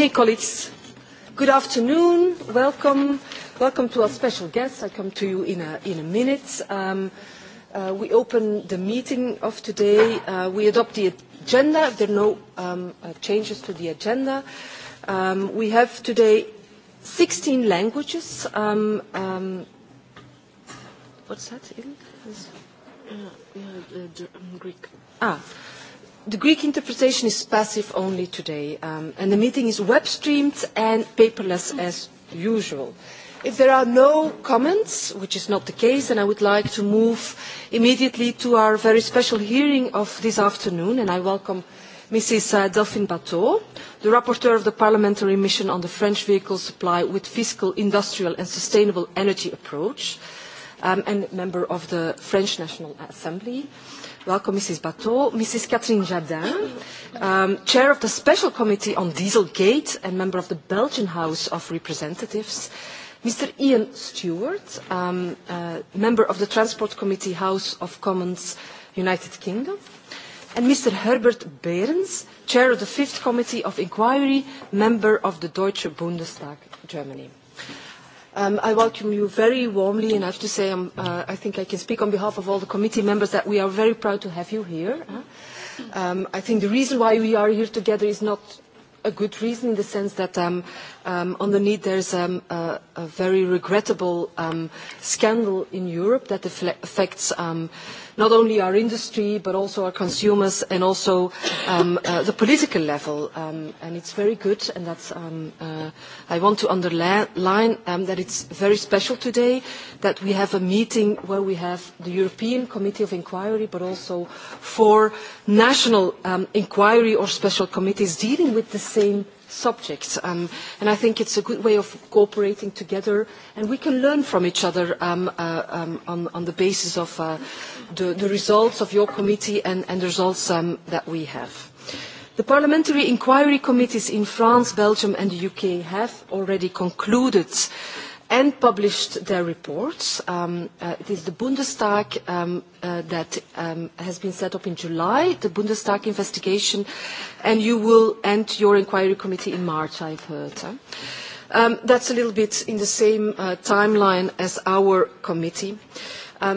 Okay, colleagues, good afternoon. Welcome. Welcome to our special guests. I come to you in a, in a minute. Um, we open the meeting of today. we adopt the agenda. there are no um, changes to the agenda, um, we have today 16 languages. Um, what's that in? Yeah, yeah, Greek. Ah. The Greek interpretation is passive only today, and the meeting is web-streamed and paperless as usual. If there are no comments, which is not the case, then I would like to move immediately to our very special hearing of this afternoon, and I welcome Mrs. Delphine Bateau, the rapporteur of the Parliamentary Mission on the French Vehicle Supply with Fiscal, Industrial and Sustainable Energy Approach, and member of the French National Assembly. Welcome, Mrs. Bateau, Mrs. Catherine Jardin, Chair of the Special Committee on Dieselgate and member of the Belgian House of Representatives, Mr. Ian Stewart, member of the Transport Committee, House of Commons, United Kingdom, and Mr. Herbert Behrens, Chair of the Fifth Committee of Inquiry, member of the Deutsche Bundestag, Germany. I welcome you very warmly and I have to say I think I can speak on behalf of all the committee members that we are very proud to have you here. I think the reason why we are here together is not a good reason in the sense that on the need. There is a very regrettable scandal in Europe that affects not only our industry but also our consumers and also the political level. And it's very good, and that's I want to underline that it's very special today that we have a meeting where we have the European Committee of Inquiry, but also four national inquiry or special committees dealing with the same subjects. And I think it's a good way of cooperating together, and we can learn from each other on the basis of the results of your committee and the results that we have. The parliamentary inquiry committees in France, Belgium and the UK have already concluded and published their reports. It is the Bundestag that has been set up in July, the Bundestag investigation, and you will end your inquiry committee in March, I've heard. That's a little bit in the same timeline as our committee.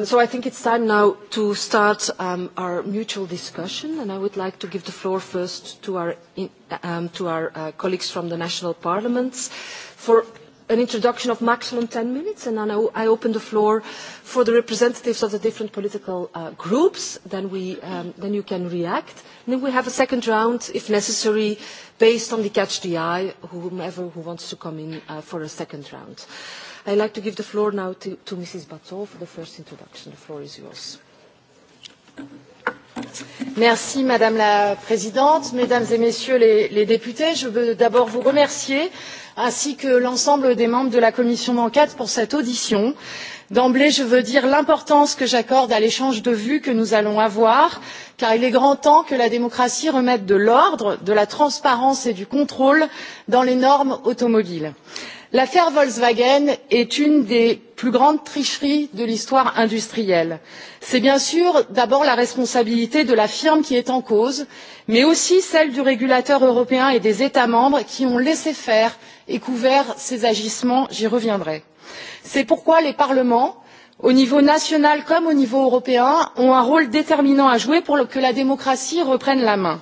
So I think it's time now to start our mutual discussion, and I would like to give the floor first to our colleagues from the national parliaments for an introduction of maximum 10 minutes, and then I open the floor for the representatives of the different political groups. Then we then you can react. and Then we have a second round, if necessary, based on the catch the eye, whomever who wants to come in for a second round. I'd like to give the floor now to Mrs. Bateau for the first introduction. The floor is yours. Merci Madame la Présidente, Mesdames et Messieurs les députés. Je veux d'abord vous remercier ainsi que l'ensemble des membres de la commission d'enquête pour cette audition. D'emblée, je veux dire l'importance que j'accorde à l'échange de vues que nous allons avoir, car il est grand temps que la démocratie remette de l'ordre, de la transparence et du contrôle dans les normes automobiles l'affaire volkswagen est une des plus grandes tricheries de l'histoire industrielle. c'est bien sûr d'abord la responsabilité de la firme qui est en cause mais aussi celle du régulateur européen et des états membres qui ont laissé faire et couvert ces agissements j'y reviendrai. c'est pourquoi les parlements au niveau national comme au niveau européen ont un rôle déterminant à jouer pour que la démocratie reprenne la main.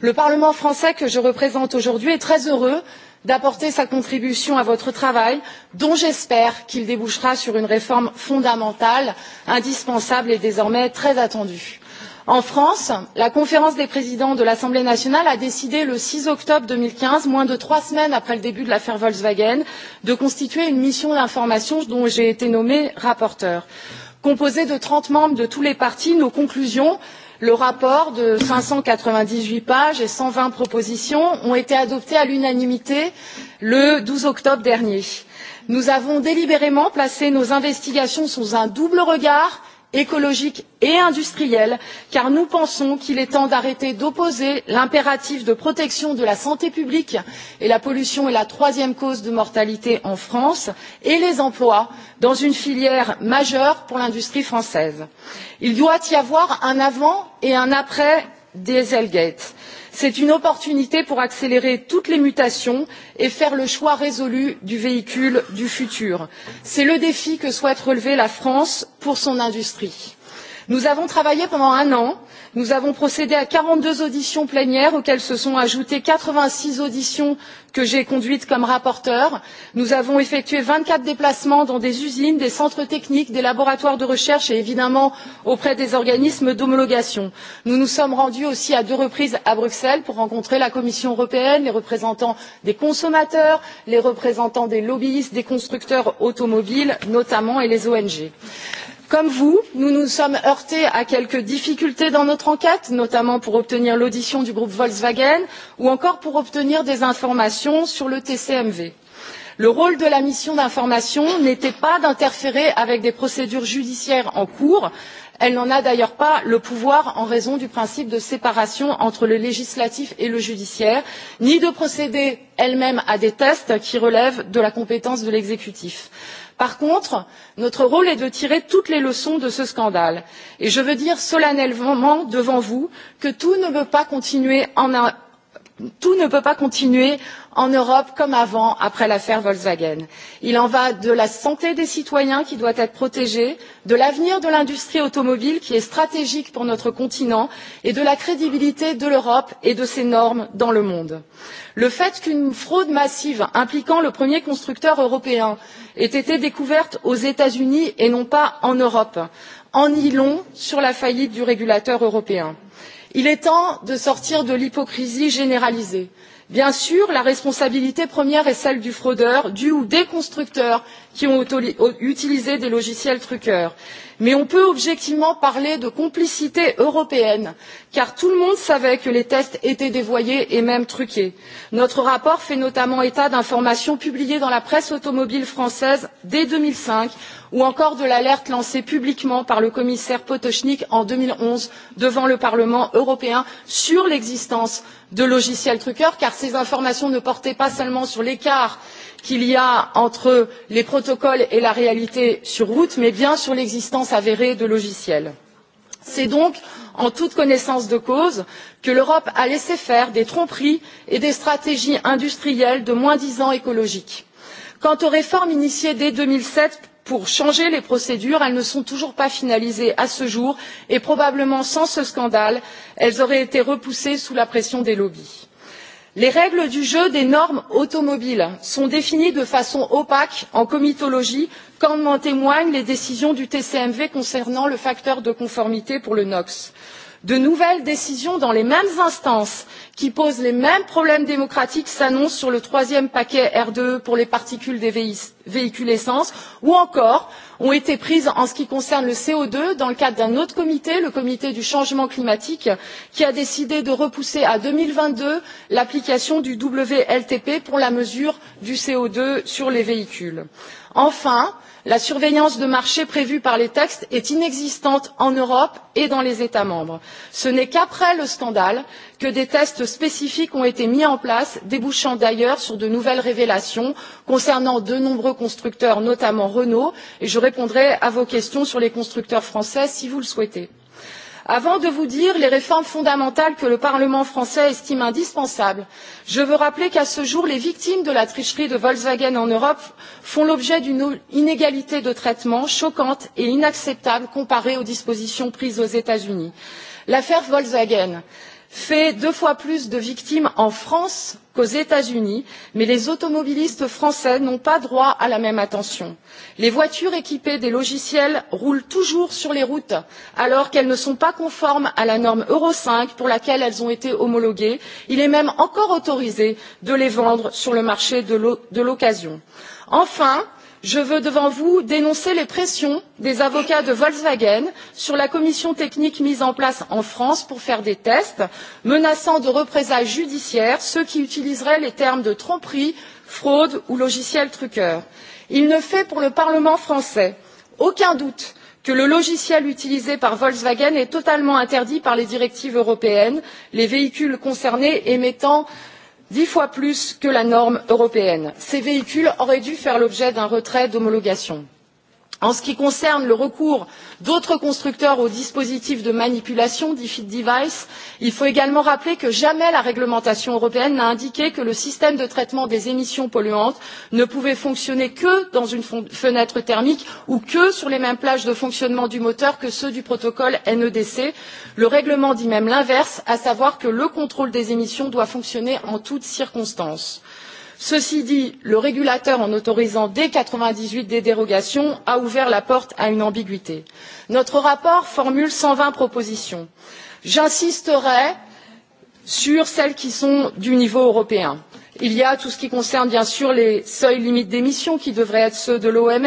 le parlement français que je représente aujourd'hui est très heureux d'apporter sa contribution à votre travail dont j'espère qu'il débouchera sur une réforme fondamentale indispensable et désormais très attendue. en france la conférence des présidents de l'assemblée nationale a décidé le six octobre deux mille quinze moins de trois semaines après le début de l'affaire volkswagen de constituer une mission d'information dont j'ai été nommée rapporteure composé de trente membres de tous les partis nos conclusions le rapport de cinq cent quatre vingt dix huit pages et cent vingt propositions ont été adoptées à l'unanimité le douze octobre dernier. nous avons délibérément placé nos investigations sous un double regard écologique et industrielle car nous pensons qu'il est temps d'arrêter d'opposer l'impératif de protection de la santé publique et la pollution est la troisième cause de mortalité en france et les emplois dans une filière majeure pour l'industrie française. il doit y avoir un avant et un après dieselgate c'est une opportunité pour accélérer toutes les mutations et faire le choix résolu du véhicule du futur. c'est le défi que souhaite relever la france pour son industrie Nous avons travaillé pendant un an, nous avons procédé à quarante deux auditions plénières auxquelles se sont ajoutées quatre vingt six auditions que j'ai conduites comme rapporteur. Nous avons effectué vingt quatre déplacements dans des usines, des centres techniques, des laboratoires de recherche et évidemment auprès des organismes d'homologation. Nous nous sommes rendus aussi à deux reprises à Bruxelles pour rencontrer la Commission européenne, les représentants des consommateurs, les représentants des lobbyistes, des constructeurs automobiles notamment et les ONG. Comme vous, nous nous sommes heurtés à quelques difficultés dans notre enquête, notamment pour obtenir l'audition du groupe Volkswagen ou encore pour obtenir des informations sur le TCMV. Le rôle de la mission d'information n'était pas d'interférer avec des procédures judiciaires en cours. Elle n'en a d'ailleurs pas le pouvoir en raison du principe de séparation entre le législatif et le judiciaire, ni de procéder elle-même à des tests qui relèvent de la compétence de l'exécutif. Par contre, notre rôle est de tirer toutes les leçons de ce scandale. Et je veux dire solennellement devant vous que tout ne peut pas continuer en Tout ne peut pas continuer en Europe comme avant, après l'affaire Volkswagen. Il en va de la santé des citoyens qui doit être protégée, de l'avenir de l'industrie automobile qui est stratégique pour notre continent et de la crédibilité de l'Europe et de ses normes dans le monde. Le fait qu'une fraude massive impliquant le premier constructeur européen ait été découverte aux États-Unis et non pas en Europe en dit long sur la faillite du régulateur européen il est temps de sortir de l'hypocrisie généralisée. bien sûr la responsabilité première est celle du fraudeur du ou des constructeurs qui ont utilisé des logiciels truqueurs. Mais on peut objectivement parler de complicité européenne, car tout le monde savait que les tests étaient dévoyés et même truqués. Notre rapport fait notamment état d'informations publiées dans la presse automobile française dès 2005, ou encore de l'alerte lancée publiquement par le commissaire Potochnik en 2011 devant le Parlement européen sur l'existence de logiciels truqueurs, car ces informations ne portaient pas seulement sur l'écart qu'il y a entre les protocoles et la réalité sur route mais bien sur l'existence avérée de logiciels. c'est donc en toute connaissance de cause que l'europe a laissé faire des tromperies et des stratégies industrielles de moins dix ans écologiques. quant aux réformes initiées dès deux mille sept pour changer les procédures elles ne sont toujours pas finalisées à ce jour et probablement sans ce scandale elles auraient été repoussées sous la pression des lobbies les règles du jeu des normes automobiles sont définies de façon opaque en comitologie comme en témoignent les décisions du tcmv concernant le facteur de conformité pour le nox de nouvelles décisions dans les mêmes instances qui posent les mêmes problèmes démocratiques s'annoncent sur le troisième paquet RDE pour les particules des véhicules essence ou encore ont été prises en ce qui concerne le CO2 dans le cadre d'un autre comité, le comité du changement climatique, qui a décidé de repousser à deux mille vingt deux l'application du WLTP pour la mesure du CO2 sur les véhicules. Enfin, la surveillance de marché prévue par les textes est inexistante en europe et dans les états membres. ce n'est qu'après le scandale que des tests spécifiques ont été mis en place débouchant d'ailleurs sur de nouvelles révélations concernant de nombreux constructeurs notamment renault et je répondrai à vos questions sur les constructeurs français si vous le souhaitez. Avant de vous dire les réformes fondamentales que le Parlement français estime indispensables, je veux rappeler qu'à ce jour, les victimes de la tricherie de Volkswagen en Europe font l'objet d'une inégalité de traitement choquante et inacceptable comparée aux dispositions prises aux États-Unis. L'affaire Volkswagen fait deux fois plus de victimes en France qu'aux États-Unis, mais les automobilistes français n'ont pas droit à la même attention. Les voitures équipées des logiciels roulent toujours sur les routes, alors qu'elles ne sont pas conformes à la norme Euro 5 pour laquelle elles ont été homologuées. Il est même encore autorisé de les vendre sur le marché de l'occasion. Enfin, je veux devant vous dénoncer les pressions des avocats de volkswagen sur la commission technique mise en place en france pour faire des tests menaçant de représailles judiciaires ceux qui utiliseraient les termes de tromperie fraude ou logiciel truqueur. il ne fait pour le parlement français aucun doute que le logiciel utilisé par volkswagen est totalement interdit par les directives européennes les véhicules concernés émettant dix fois plus que la norme européenne. ces véhicules auraient dû faire l'objet d'un retrait d'homologation en ce qui concerne le recours d'autres constructeurs aux dispositifs de manipulation dits device, il faut également rappeler que jamais la réglementation européenne n'a indiqué que le système de traitement des émissions polluantes ne pouvait fonctionner que dans une fenêtre thermique ou que sur les mêmes plages de fonctionnement du moteur que ceux du protocole nedc. le règlement dit même l'inverse à savoir que le contrôle des émissions doit fonctionner en toutes circonstances ceci dit le régulateur en autorisant dès mille quatre vingt dix huit des dérogations a ouvert la porte à une ambiguïté. notre rapport formule cent vingt propositions. j'insisterai sur celles qui sont du niveau européen. il y a tout ce qui concerne bien sûr les seuils limites d'émission qui devraient être ceux de l'oms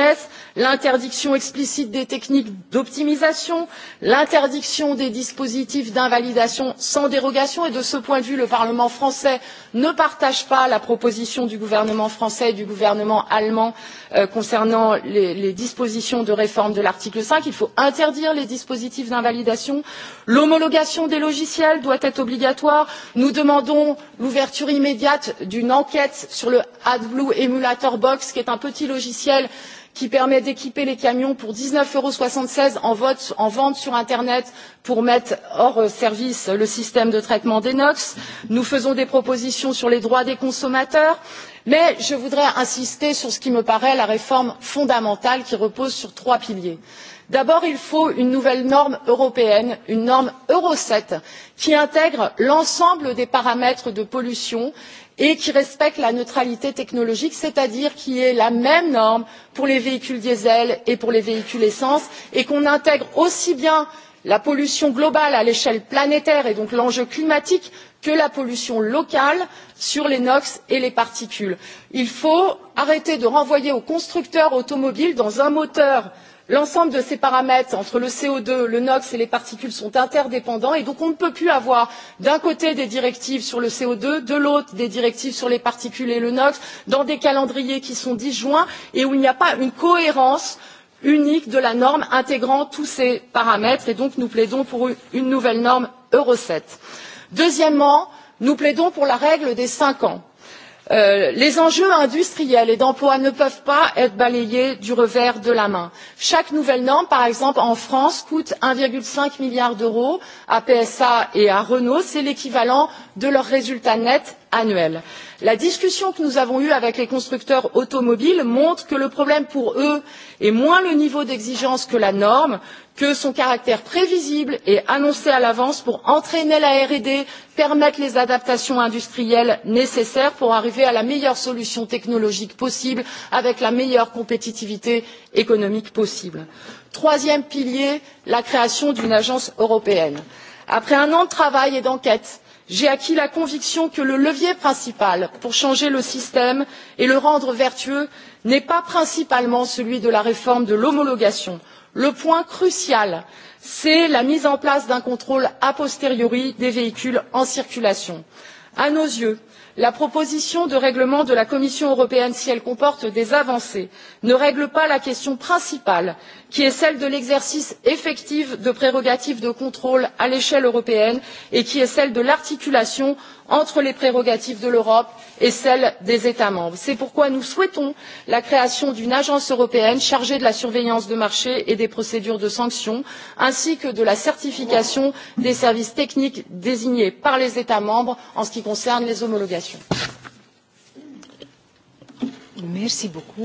l'interdiction explicite des techniques d'optimisation, l'interdiction des dispositifs d'invalidation sans dérogation et de ce point de vue, le Parlement français ne partage pas la proposition du gouvernement français et du gouvernement allemand concernant les dispositions de réforme de l'article 5. Il faut interdire les dispositifs d'invalidation. L'homologation des logiciels doit être obligatoire. Nous demandons l'ouverture immédiate d'une enquête sur le AdBlue Emulator Box, qui est un petit logiciel qui permet d'équiper les camions pour dix neuf soixante seize en vente sur internet pour mettre hors service le système de traitement des nox nous faisons des propositions sur les droits des consommateurs mais je voudrais insister sur ce qui me paraît la réforme fondamentale qui repose sur trois piliers d'abord il faut une nouvelle norme européenne une norme euro sept qui intègre l'ensemble des paramètres de pollution et qui respecte la neutralité technologique c'est à dire qui est la même norme pour les véhicules diesel et pour les véhicules essence et qu'on intègre aussi bien la pollution globale à l'échelle planétaire et donc l'enjeu climatique que la pollution locale sur les nox et les particules. il faut arrêter de renvoyer aux constructeurs automobiles dans un moteur l'ensemble de ces paramètres entre le co deux le nox et les particules sont interdépendants et donc on ne peut plus avoir d'un côté des directives sur le co deux de l'autre des directives sur les particules et le nox dans des calendriers qui sont disjoints et où il n'y a pas une cohérence unique de la norme intégrant tous ces paramètres et donc nous plaidons pour une nouvelle norme euro. sept deuxièmement nous plaidons pour la règle des cinq ans les enjeux industriels et d'emploi ne peuvent pas être balayés du revers de la main. chaque nouvelle norme par exemple en france coûte un cinq milliard d'euros à psa et à renault c'est l'équivalent de leur résultat net annuel la discussion que nous avons eue avec les constructeurs automobiles montre que le problème pour eux est moins le niveau d'exigence que la norme que son caractère prévisible et annoncé à l'avance pour entraîner la rd permettre les adaptations industrielles nécessaires pour arriver à la meilleure solution technologique possible avec la meilleure compétitivité économique possible. troisième pilier la création d'une agence européenne. après un an de travail et d'enquête j'ai acquis la conviction que le levier principal pour changer le système et le rendre vertueux n'est pas principalement celui de la réforme de l'homologation. le point crucial c'est la mise en place d'un contrôle a posteriori des véhicules en circulation. à nos yeux la proposition de règlement de la commission européenne si elle comporte des avancées ne règle pas la question principale qui est celle de l'exercice effectif de prérogatives de contrôle à l'échelle européenne et qui est celle de l'articulation entre les prérogatives de l'Europe et celles des États membres. C'est pourquoi nous souhaitons la création d'une agence européenne chargée de la surveillance de marché et des procédures de sanction, ainsi que de la certification des services techniques désignés par les États membres en ce qui concerne les homologations.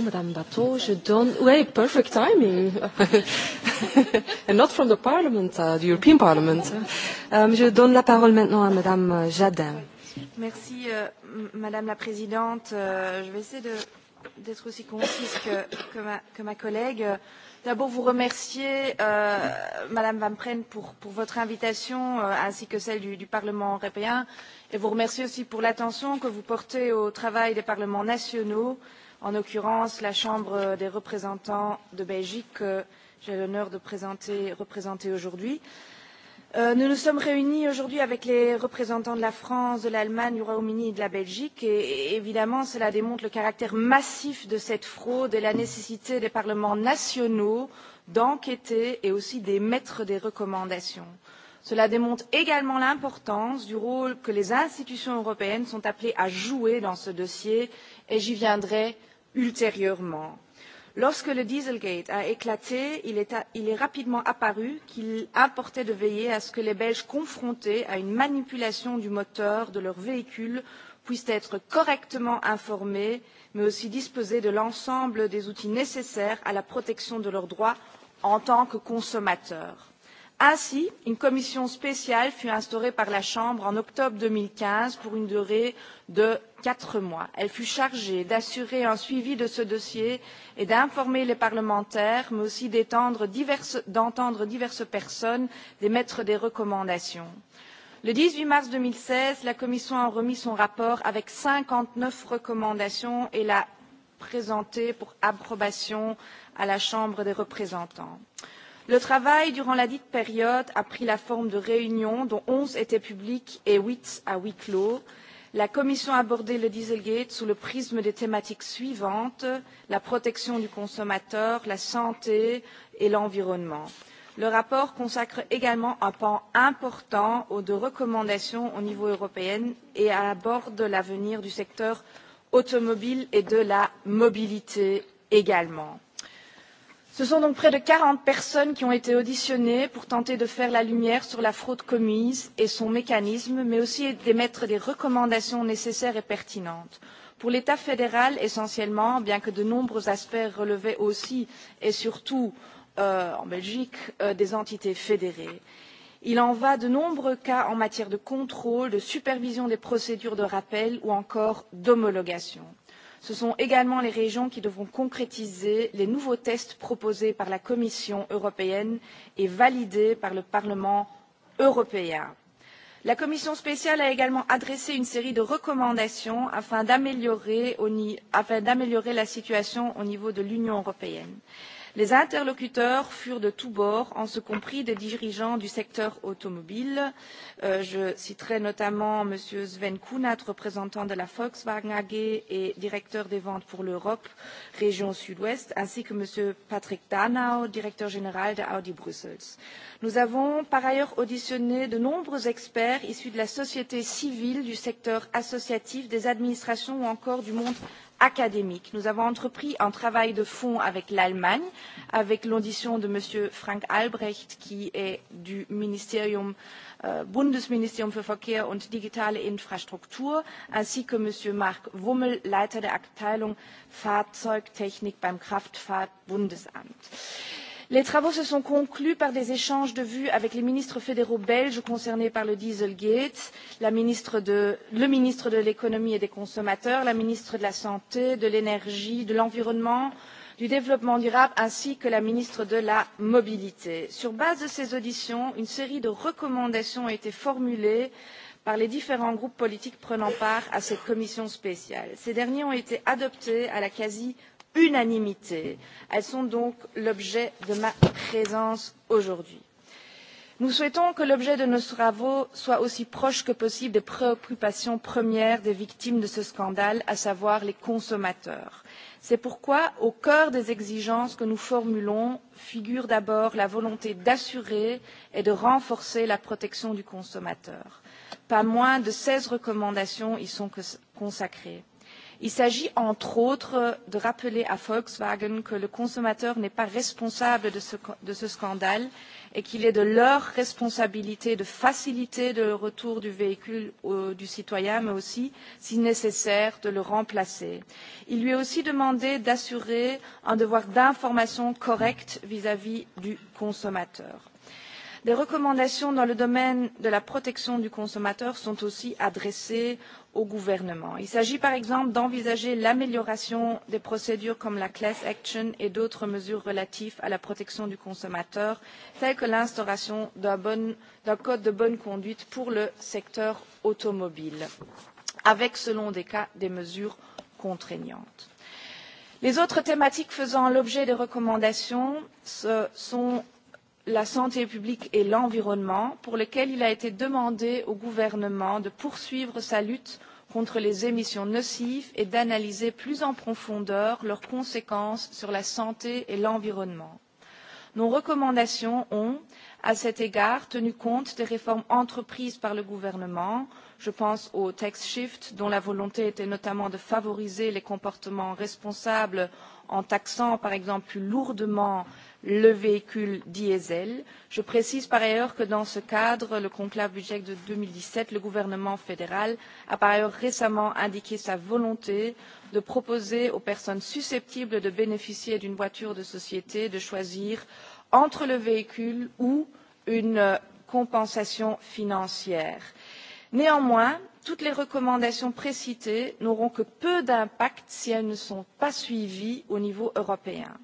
Madame Bateau. Je donne... perfect timing. not from the Parliament, the European Parliament. je donne la parole maintenant à Madame Jadin. Merci, Madame la Présidente. Je vais essayer d'être aussi concise que ma collègue. D'abord, vous remercier, Madame Van Pren, pour votre invitation, ainsi que celle du Parlement européen, et vous remercier aussi pour l'attention que vous portez au travail des parlements nationaux, en l'occurrence la Chambre des représentants de Belgique, que j'ai l'honneur de représenter aujourd'hui. Nous nous sommes réunis aujourd'hui avec les représentants de la France, de l'Allemagne, du Royaume-Uni et de la Belgique et évidemment cela démontre le caractère massif de cette fraude et la nécessité des parlements nationaux d'enquêter et aussi d'émettre des recommandations. Cela démontre également l'importance du rôle que les institutions européennes sont appelées à jouer dans ce dossier et j'y viendrai ultérieurement. Lorsque le Dieselgate a éclaté, il est rapidement apparu qu'il importait de veiller à ce que les Belges confrontés à une manipulation du moteur de leur véhicule puissent être correctement informés, mais aussi disposer de l'ensemble des outils nécessaires à la protection de leurs droits en tant que consommateurs. Ainsi, une commission spéciale fut instaurée par la Chambre en octobre deux mille quinze pour une durée de quatre mois. Elle fut chargée d'assurer un suivi de ce dossier et d'informer les parlementaires, mais aussi d'entendre diverses personnes, d'émettre des recommandations. Le dix huit mars deux mille seize, la Commission a remis son rapport avec cinquante neuf recommandations et l'a présenté pour approbation à la Chambre des représentants. Le travail durant ladite période a pris la forme de réunions dont onze étaient publiques et huit à huis clos. La Commission a abordé le Dieselgate sous le prisme des thématiques suivantes, la protection du consommateur, la santé et l'environnement. Le rapport consacre également un pan important aux deux recommandations au niveau européen et aborde l'avenir du secteur automobile et de la mobilité également. Ce sont donc près de quarante personnes qui ont été auditionnées pour tenter de faire la lumière sur la fraude commise et son mécanisme, mais aussi d'émettre des recommandations nécessaires et pertinentes. Pour l'État fédéral, essentiellement, bien que de nombreux aspects relevaient aussi et surtout en Belgique des entités fédérées. Il en va de nombreux cas en matière de contrôle, de supervision des procédures de rappel ou encore d'homologation ce sont également les régions qui devront concrétiser les nouveaux tests proposés par la commission européenne et validés par le parlement européen. la commission spéciale a également adressé une série de recommandations afin d'améliorer la situation au niveau de l'union européenne. Les interlocuteurs furent de tous bords, en ce compris des dirigeants du secteur automobile. Je citerai notamment M. Sven Kunat, représentant de la Volkswagen AG et directeur des ventes pour l'Europe, région Sud-Ouest, ainsi que M. Patrick Danau, directeur général de Audi Brussels. Nous avons par ailleurs auditionné de nombreux experts issus de la société civile, du secteur associatif, des administrations ou encore du monde académique. Nous avons entrepris un travail de fond avec l'Allemagne, avec l'audition de M. Frank Albrecht, qui est du Ministerium Bundesministerium für Verkehr und digitale Infrastruktur, ainsi que M. Marc Wummel, Leiter der Abteilung Fahrzeugtechnik beim Kraftfahrtbundesamt. Les travaux se sont conclus par des échanges de vues avec les ministres fédéraux belges concernés par le Dieselgate, le ministre de l'économie et des consommateurs, la ministre de la santé, de l'énergie, de l'environnement, du développement durable ainsi que la ministre de la mobilité. Sur base de ces auditions, une série de recommandations ont été formulées par les différents groupes politiques prenant part à cette commission spéciale. Ces derniers ont été adoptés à la quasi unanimité. Elles sont donc l'objet de ma présence aujourd'hui. Nous souhaitons que l'objet de nos travaux soit aussi proche que possible des préoccupations premières des victimes de ce scandale, à savoir les consommateurs. C'est pourquoi, au cœur des exigences que nous formulons, figure d'abord la volonté d'assurer et de renforcer la protection du consommateur. Pas moins de seize recommandations y sont consacrées Il s'agit, entre autres, de rappeler à Volkswagen que le consommateur n'est pas responsable de ce scandale et qu'il est de leur responsabilité de faciliter le retour du véhicule du citoyen, mais aussi, si nécessaire, de le remplacer. Il lui est aussi demandé d'assurer un devoir d'information correct vis à vis du consommateur. Des recommandations dans le domaine de la protection du consommateur sont aussi adressées au gouvernement. Il s'agit par exemple d'envisager l'amélioration des procédures comme la class action et d'autres mesures relatives à la protection du consommateur, telles que l'instauration d'un code de bonne conduite pour le secteur automobile, avec, selon des cas, des mesures contraignantes. Les autres thématiques faisant l'objet des recommandations sont la santé publique et l'environnement, pour lequel il a été demandé au gouvernement de poursuivre sa lutte contre les émissions nocives et d'analyser plus en profondeur leurs conséquences sur la santé et l'environnement. Nos recommandations ont, à cet égard, tenu compte des réformes entreprises par le gouvernement. Je pense au tax shift, dont la volonté était notamment de favoriser les comportements responsables en taxant, par exemple, plus lourdement le véhicule diesel. Je précise par ailleurs que dans ce cadre, le conclave budget de deux mille dix-sept, le gouvernement fédéral a par ailleurs récemment indiqué sa volonté de proposer aux personnes susceptibles de bénéficier d'une voiture de société de choisir entre le véhicule ou une compensation financière. Néanmoins, toutes les recommandations précitées n'auront que peu d'impact si elles ne sont pas suivies au niveau européen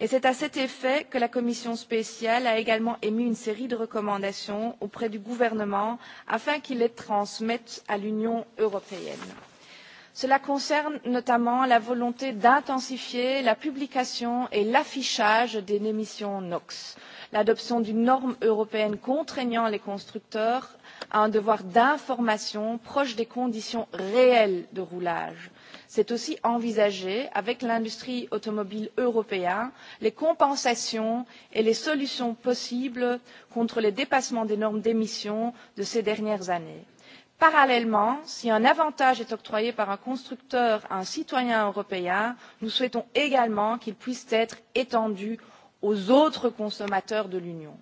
et c'est à cet effet que la commission spéciale a également émis une série de recommandations auprès du gouvernement afin qu'il les transmette à l'union européenne. Cela concerne notamment la volonté d'intensifier la publication et l'affichage des émissions NOx, l'adoption d'une norme européenne contraignant les constructeurs à un devoir d'information proche des conditions réelles de roulage, c'est aussi envisager avec l'industrie automobile européenne les compensations et les solutions possibles contre les dépassements des normes d'émission de ces dernières années. Parallèlement, si un avantage est octroyé par un constructeur à un citoyen européen, nous souhaitons également qu'il puisse être étendu aux autres consommateurs de l'Union.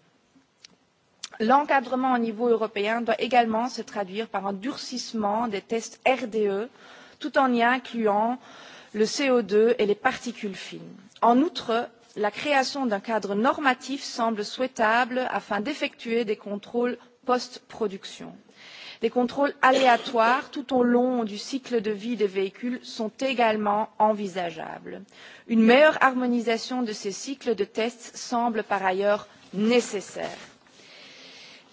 L'encadrement au niveau européen doit également se traduire par un durcissement des tests RDE tout en y incluant le CO2 et les particules fines. En outre, la création d'un cadre normatif semble souhaitable afin d'effectuer des contrôles post-production. Des contrôles aléatoires tout au long du cycle de vie des véhicules sont également envisageables. Une meilleure harmonisation de ces cycles de tests semble par ailleurs nécessaire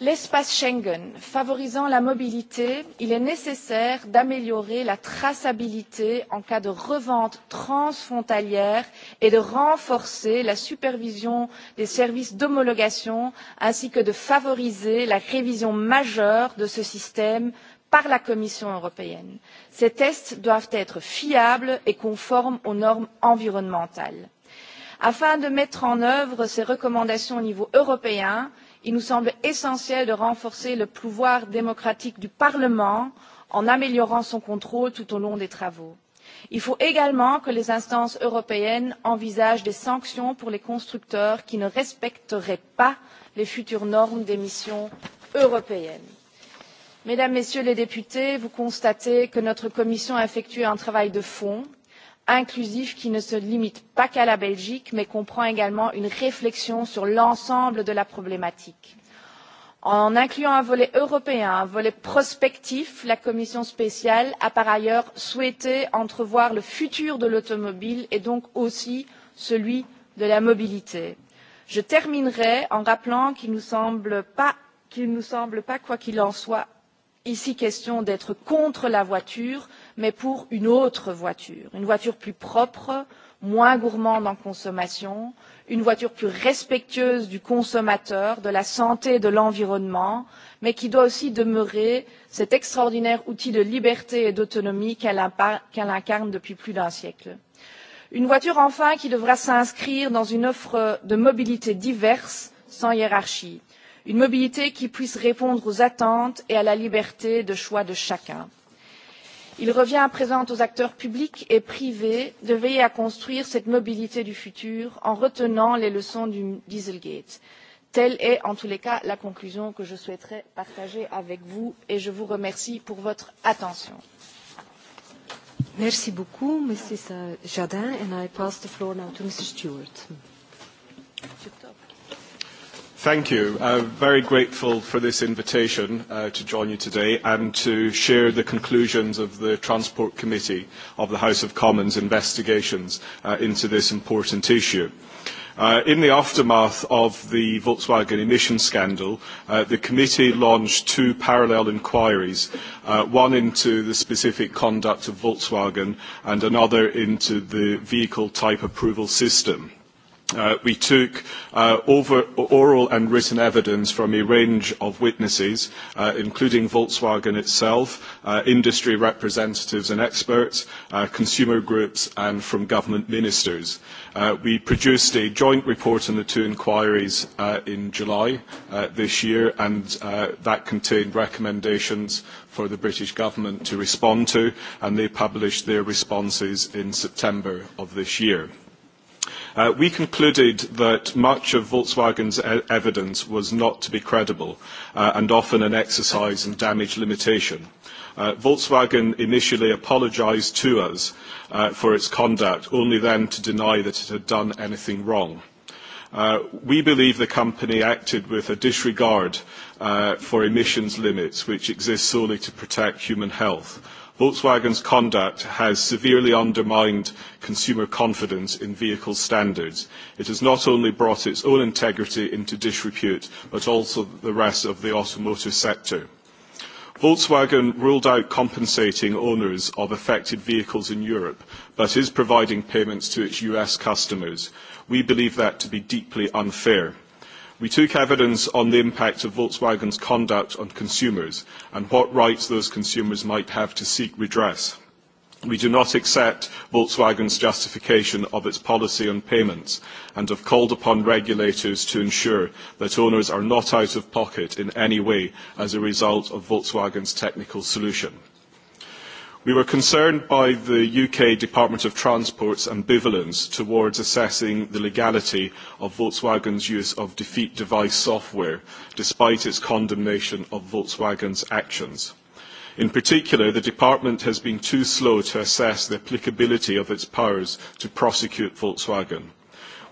l'espace Schengen favorisant la mobilité, il est nécessaire d'améliorer la traçabilité en cas de revente transfrontalière et de renforcer la supervision des services d'homologation ainsi que de favoriser la révision majeure de ce système par la Commission européenne. Ces tests doivent être fiables et conformes aux normes environnementales. Afin de mettre en œuvre ces recommandations au niveau européen, il nous semble essentiel de renforcer le pouvoir démocratique du parlement en améliorant son contrôle tout au long des travaux. il faut également que les instances européennes envisagent des sanctions pour les constructeurs qui ne respecteraient pas les futures normes d'émission européennes. mesdames et messieurs les députés vous constatez que notre commission a effectué un travail de fond inclusif qui ne se limite pas qu'à la Belgique, mais comprend également une réflexion sur l'ensemble de la problématique. En incluant un volet européen, un volet prospectif, la Commission spéciale a par ailleurs souhaité entrevoir le futur de l'automobile et donc aussi celui de la mobilité. Je terminerai en rappelant qu'il ne nous semble pas, quoi qu'il en soit, ici question d'être contre la voiture, mais pour une autre voiture, une voiture plus propre, moins gourmande en consommation, une voiture plus respectueuse du consommateur, de la santé et de l'environnement, mais qui doit aussi demeurer cet extraordinaire outil de liberté et d'autonomie qu'elle incarne depuis plus d'un siècle. Une voiture, enfin, qui devra s'inscrire dans une offre de mobilité diverse, sans hiérarchie, une mobilité qui puisse répondre aux attentes et à la liberté de choix de chacun il revient à présent aux acteurs publics et privés de veiller à construire cette mobilité du futur en retenant les leçons du dieselgate. telle est en tous les cas la conclusion que je souhaiterais partager avec vous et je vous remercie pour votre attention. Merci beaucoup, Jardin, Thank you. I'm very grateful for this invitation to join you today and to share the conclusions of the Transport Committee of the House of Commons investigations into this important issue. In the aftermath of the Volkswagen emission scandal, the committee launched two parallel inquiries, one into the specific conduct of Volkswagen and another into the vehicle type approval system. We took oral and written evidence from a range of witnesses, including Volkswagen itself, industry representatives and experts, consumer groups and from government ministers. We produced a joint report on the two inquiries in July this year and that contained recommendations for the British government to respond to and they published their responses in September of this year. We concluded that much of Volkswagen's evidence was not to be credible and often an exercise in damage limitation. Volkswagen initially apologised to us for its conduct, only then to deny that it had done anything wrong. We believe the company acted with a disregard for emissions limits, which exist solely to protect human health Volkswagen's conduct has severely undermined consumer confidence in vehicle standards. It has not only brought its own integrity into disrepute, but also the rest of the automotive sector. Volkswagen ruled out compensating owners of affected vehicles in Europe, but is providing payments to its US customers. We believe that to be deeply unfair. We took evidence on the impact of Volkswagen's conduct on consumers and what rights those consumers might have to seek redress. We do not accept Volkswagen's justification of its policy on payments and have called upon regulators to ensure that owners are not out of pocket in any way as a result of Volkswagen's technical solution. We were concerned by the UK Department of Transport's ambivalence towards assessing the legality of Volkswagen's use of defeat device software, despite its condemnation of Volkswagen's actions. In particular, the Department has been too slow to assess the applicability of its powers to prosecute Volkswagen.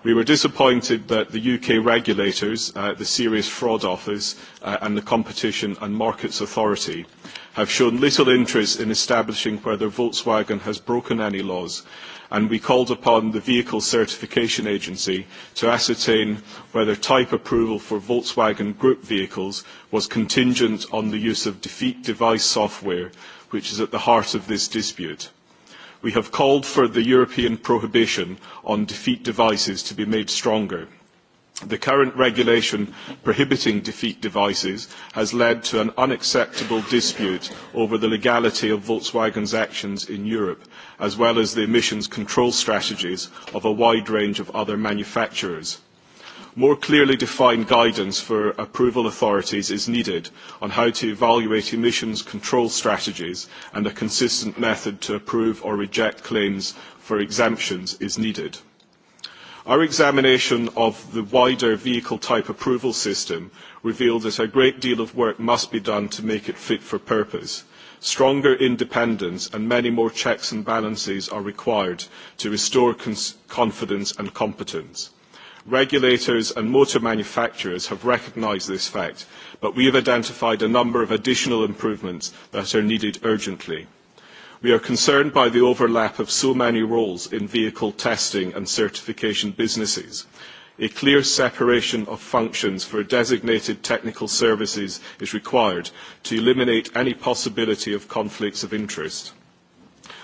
We were disappointed that the UK regulators, the Serious Fraud Office and the Competition and Markets Authority, have shown little interest in establishing whether Volkswagen has broken any laws, and we called upon the Vehicle Certification Agency to ascertain whether type approval for Volkswagen Group vehicles was contingent on the use of defeat device software, which is at the heart of this dispute we have called for the European prohibition on defeat devices to be made stronger. The current regulation prohibiting defeat devices has led to an unacceptable dispute over the legality of Volkswagen's actions in Europe, as well as the emissions control strategies of a wide range of other manufacturers more clearly defined guidance for approval authorities is needed on how to evaluate emissions control strategies and a consistent method to approve or reject claims for exemptions is needed. Our examination of the wider vehicle type approval system revealed that a great deal of work must be done to make it fit for purpose. Stronger independence and many more checks and balances are required to restore confidence and competence. Regulators and motor manufacturers have recognised this fact, but we have identified a number of additional improvements that are needed urgently. We are concerned by the overlap of so many roles in vehicle testing and certification businesses. A clear separation of functions for designated technical services is required to eliminate any possibility of conflicts of interest.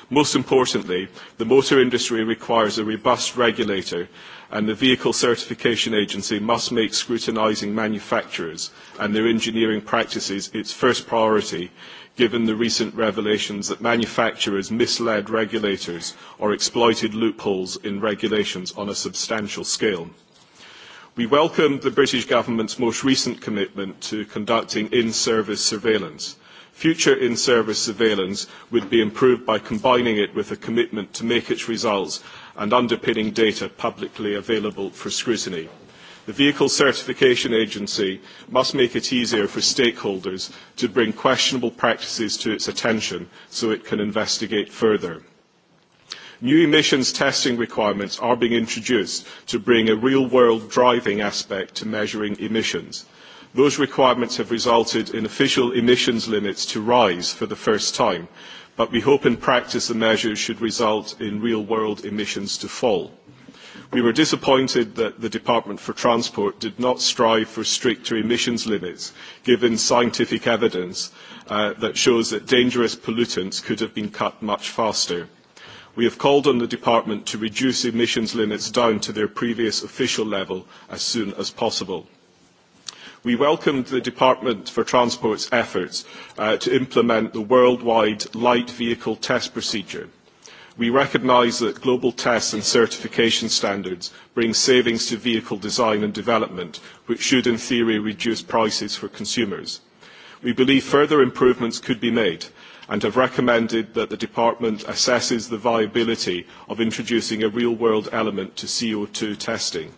Most importantly, the motor industry requires a robust regulator and the Vehicle Certification Agency must make scrutinising manufacturers and their engineering practices its first priority, given the recent revelations that manufacturers misled regulators or exploited loopholes in regulations on a substantial scale. We welcome the British government's most recent commitment to conducting in-service surveillance. Future in-service surveillance would be improved by combining it with a commitment to make its results and underpinning data publicly available for scrutiny. The Vehicle Certification Agency must make it easier for stakeholders to bring questionable practices to its attention so it can investigate further. New emissions testing requirements are being introduced to bring a real-world driving aspect to measuring emissions. Those requirements have resulted in official emissions limits to rise for the first time, but we hope in practice the measures should result in real world emissions to fall. We were disappointed that the Department for Transport did not strive for stricter emissions limits, given scientific evidence that shows that dangerous pollutants could have been cut much faster. We have called on the Department to reduce emissions limits down to their previous official level as soon as possible we welcomed the Department for Transport's efforts to implement the worldwide light vehicle test procedure. We recognise that global tests and certification standards bring savings to vehicle design and development, which should in theory reduce prices for consumers. We believe further improvements could be made and have recommended that the Department assesses the viability of introducing a real-world element to CO2 testing.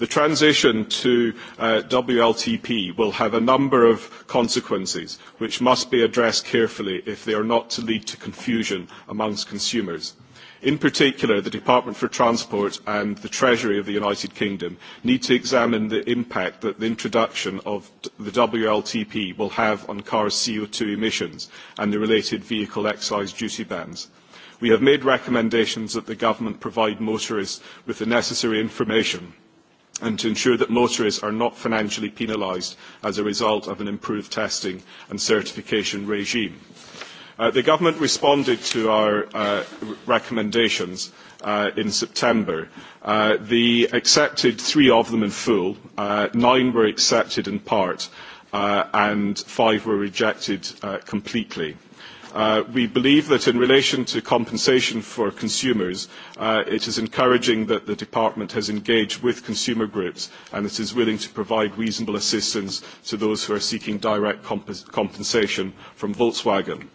The transition to WLTP will have a number of consequences which must be addressed carefully if they are not to lead to confusion amongst consumers. In particular, the Department for Transport and the Treasury of the United Kingdom need to examine the impact that the introduction of the WLTP will have on cars' CO2 emissions and the related vehicle excise duty bans. We have made recommendations that the government provide motorists with the necessary information and to ensure that motorists are not financially penalised as a result of an improved testing and certification regime. The Government responded to our recommendations in September. They accepted three of them in full, nine were accepted in part, and five were rejected completely. We believe that in relation to compensation for consumers, it is encouraging that the Department has engaged with consumer groups and it is willing to provide reasonable assistance to those who are seeking direct compensation from Volkswagen.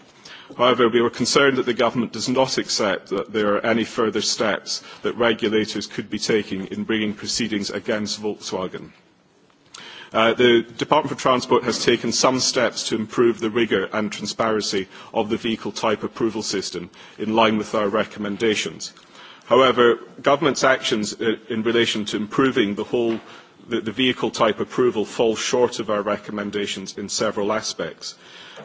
However, we are concerned that the Government does not accept that there are any further steps that regulators could be taking in bringing proceedings against Volkswagen. The Department for Transport has taken some steps to improve the rigour and transparency of the vehicle type approval system in line with our recommendations. However, government's actions in relation to improving the whole vehicle type approval fall short of our recommendations in several aspects.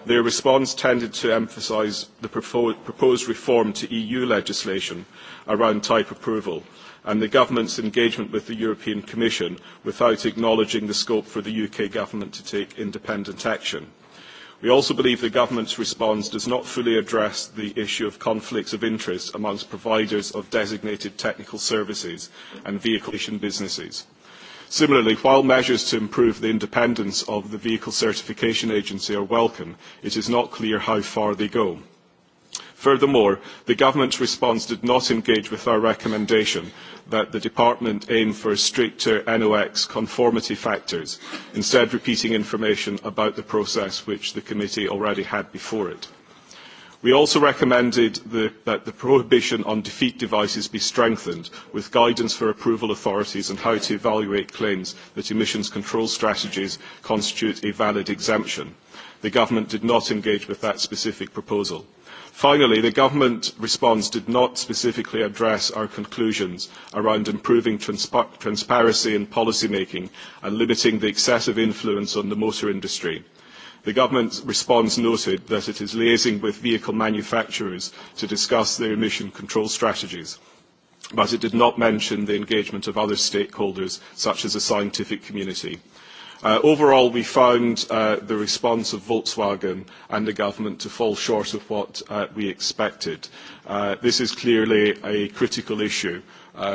Their response tended to emphasise the proposed reform to EU legislation around type approval and the government's engagement with the European Commission without acknowledging the scope for the UK government to take independent action. We also believe the government's response does not fully address the issue of conflicts of interest amongst providers of designated technical services and vehicle businesses. Similarly, while measures to improve the independence of the Vehicle Certification Agency are welcome, it is not clear how far they go. Furthermore, the government's response did not engage with our recommendation that the department aim for stricter NOx conformity factors, instead repeating information about the process which the committee already had before it. We also recommended that the prohibition on defeat devices be strengthened, with guidance for approval authorities on how to evaluate claims that emissions control strategies constitute a valid exemption. The government did not engage with that specific proposal. Finally, the government response did not specifically address our conclusions around improving transparency in policy making and limiting the excessive influence on the motor industry. The government's response noted that it is liaising with vehicle manufacturers to discuss their emission control strategies, but it did not mention the engagement of other stakeholders, such as the scientific community. Overall, we found the response of Volkswagen and the government to fall short of what we expected. This is clearly a critical issue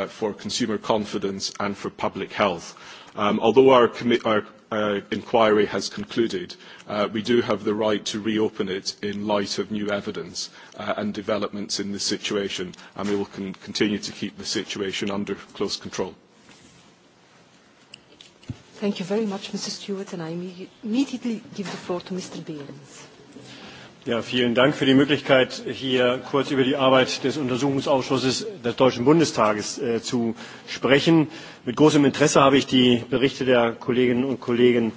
for consumer confidence and for public health. Although our inquiry has concluded, we do have the right to reopen it in light of new evidence and developments in this situation, and we will continue to keep the situation under close control. Thank you very much, Mr. Stewart, and I immediately give the floor to Mr. Behrens. Ja, vielen Dank für die Möglichkeit, hier kurz über die Arbeit des Untersuchungsausschusses des Deutschen Bundestages zu sprechen. Mit großem Interesse habe ich die Berichte der Kolleginnen und Kollegen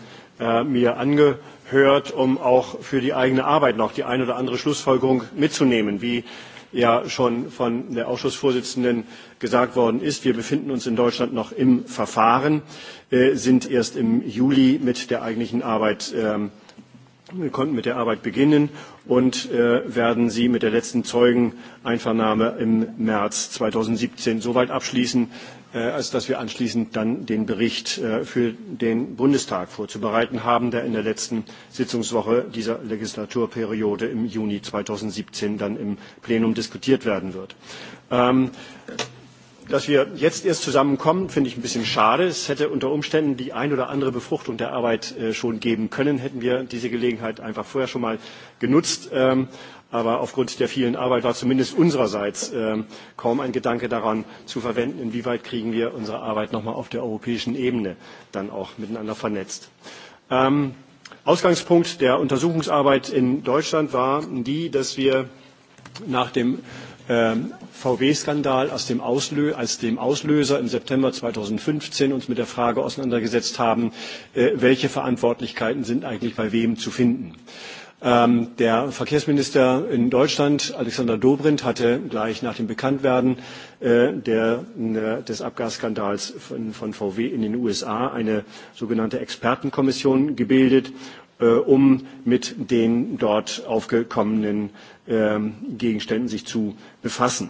mir angehört, um auch für die eigene Arbeit noch die eine oder andere Schlussfolgerung mitzunehmen. Wie ja schon von der Ausschussvorsitzenden gesagt worden ist. Wir befinden uns in Deutschland noch im Verfahren, sind erst im Juli mit der eigentlichen Arbeit Wir konnten mit der Arbeit beginnen und werden sie mit der letzten Zeugeneinvernahme im März 2017 soweit abschließen, als dass wir anschließend dann den Bericht für den Bundestag vorzubereiten haben, der in der letzten Sitzungswoche dieser Legislaturperiode im Juni 2017 dann im Plenum diskutiert werden wird. Dass wir jetzt erst zusammenkommen, finde ich ein bisschen schade. Es hätte unter Umständen die ein oder andere Befruchtung der Arbeit schon geben können, hätten wir diese Gelegenheit einfach vorher schon mal genutzt aber aufgrund der vielen Arbeit war zumindest unsererseits kaum ein Gedanke daran zu verwenden, inwieweit kriegen wir unsere Arbeit nochmal auf der europäischen Ebene dann auch miteinander vernetzt. Ausgangspunkt der Untersuchungsarbeit in Deutschland war die, dass wir nach dem VW-Skandal als dem Auslöser im September 2015 uns mit der Frage auseinandergesetzt haben, welche Verantwortlichkeiten sind eigentlich bei wem zu finden. Der Verkehrsminister in Deutschland, Alexander Dobrindt, hatte gleich nach dem Bekanntwerden des Abgasskandals von VW in den USA eine sogenannte Expertenkommission gebildet, um sich mit den dort aufgekommenen Gegenständen zu befassen.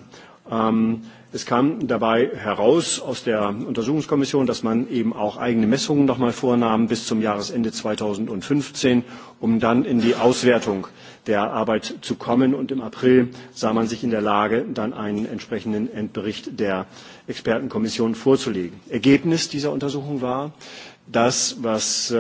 Es kam dabei heraus aus der Untersuchungskommission, dass man eben auch eigene Messungen noch mal vornahm bis zum Jahresende 2015, um dann in die Auswertung der Arbeit zu kommen. Und im April sah man sich in der Lage, dann einen entsprechenden Endbericht der Expertenkommission vorzulegen. Ergebnis dieser Untersuchung war, das, was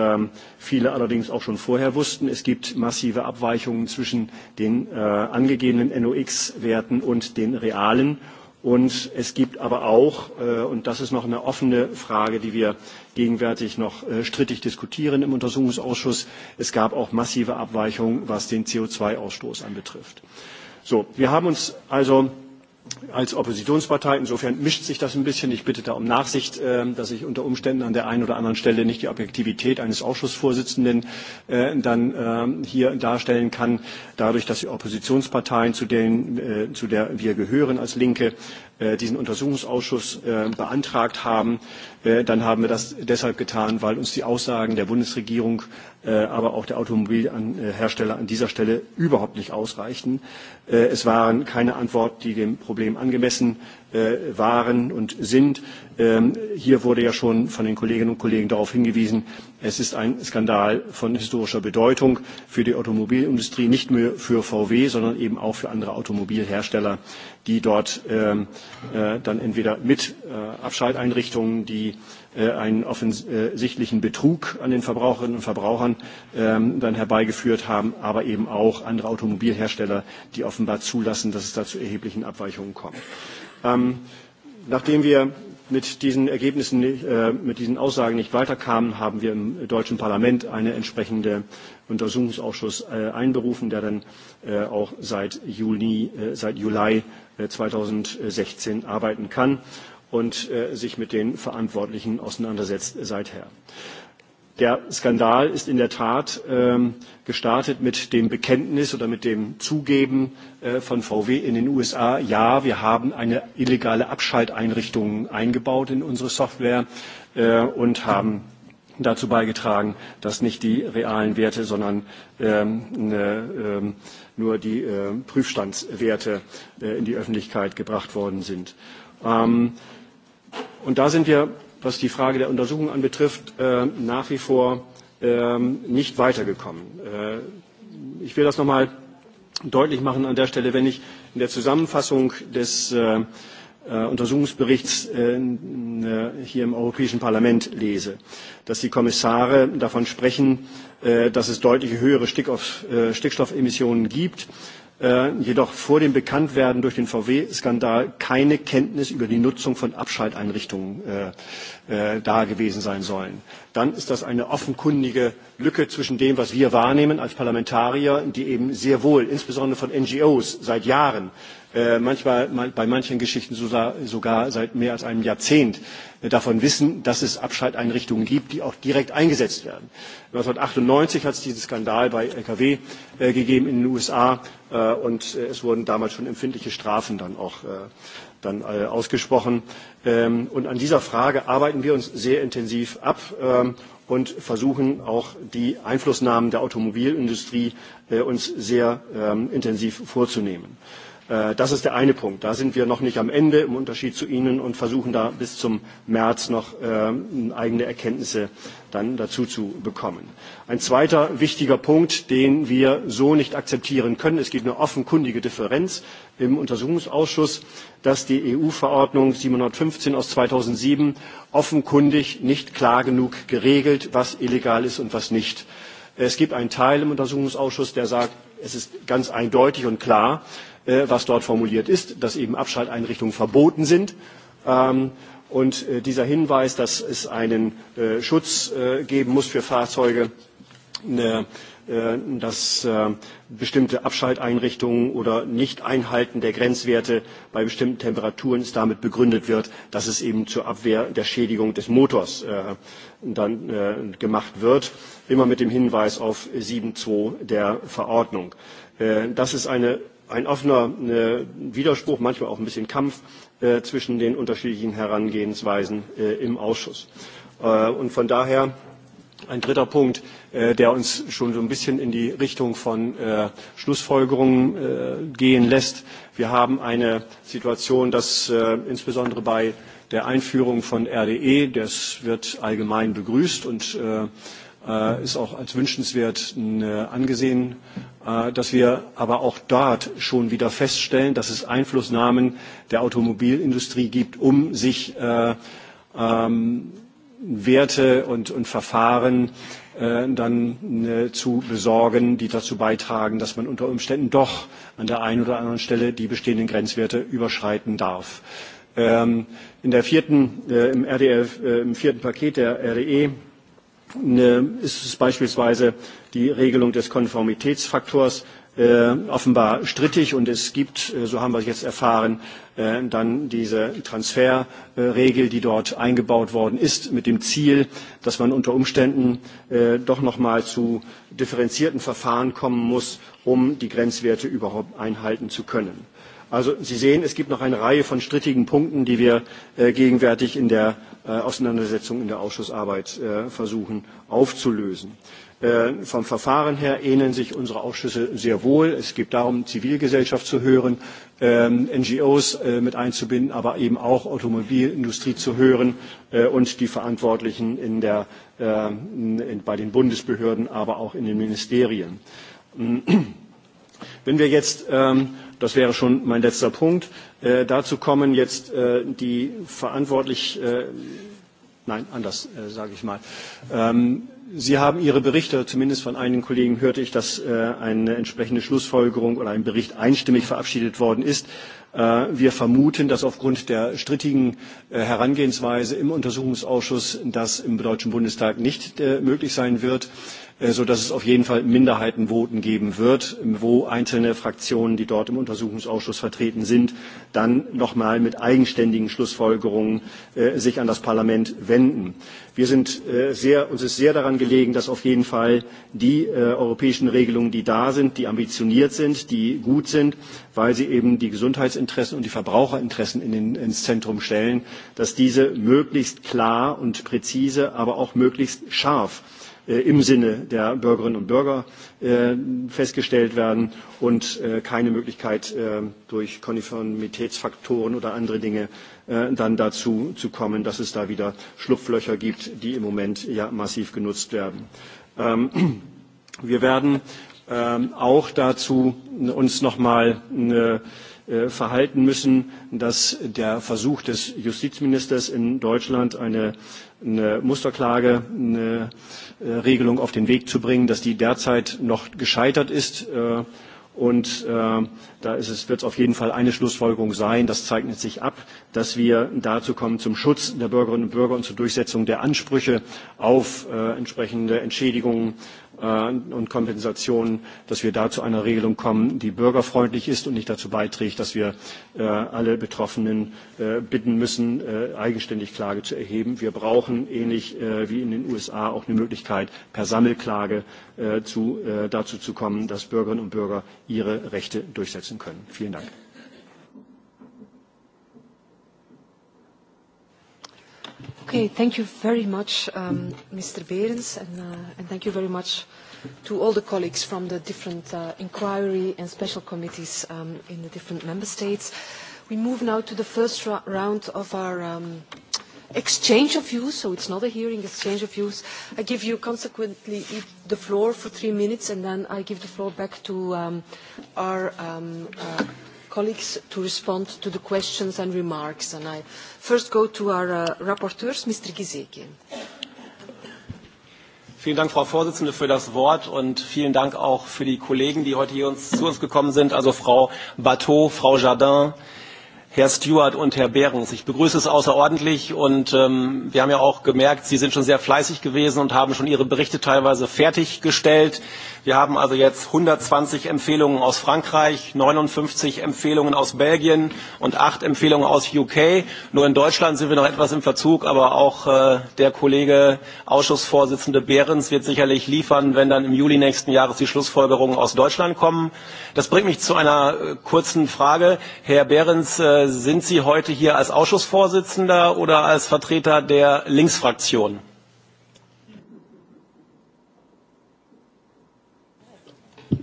viele allerdings auch schon vorher wussten. Es gibt massive Abweichungen zwischen den angegebenen NOx-Werten und den realen. Und es gibt aber auch, und das ist noch eine offene Frage, die wir gegenwärtig noch strittig diskutieren im Untersuchungsausschuss, es gab auch massive Abweichungen, was den CO2-Ausstoß anbetrifft. wir haben uns also als Oppositionspartei. Insofern mischt sich das ein bisschen. Ich bitte da um Nachsicht, dass ich unter Umständen an der einen oder anderen Stelle nicht die Objektivität eines Ausschussvorsitzenden dann hier darstellen kann. Dadurch, dass die Oppositionsparteien, zu der wir gehören als Linke, diesen Untersuchungsausschuss beantragt haben, dann haben wir das deshalb getan, weil uns die Aussagen der Bundesregierung, aber auch der Automobilhersteller an dieser Stelle überhaupt nicht ausreichten. Es waren keine Antworten, die dem Problem angemessen waren und sind. Hier wurde ja schon von den Kolleginnen und Kollegen darauf hingewiesen, es ist ein Skandal von historischer Bedeutung für die Automobilindustrie, nicht nur für VW, sondern eben auch für andere Automobilhersteller, die dort dann entweder mit Abschalteinrichtungen, die einen offensichtlichen Betrug an den Verbraucherinnen und Verbrauchern dann herbeigeführt haben, aber eben auch andere Automobilhersteller, die offenbar zulassen, dass es da zu erheblichen Abweichungen kommt. Nachdem wir mit diesen Ergebnissen, mit diesen Aussagen nicht weiterkamen, haben wir im deutschen Parlament einen entsprechenden Untersuchungsausschuss einberufen, der dann auch seit Juli, seit Juli 2016 arbeiten kann und sich mit den Verantwortlichen auseinandersetzt seither. Der Skandal ist in der Tat gestartet mit dem Bekenntnis oder mit dem Zugeben von VW in den USA, ja, wir haben eine illegale Abschalteinrichtung eingebaut in unsere Software und haben dazu beigetragen, dass nicht die realen Werte, sondern nur die Prüfstandswerte in die Öffentlichkeit gebracht worden sind. da sind wir was die Frage der Untersuchung anbetrifft, nach wie vor nicht weitergekommen. Ich will das noch mal deutlich machen an der Stelle, wenn ich in der Zusammenfassung des Untersuchungsberichts hier im Europäischen Parlament lese, dass die Kommissare davon sprechen, dass es deutlich höhere Stickstoffemissionen gibt jedoch vor dem Bekanntwerden durch den VW-Skandal keine Kenntnis über die Nutzung von Abschalteinrichtungen da gewesen sein sollen. Dann ist das eine offenkundige Lücke zwischen dem, was wir wahrnehmen als Parlamentarier, die eben sehr wohl, insbesondere von NGOs, seit Jahren manchmal bei manchen Geschichten sogar seit mehr als einem Jahrzehnt davon wissen, dass es Abschalteinrichtungen gibt, die auch direkt eingesetzt werden. 1998 hat es diesen Skandal bei Lkw gegeben in den USA und es wurden damals schon empfindliche Strafen dann auch ausgesprochen. Und an dieser Frage arbeiten wir uns sehr intensiv ab und versuchen auch die Einflussnahmen der Automobilindustrie uns sehr intensiv vorzunehmen. Das ist der eine Punkt. Da sind wir noch nicht am Ende im Unterschied zu Ihnen und versuchen da bis zum März noch eigene Erkenntnisse dann dazu zu bekommen. Ein zweiter wichtiger Punkt, den wir so nicht akzeptieren können, es gibt eine offenkundige Differenz im Untersuchungsausschuss, dass die EU-Verordnung 715 aus 2007 offenkundig nicht klar genug geregelt, was illegal ist und was nicht. Es gibt einen Teil im Untersuchungsausschuss, der sagt, es ist ganz eindeutig und klar was dort formuliert ist, dass eben Abschalteinrichtungen verboten sind. Und dieser Hinweis, dass es einen Schutz geben muss für Fahrzeuge, dass bestimmte Abschalteinrichtungen oder Nicht-Einhalten der Grenzwerte bei bestimmten Temperaturen damit begründet wird, dass es eben zur Abwehr der Schädigung des Motors dann gemacht wird, immer mit dem Hinweis auf 7.2 der Verordnung. Das ist eine ein offener Widerspruch, manchmal auch ein bisschen Kampf zwischen den unterschiedlichen Herangehensweisen im Ausschuss. Und von daher ein dritter Punkt, der uns schon so ein bisschen in die Richtung von Schlussfolgerungen gehen lässt. Wir haben eine Situation, dass insbesondere bei der Einführung von RDE, das wird allgemein begrüßt und ist auch als wünschenswert angesehen, dass wir aber auch dort schon wieder feststellen, dass es Einflussnahmen der Automobilindustrie gibt, um sich Werte und Verfahren dann zu besorgen, die dazu beitragen, dass man unter Umständen doch an der einen oder anderen Stelle die bestehenden Grenzwerte überschreiten darf. Im vierten Paket der RDE ist es beispielsweise die Regelung des Konformitätsfaktors offenbar strittig und es gibt, so haben wir es jetzt erfahren, dann diese Transferregel, die dort eingebaut worden ist, mit dem Ziel, dass man unter Umständen doch noch mal zu differenzierten Verfahren kommen muss, um die Grenzwerte überhaupt einhalten zu können. Also Sie sehen, es gibt noch eine Reihe von strittigen Punkten, die wir gegenwärtig in der Auseinandersetzung in der Ausschussarbeit versuchen aufzulösen. Vom Verfahren her ähneln sich unsere Ausschüsse sehr wohl. Es geht darum, Zivilgesellschaft zu hören, NGOs mit einzubinden, aber eben auch Automobilindustrie zu hören und die Verantwortlichen bei den Bundesbehörden, aber auch in den Ministerien. Wenn wir jetzt Das wäre schon mein letzter Punkt. Dazu kommen jetzt die verantwortlich, nein, anders sage ich mal. Sie haben Ihre Berichte, zumindest von einigen Kollegen hörte ich, dass eine entsprechende Schlussfolgerung oder ein Bericht einstimmig verabschiedet worden ist. Wir vermuten, dass aufgrund der strittigen Herangehensweise im Untersuchungsausschuss das im Deutschen Bundestag nicht möglich sein wird sodass es auf jeden Fall Minderheitenvoten geben wird, wo einzelne Fraktionen, die dort im Untersuchungsausschuss vertreten sind, dann noch einmal mit eigenständigen Schlussfolgerungen an das Parlament wenden. uns ist sehr daran gelegen, dass auf jeden Fall die europäischen Regelungen, die da sind, die ambitioniert sind, die gut sind, weil sie eben die Gesundheitsinteressen und die Verbraucherinteressen ins Zentrum stellen, dass diese möglichst klar und präzise, aber auch möglichst scharf im Sinne der Bürgerinnen und Bürger festgestellt werden und keine Möglichkeit durch Konformitätsfaktoren oder andere Dinge dann dazu zu kommen, dass es da wieder Schlupflöcher gibt, die im Moment ja massiv genutzt werden. Wir werden auch dazu uns noch mal verhalten müssen, dass der Versuch des Justizministers in Deutschland eine Regelung auf den Weg zu bringen, dass die derzeit noch gescheitert ist. Und da wird es auf jeden Fall eine Schlussfolgerung sein, das zeichnet sich ab, dass wir dazu kommen zum Schutz der Bürgerinnen und Bürger und zur Durchsetzung der Ansprüche auf entsprechende Entschädigungen, und Kompensationen, dass wir da zu einer Regelung kommen, die bürgerfreundlich ist und nicht dazu beiträgt, dass wir alle Betroffenen bitten müssen, eigenständig Klage zu erheben. Wir brauchen, ähnlich wie in den USA, auch eine Möglichkeit, per Sammelklage dazu zu kommen, dass Bürgerinnen und Bürger ihre Rechte durchsetzen können. Vielen Dank. Okay, thank you very much, Mr. Behrens and thank you very much to all the colleagues from the different inquiry and special committees in the different member states. We move now to the first round of our exchange of views, so it's not a hearing, exchange of views. I give you consequently the floor for three minutes, and then I give the floor back to our colleagues to respond to the questions and remarks. And I first go to our rapporteurs, Mr. Gizeki. Vielen Dank, Frau Vorsitzende, für das Wort und vielen Dank auch für die Kollegen, die heute hier uns, zu uns gekommen sind, also Frau Bateau, Frau Jardin, Herr Stewart und Herr Behrens. Ich begrüße es außerordentlich und wir haben ja auch gemerkt, Sie sind schon sehr fleißig gewesen und haben schon Ihre Berichte teilweise fertiggestellt. Wir haben also jetzt 120 Empfehlungen aus Frankreich, 59 Empfehlungen aus Belgien und acht Empfehlungen aus UK. Nur in Deutschland sind wir noch etwas im Verzug, aber auch der Kollege Ausschussvorsitzende Behrens wird sicherlich liefern, wenn dann im Juli nächsten Jahres die Schlussfolgerungen aus Deutschland kommen. Das bringt mich zu einer kurzen Frage. Herr Behrens, Sind Sie heute hier als Ausschussvorsitzender oder als Vertreter der Linksfraktion?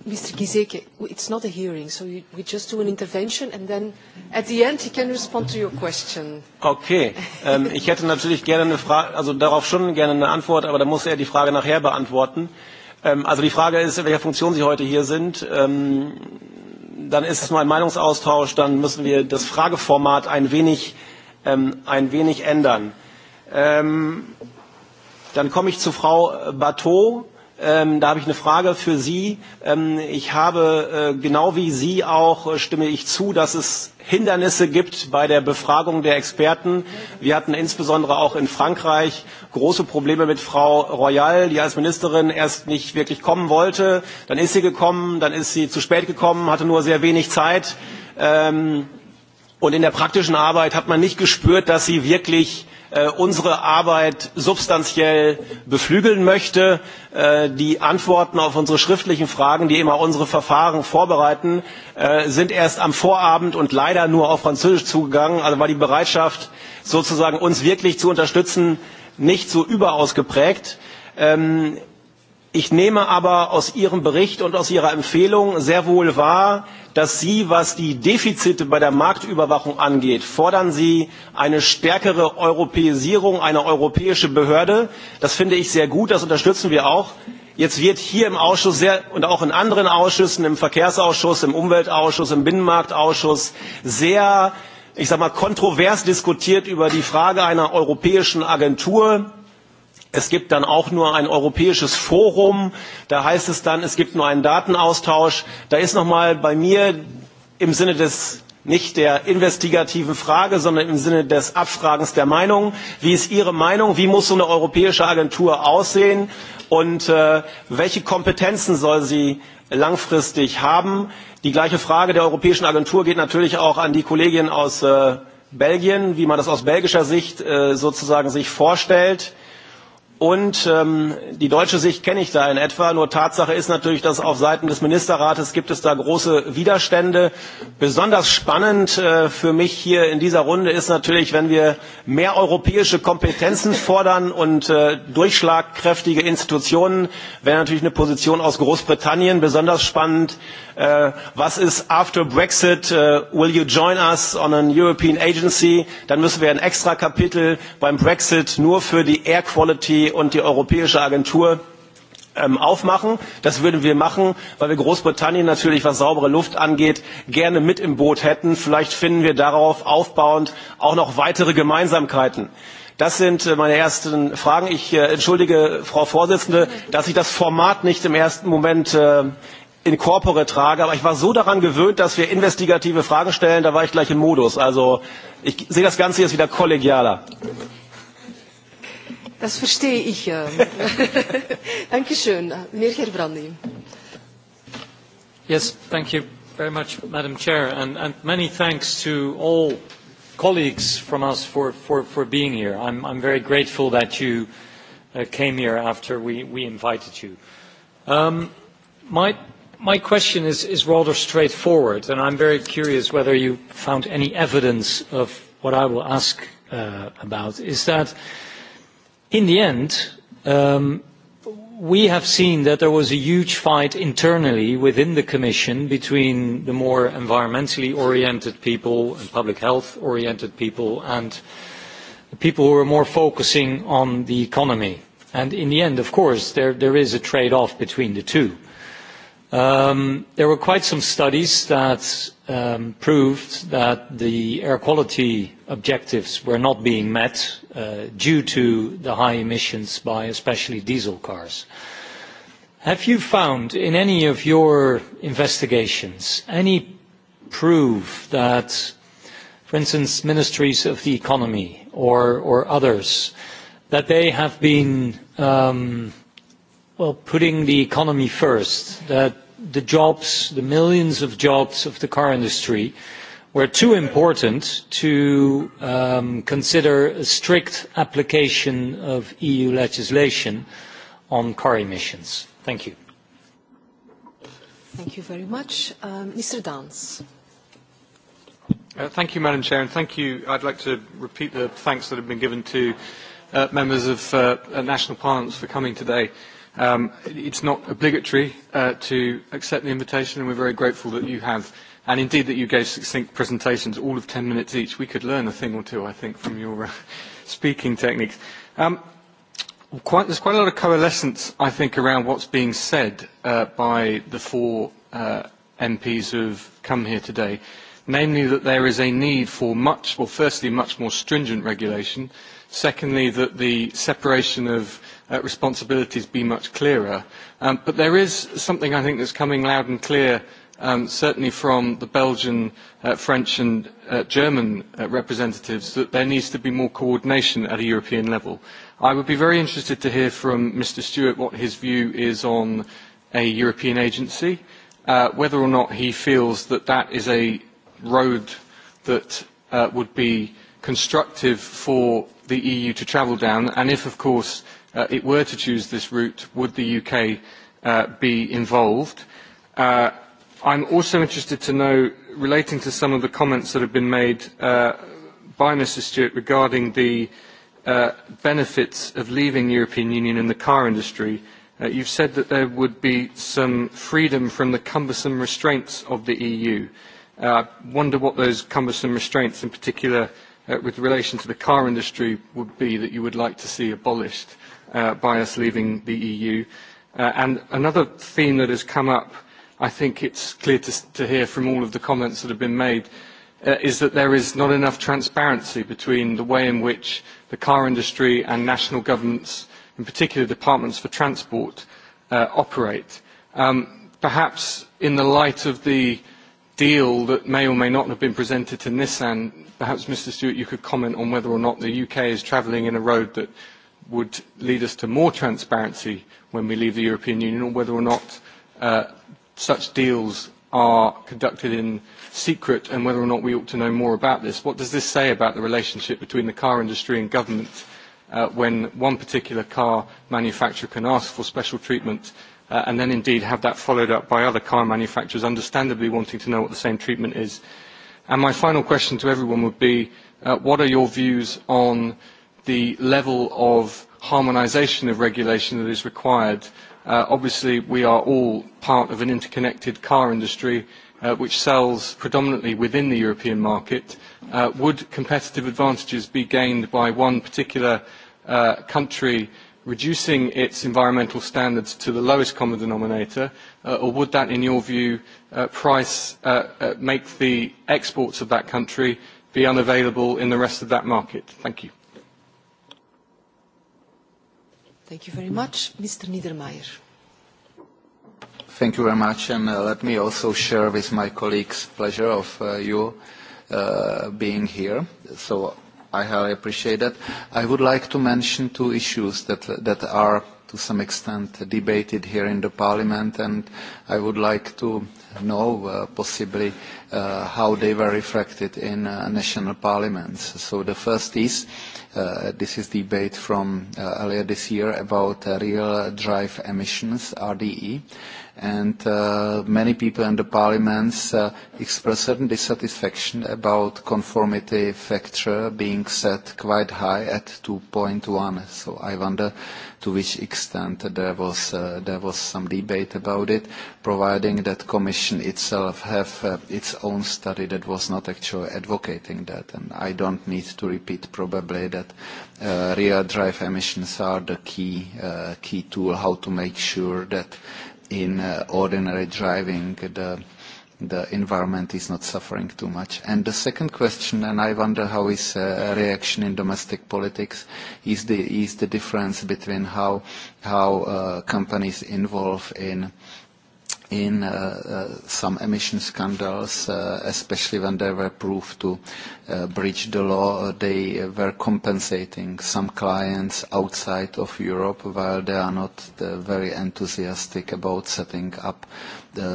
Mr. Giseke, it's not a hearing, so we just do an intervention and then at the end he can respond to your question. Okay, ich hätte natürlich gerne eine Frage, also darauf schon gerne eine Antwort, aber da muss er die Frage nachher beantworten. Also die Frage ist, in welcher Funktion Sie heute hier sind dann ist es nur ein Meinungsaustausch, dann müssen wir das Frageformat ein wenig, ähm, ein wenig ändern. Ähm, dann komme ich zu Frau Bateau da habe ich eine Frage für Sie. ich habe, genau wie Sie auch, stimme ich zu, dass es Hindernisse gibt bei der Befragung der Experten. Wir hatten insbesondere auch in Frankreich große Probleme mit Frau Royal, die als Ministerin erst nicht wirklich kommen wollte. Dann ist sie gekommen, dann ist sie zu spät gekommen, hatte nur sehr wenig Zeit. und in der praktischen Arbeit hat man nicht gespürt, dass sie wirklich unsere Arbeit substanziell beflügeln möchte. Die Antworten auf unsere schriftlichen Fragen, die immer unsere Verfahren vorbereiten, sind erst am Vorabend und leider nur auf Französisch zugegangen. Also war die Bereitschaft, sozusagen uns wirklich zu unterstützen, nicht so überaus geprägt. Ich nehme aber aus Ihrem Bericht und aus Ihrer Empfehlung sehr wohl wahr, dass Sie, was die Defizite bei der Marktüberwachung angeht, fordern Sie eine stärkere Europäisierung, eine europäische Behörde. Das finde ich sehr gut, das unterstützen wir auch. Jetzt wird hier im Ausschuss und auch in anderen Ausschüssen, im Verkehrsausschuss, im Umweltausschuss, im Binnenmarktausschuss, sehr, ich mal, kontrovers diskutiert über die Frage einer europäischen Agentur Es gibt dann auch nur ein europäisches Forum, da heißt es dann, es gibt nur einen Datenaustausch. Da ist noch nochmal bei mir im Sinne nicht der investigativen Frage, sondern im Sinne des Abfragens der Meinung. Wie ist Ihre Meinung? Wie muss so eine europäische Agentur aussehen? Und welche Kompetenzen soll sie langfristig haben? Die gleiche Frage der Europäischen Agentur geht natürlich auch an die Kollegin aus Belgien, wie man das aus belgischer Sicht sozusagen vorstellt. Und die deutsche Sicht kenne ich da in etwa. Nur Tatsache ist natürlich, dass auf Seiten des Ministerrates gibt es da große Widerstände. Besonders spannend für mich hier in dieser Runde ist natürlich, wenn wir mehr europäische Kompetenzen fordern und durchschlagkräftige Institutionen, wäre natürlich eine Position aus Großbritannien besonders spannend. Was ist after Brexit? Will you join us on an European agency? Dann müssen wir ein extra Kapitel beim Brexit nur für die Air Quality und die Europäische Agentur aufmachen. Das würden wir machen, weil wir Großbritannien natürlich, was saubere Luft angeht, gerne mit im Boot hätten. Vielleicht finden wir darauf aufbauend auch noch weitere Gemeinsamkeiten. Das sind meine ersten Fragen. Ich entschuldige, Frau Vorsitzende, dass ich das Format nicht im ersten Moment in corpore trage, aber ich war so daran gewöhnt, dass wir investigative Fragen stellen, da war ich gleich im Modus. Also ich sehe das Ganze jetzt wieder kollegialer. Das verstehe ich. Dankeschön. Yes, thank you very much, Madam Chair, and, many thanks to all colleagues from us for, for, for being here. I'm, I'm very grateful that you came here after we, we invited you. my, my question is, is rather straightforward, and I'm very curious whether you found any evidence of what I will ask about, is that in the end we have seen that there was a huge fight internally within the commission between the more environmentally oriented people and public health oriented people and the people who were more focusing on the economy and in the end of course there is a trade off between the two There were quite some studies that proved that the air quality objectives were not being met due to the high emissions by especially diesel cars. Have you found in any of your investigations any proof that, for instance, ministries of the economy or others, that they have been well putting the economy first, that the jobs, the millions of jobs of the car industry were too important to consider a strict application of EU legislation on car emissions. Thank you. Thank you very much. Mr. Dance. Thank you, Madam Chair, and thank you. I'd like to repeat the thanks that have been given to members of national parliaments for coming today. It's not obligatory to accept the invitation, and we're very grateful that you have, and indeed that you gave succinct presentations, all of 10 minutes each. We could learn a thing or two, I think, from your speaking techniques. There's quite a lot of coalescence, I think, around what's being said by the four MPs have come here today, namely that there is a need for much, well, firstly, much more stringent regulation, secondly, that the separation of responsibilities be much clearer. But there is something I think that's coming loud and clear, certainly from the Belgian, French and German representatives, that there needs to be more coordination at a European level. I would be very interested to hear from Mr. Stewart what his view is on a European agency, whether or not he feels that that is a road that would be constructive for the EU to travel down, and if, of course, it were to choose this route, would the UK be involved? I'm also interested to know, relating to some of the comments that have been made by Mr Stewart regarding the benefits of leaving the European Union in the car industry, you've said that there would be some freedom from the cumbersome restraints of the EU. I wonder what those cumbersome restraints, in particular with relation to the car industry, would be that you would like to see abolished by us leaving the EU. And another theme that has come up, I think it's clear to hear from all of the comments that have been made, is that there is not enough transparency between the way in which the car industry and national governments, in particular departments for transport, operate. Perhaps in the light of the deal that may or may not have been presented to Nissan, perhaps Mr. Stewart you could comment on whether or not the UK is travelling in a road that would lead us to more transparency when we leave the European Union, or whether or not such deals are conducted in secret, and whether or not we ought to know more about this. What does this say about the relationship between the car industry and government when one particular car manufacturer can ask for special treatment and then indeed have that followed up by other car manufacturers understandably wanting to know what the same treatment is? And my final question to everyone would be, what are your views on the level of harmonisation of regulation that is required. Obviously, we are all part of an interconnected car industry which sells predominantly within the European market. Would competitive advantages be gained by one particular country reducing its environmental standards to the lowest common denominator, or would that, in your view, price make the exports of that country be unavailable in the rest of that market? Thank you. Thank you very much. Mr. Niedermayer. Thank you very much, and let me also share with my colleagues pleasure of you being here. So I highly appreciate that. I would like to mention two issues that are to some extent debated here in the Parliament, and I would like to know possibly how they were reflected in national parliaments. So the first is This is debate from earlier this year about real drive emissions, RDE, and many people in the parliaments express certain dissatisfaction about conformity factor being set quite high at 2.1. So I wonder to which extent there was some debate about it, providing that Commission itself have its own study that was not actually advocating that. And I don't need to repeat probably that that rear drive emissions are the key key tool how to make sure that in ordinary driving the the environment is not suffering too much. And the second question, and I wonder how is a reaction in domestic politics, is the is the difference between how how companies involve in in some emission scandals, especially when they were proved to breach the law, they were compensating some clients outside of Europe while they are not very enthusiastic about setting up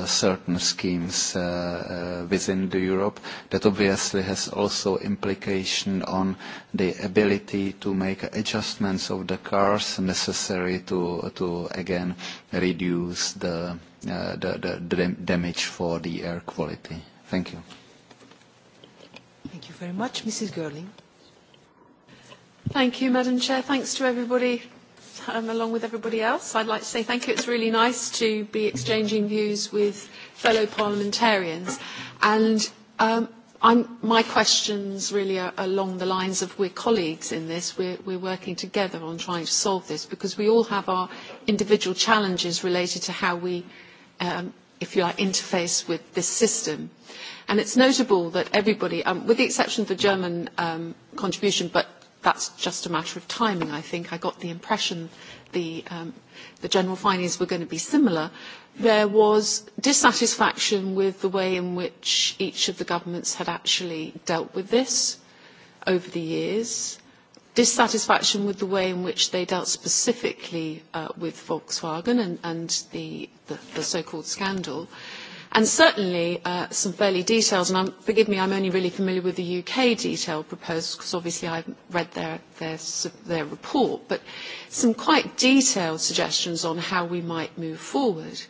certain schemes within Europe. That obviously has also implication on the ability to make adjustments of the cars necessary to again reduce the damage for the air quality. Thank you. Thank you very much. Mrs. Gerling. Thank you, Madam Chair. Thanks to everybody along with everybody else. I'd like to say thank you. It's really nice to be exchanging views with fellow parliamentarians. And my questions really are along the lines of we're colleagues in this. We're working together on trying to solve this because we all have our individual challenges related to how we, if you like, interface with this system. And it's notable that everybody, with the exception of the German contribution, but that's just a matter of timing, I think. I got the impression the general findings were going to be similar. There was dissatisfaction with the way in which each of the governments had actually dealt with this over the years, dissatisfaction with the way in which they dealt specifically with Volkswagen and the so-called scandal, and certainly some fairly detailed, and forgive me, I'm only really familiar with the UK detailed proposals because obviously I've read their their report, but some quite detailed suggestions on how we might move forward.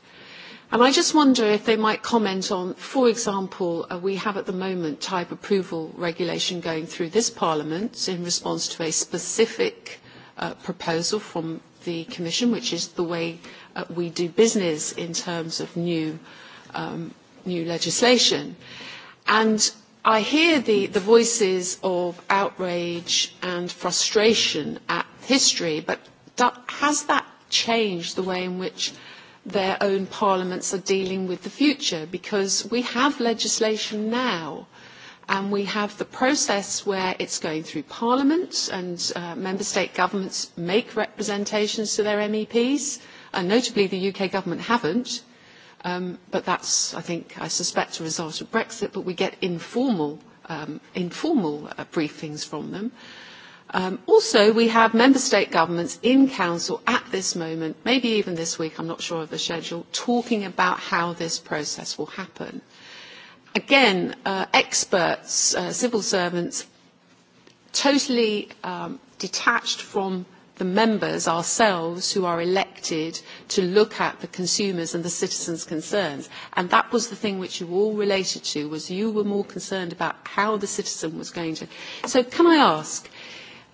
And I just wonder if they might comment on, for example, we have at the moment type approval regulation going through this Parliament in response to a specific proposal from the Commission, which is the way we do business in terms of new new legislation. And I hear the voices of outrage and frustration at history, but has that changed the way in which their own parliaments are dealing with the future? Because we have legislation now and we have the process where it's going through parliament and member state governments make representations to their meps and notably the uk government haven't But that's, I think, I suspect a result of Brexit, but we get informal briefings from them. Also, we have member state governments in council at this moment, maybe even this week, I'm not sure of the schedule, talking about how this process will happen. Again, experts, civil servants, totally detached from the members ourselves who are elected to look at the consumers and the citizens' concerns. And that was the thing which you all related to, was you were more concerned about how the citizen was going to. So can I ask,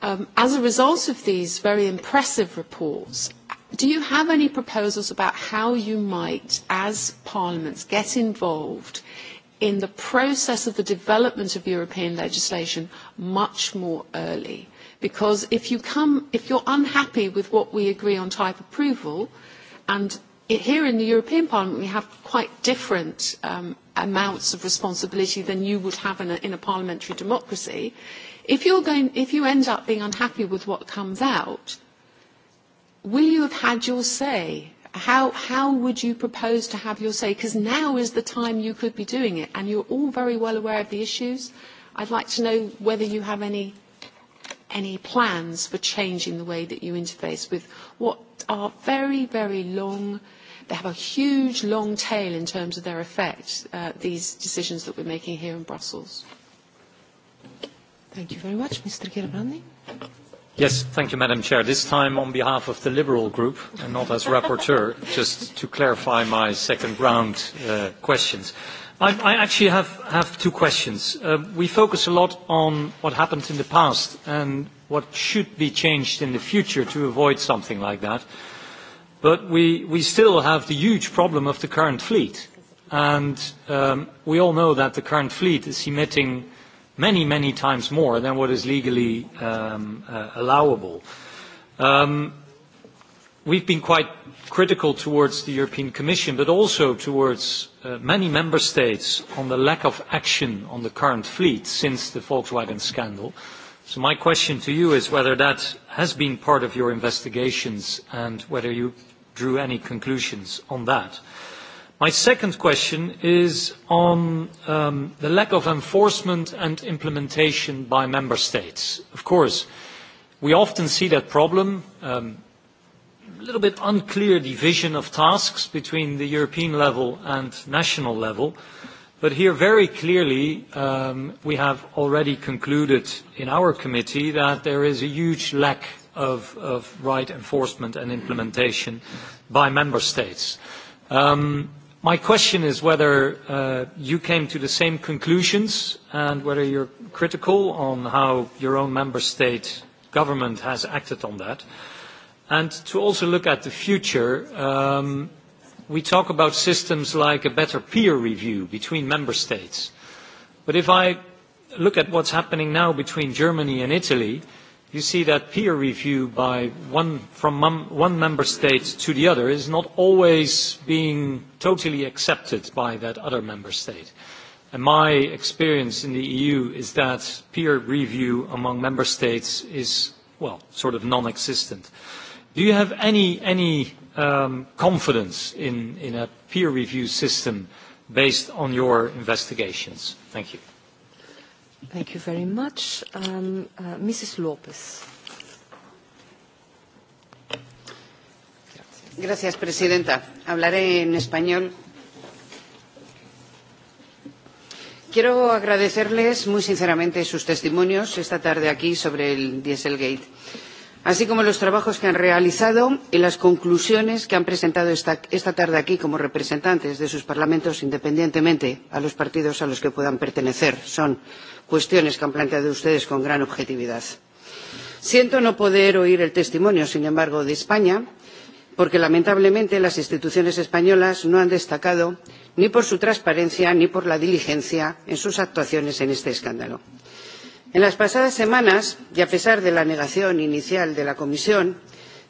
as a result of these very impressive reports, do you have any proposals about how you might, as parliaments, get involved in the process of the development of European legislation much more early? because if you come if you're unhappy with what we agree on type approval and here in the European Parliament we have quite different amounts of responsibility than you would have in a parliamentary democracy if you're going if you end up being unhappy with what comes out will you have had your say how how would you propose to have your say because now is the time you could be doing it and you're all very well aware of the issues i'd like to know whether you have any any plans for changing the way that you interface with what are very, very long, they have a huge long tail in terms of their effect, these decisions that we're making here in Brussels. Thank you very much. Mr. Gerbrandi. Yes, thank you, Madam Chair. This time on behalf of the Liberal Group and not as rapporteur, just to clarify my second round questions. I actually have two questions. We focus a lot on what happened in the past and what should be changed in the future to avoid something like that. But we still have the huge problem of the current fleet. And we all know that the current fleet is emitting many, many times more than what is legally allowable we've been quite critical towards the European Commission, but also towards many member states on the lack of action on the current fleet since the Volkswagen scandal. So my question to you is whether that has been part of your investigations and whether you drew any conclusions on that. My second question is on the lack of enforcement and implementation by member states. Of course, we often see that problem little bit unclear division of tasks between the European level and national level, but here very clearly we have already concluded in our committee that there is a huge lack of right enforcement and implementation by member states. My question is whether you came to the same conclusions and whether you're critical on how your own member state government has acted on that. And to also look at the future, we talk about systems like a better peer review between member states. But if I look at what's happening now between Germany and Italy, you see that peer review by one from one member state to the other is not always being totally accepted by that other member state. And my experience in the EU is that peer review among member states is, well, sort of non-existent. Do you have any any confidence in in a peer review system based on your investigations? Thank you. Thank you very much, Um, Mrs. Lopez. Gracias, presidenta. Hablaré en español. Quiero agradecerles muy sinceramente sus testimonios esta tarde aquí sobre el Dieselgate así como los trabajos que han realizado y las conclusiones que han presentado esta tarde aquí como representantes de sus parlamentos independientemente a los partidos a los que puedan pertenecer. Son cuestiones que han planteado ustedes con gran objetividad. Siento no poder oír el testimonio, sin embargo, de España, porque lamentablemente las instituciones españolas no han destacado ni por su transparencia ni por la diligencia en sus actuaciones en este escándalo en las pasadas semanas y a pesar de la negación inicial de la comisión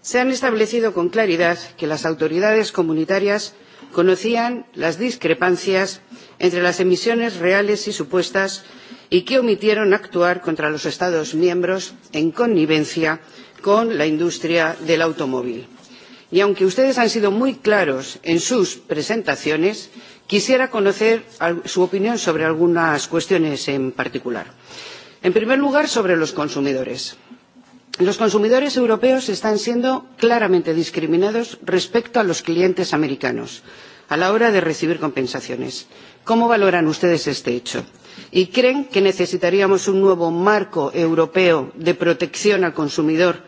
se han establecido con claridad que las autoridades comunitarias conocían las discrepancias entre las emisiones reales y supuestas y que omitieron actuar contra los estados miembros en connivencia con la industria del automóvil. y aunque ustedes han sido muy claros en sus presentaciones quisiera conocer su opinión sobre algunas cuestiones en particular en primer lugar sobre los consumidores los consumidores europeos están siendo claramente discriminados respecto a los clientes americanos a la hora de recibir compensaciones. cómo valoran ustedes este hecho? y creen que necesitaríamos un nuevo marco europeo de protección al consumidor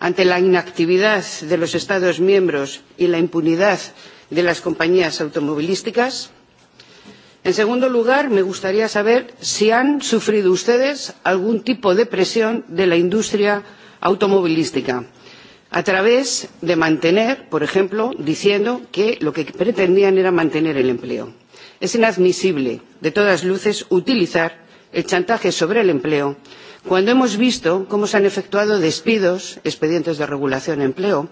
ante la inactividad de los estados miembros y la impunidad de las compañías automovilísticas? en segundo lugar me gustaría saber si han sufrido ustedes algún tipo de presión de la industria automovilística a través de mantener por ejemplo diciendo que lo que pretendían era mantener el empleo. es inadmisible de todas luces utilizar el chantaje sobre el empleo cuando hemos visto cómo se han efectuado despidos expedientes de regulación de empleo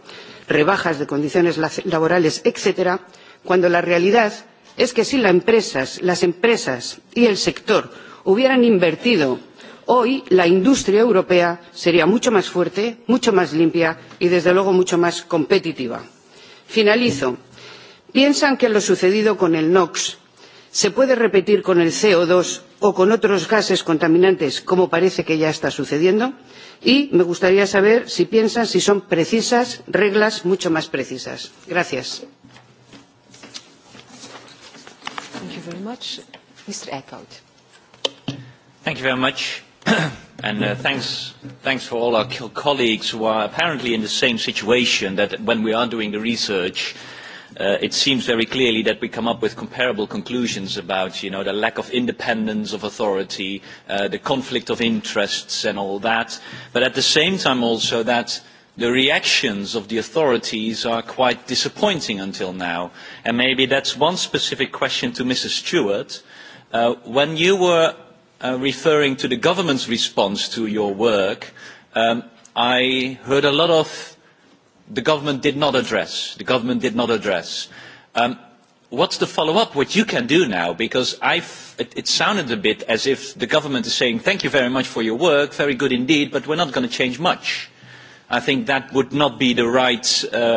rebajas de condiciones laborales etcétera cuando la realidad es que si las empresas las empresas y el sector hubieran invertido hoy la industria europea sería mucho más fuerte mucho más limpia y desde luego mucho más competitiva. finalizo piensan que lo sucedido con el nox se puede repetir con el co dos o con otros gases contaminantes como parece que ya está sucediendo? y me gustaría saber si piensan si son precisas reglas mucho más precisas. gracias. very much. Mr. Eckhout. Thank you very much. And thanks thanks for all our colleagues who are apparently in the same situation that when we are doing the research, it seems very clearly that we come up with comparable conclusions about, you know, the lack of independence of authority, the conflict of interests and all that. But at the same time also that the reactions of the authorities are quite disappointing until now. And maybe that's one specific question to Mrs. Stewart. When you were referring to the government's response to your work, I heard a lot of the government did not address, the government did not address. What's the follow-up, what you can do now? Because it sounded a bit as if the government is saying, thank you very much for your work, very good indeed, but we're not going to change much. I think that would not be the right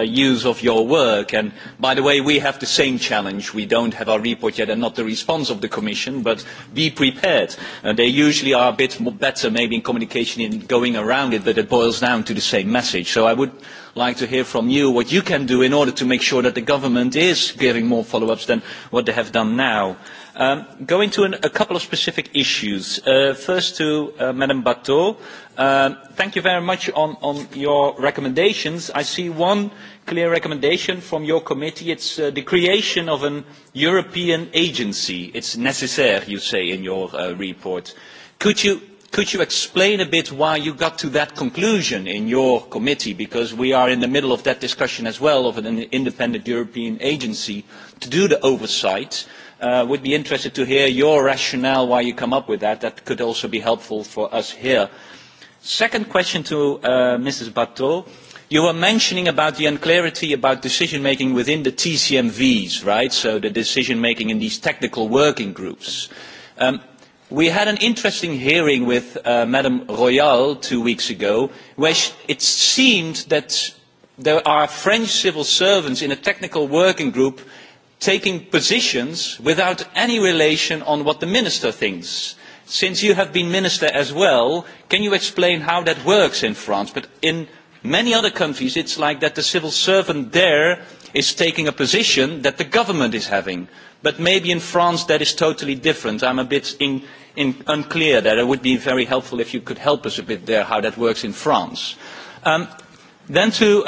use of your work. And by the way, we have the same challenge. We don't have our report yet and not the response of the Commission, but be prepared. They usually are a bit better maybe in communication in going around it, but it boils down to the same message. So I would like to hear from you what you can do in order to make sure that the government is giving more follow-ups than what they have done now. Going to a couple of specific issues. First to Madam Bateau. Thank you very much on your recommendations. I see one clear recommendation from your committee. It's the creation of an European agency. It's necessaire, you say in your report. Could you explain a bit why you got to that conclusion in your committee? Because we are in the middle of that discussion as well of an independent European agency to do the oversight would be interested to hear your rationale why you come up with that. That could also be helpful for us here. Second question to Mrs. Bateau. You were mentioning about the unclarity about decision-making within the TCMVs, right? So the decision-making in these technical working groups. We had an interesting hearing with Madame Royal two weeks ago, where it seemed that there are French civil servants in a technical working group taking positions without any relation on what the minister thinks. Since you have been minister as well, can you explain how that works in France? But in many other countries, it's like that the civil servant there is taking a position that the government is having. But maybe in France that is totally different. I'm a bit unclear That It would be very helpful if you could help us a bit there how that works in France. Then to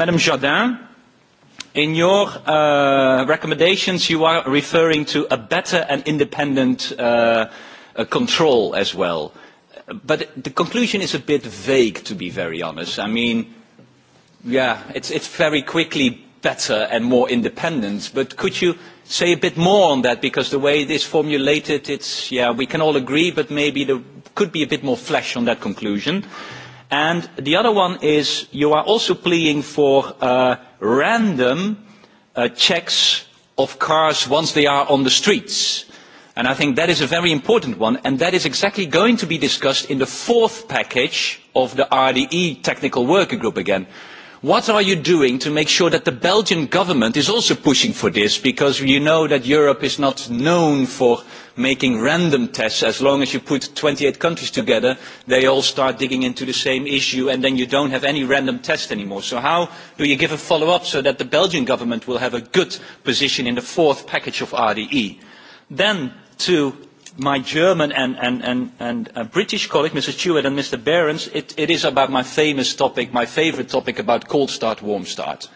Madame Jardin In your recommendations, you are referring to a better and independent control as well. But the conclusion is a bit vague, to be very honest. I mean, yeah, it's very quickly better and more independent. But could you say a bit more on that? Because the way it is formulated, it's, yeah, we can all agree, but maybe there could be a bit more flesh on that conclusion. And the other one is you are also pleading for random checks of cars once they are on the streets. And I think that is a very important one, and that is exactly going to be discussed in the fourth package of the RDE technical working group again. What are you doing to make sure that the Belgian government is also pushing for this? Because you know that Europe is not known for making random tests as long as you put 28 countries together they all start digging into the same issue and then you don't have any random test anymore so how do you give a follow up so that the belgian government will have a good position in the fourth package of rde then to my German and British colleague, Mr. Stewart and Mr. Behrens, it is about my famous topic, my favourite topic about cold start, warm start.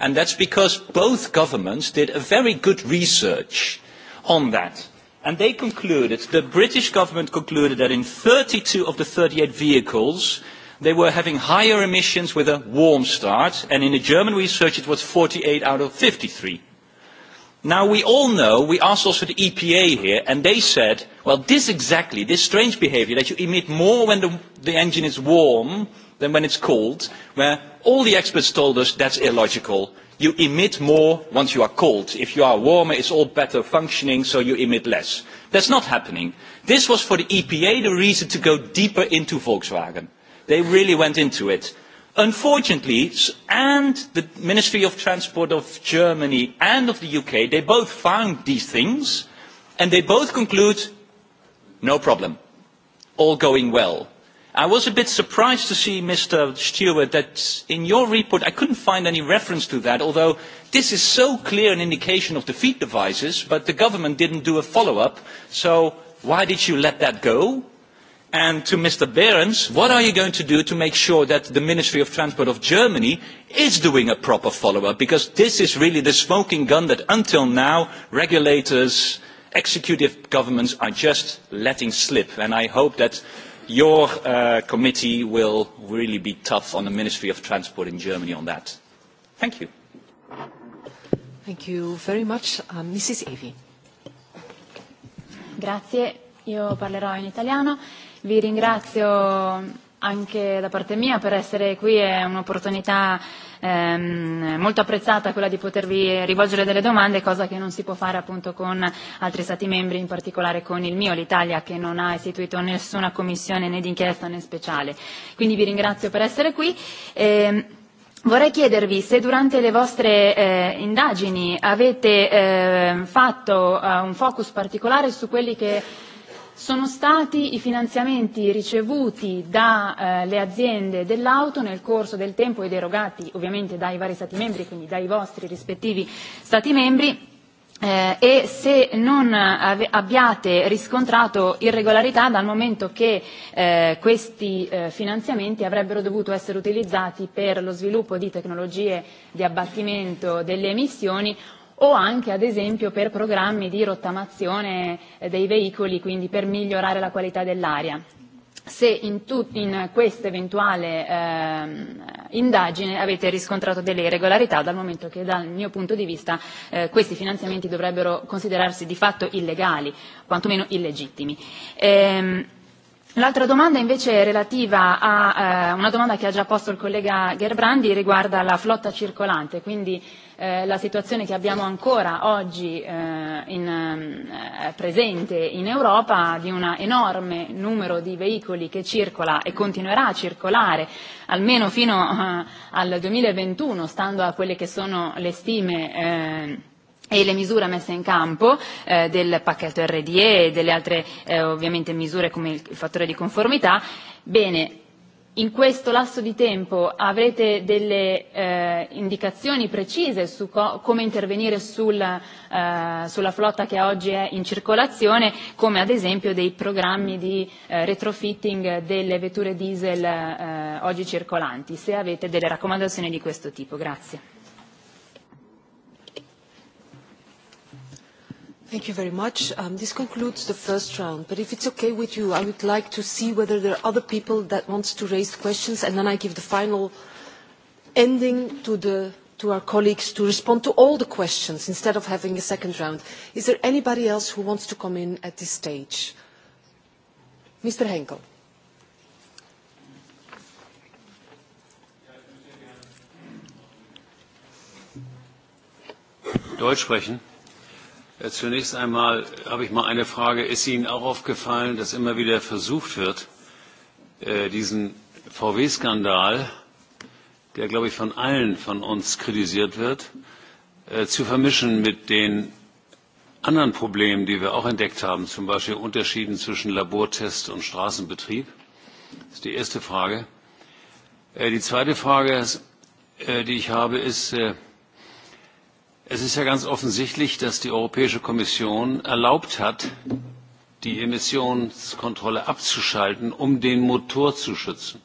And that's because both governments did a very good research on that and they concluded, the British government concluded that in thirty two of the thirty eight vehicles, they were having higher emissions with a warm start, and in the German research it was forty eight out of fifty three. Now we all know, we asked also the EPA here, and they said, well this exactly, this strange behaviour that you emit more when the engine is warm than when it's cold, where all the experts told us that is illogical you emit more once you are cold. If you are warmer, it's all better functioning, so you emit less. That's not happening. This was for the EPA the reason to go deeper into Volkswagen. They really went into it. Unfortunately, and the Ministry of Transport of Germany and of the UK, they both found these things, and they both conclude, no problem, all going well. I was a bit surprised to see, Mr. Stewart, that in your report I couldn't find any reference to that, although this is so clear an indication of the devices, but the government didn't do a follow-up. So why did you let that go? And to Mr. Behrens, what are you going to do to make sure that the Ministry of Transport of Germany is doing a proper follow-up? Because this is really the smoking gun that until now regulators, executive governments are just letting slip. And I hope that Your committee will really be tough on the Ministry of Transport in Germany on that. Thank you. Thank you very much. Mrs. Evi. Grazie, io parlerò in italiano. Vi ringrazio anche da parte mia per essere qui, è un'opportunità molto apprezzata quella di potervi rivolgere delle domande, cosa che non si può fare appunto con altri Stati membri, in particolare con il mio, l'Italia, che non ha istituito nessuna commissione né d'inchiesta né speciale. Quindi vi ringrazio per essere qui. Vorrei chiedervi se durante le vostre indagini avete fatto un focus particolare su quelli che sono stati i finanziamenti ricevuti dalle aziende dell'auto nel corso del tempo ed erogati ovviamente dai vari Stati membri, quindi dai vostri rispettivi Stati membri, e se non abbiate riscontrato irregolarità dal momento che questi finanziamenti avrebbero dovuto essere utilizzati per lo sviluppo di tecnologie di abbattimento delle emissioni o anche ad esempio per programmi di rottamazione dei veicoli, quindi per migliorare la qualità dell'aria. Se in, in questa eventuale indagine avete riscontrato delle irregolarità dal momento che dal mio punto di vista questi finanziamenti dovrebbero considerarsi di fatto illegali, quantomeno illegittimi. L'altra domanda invece è relativa a una domanda che ha già posto il collega Gerbrandi riguarda la flotta circolante, quindi la situazione che abbiamo ancora oggi presente in Europa di un enorme numero di veicoli che circola e continuerà a circolare almeno fino al 2021 stando a quelle che sono le stime e le misure messe in campo del pacchetto RDE e delle altre ovviamente misure come il fattore di conformità bene in questo lasso di tempo avrete delle indicazioni precise su come intervenire sulla flotta che oggi è in circolazione, come ad esempio dei programmi di retrofitting delle vetture diesel oggi circolanti, se avete delle raccomandazioni di questo tipo. Grazie. Thank you very much. This concludes the first round, but if it's okay with you, I would like to see whether there are other people that want to raise questions, and then I give the final ending to our colleagues to respond to all the questions instead of having a second round. Is there anybody else who wants to come in at this stage? Mr. Henkel. Deutsch sprechen. Zunächst einmal habe ich mal eine Frage. Ist Ihnen auch aufgefallen, dass immer wieder versucht wird, diesen VW-Skandal, der, glaube ich, von allen von uns kritisiert wird, zu vermischen mit den anderen Problemen, die wir auch entdeckt haben, zum Beispiel Unterschieden zwischen Labortest und Straßenbetrieb? Das ist die erste Frage. Die zweite Frage, die ich habe, ist, Es ist ja ganz offensichtlich, dass die Europäische Kommission erlaubt hat, die Emissionskontrolle abzuschalten, um den Motor zu schützen.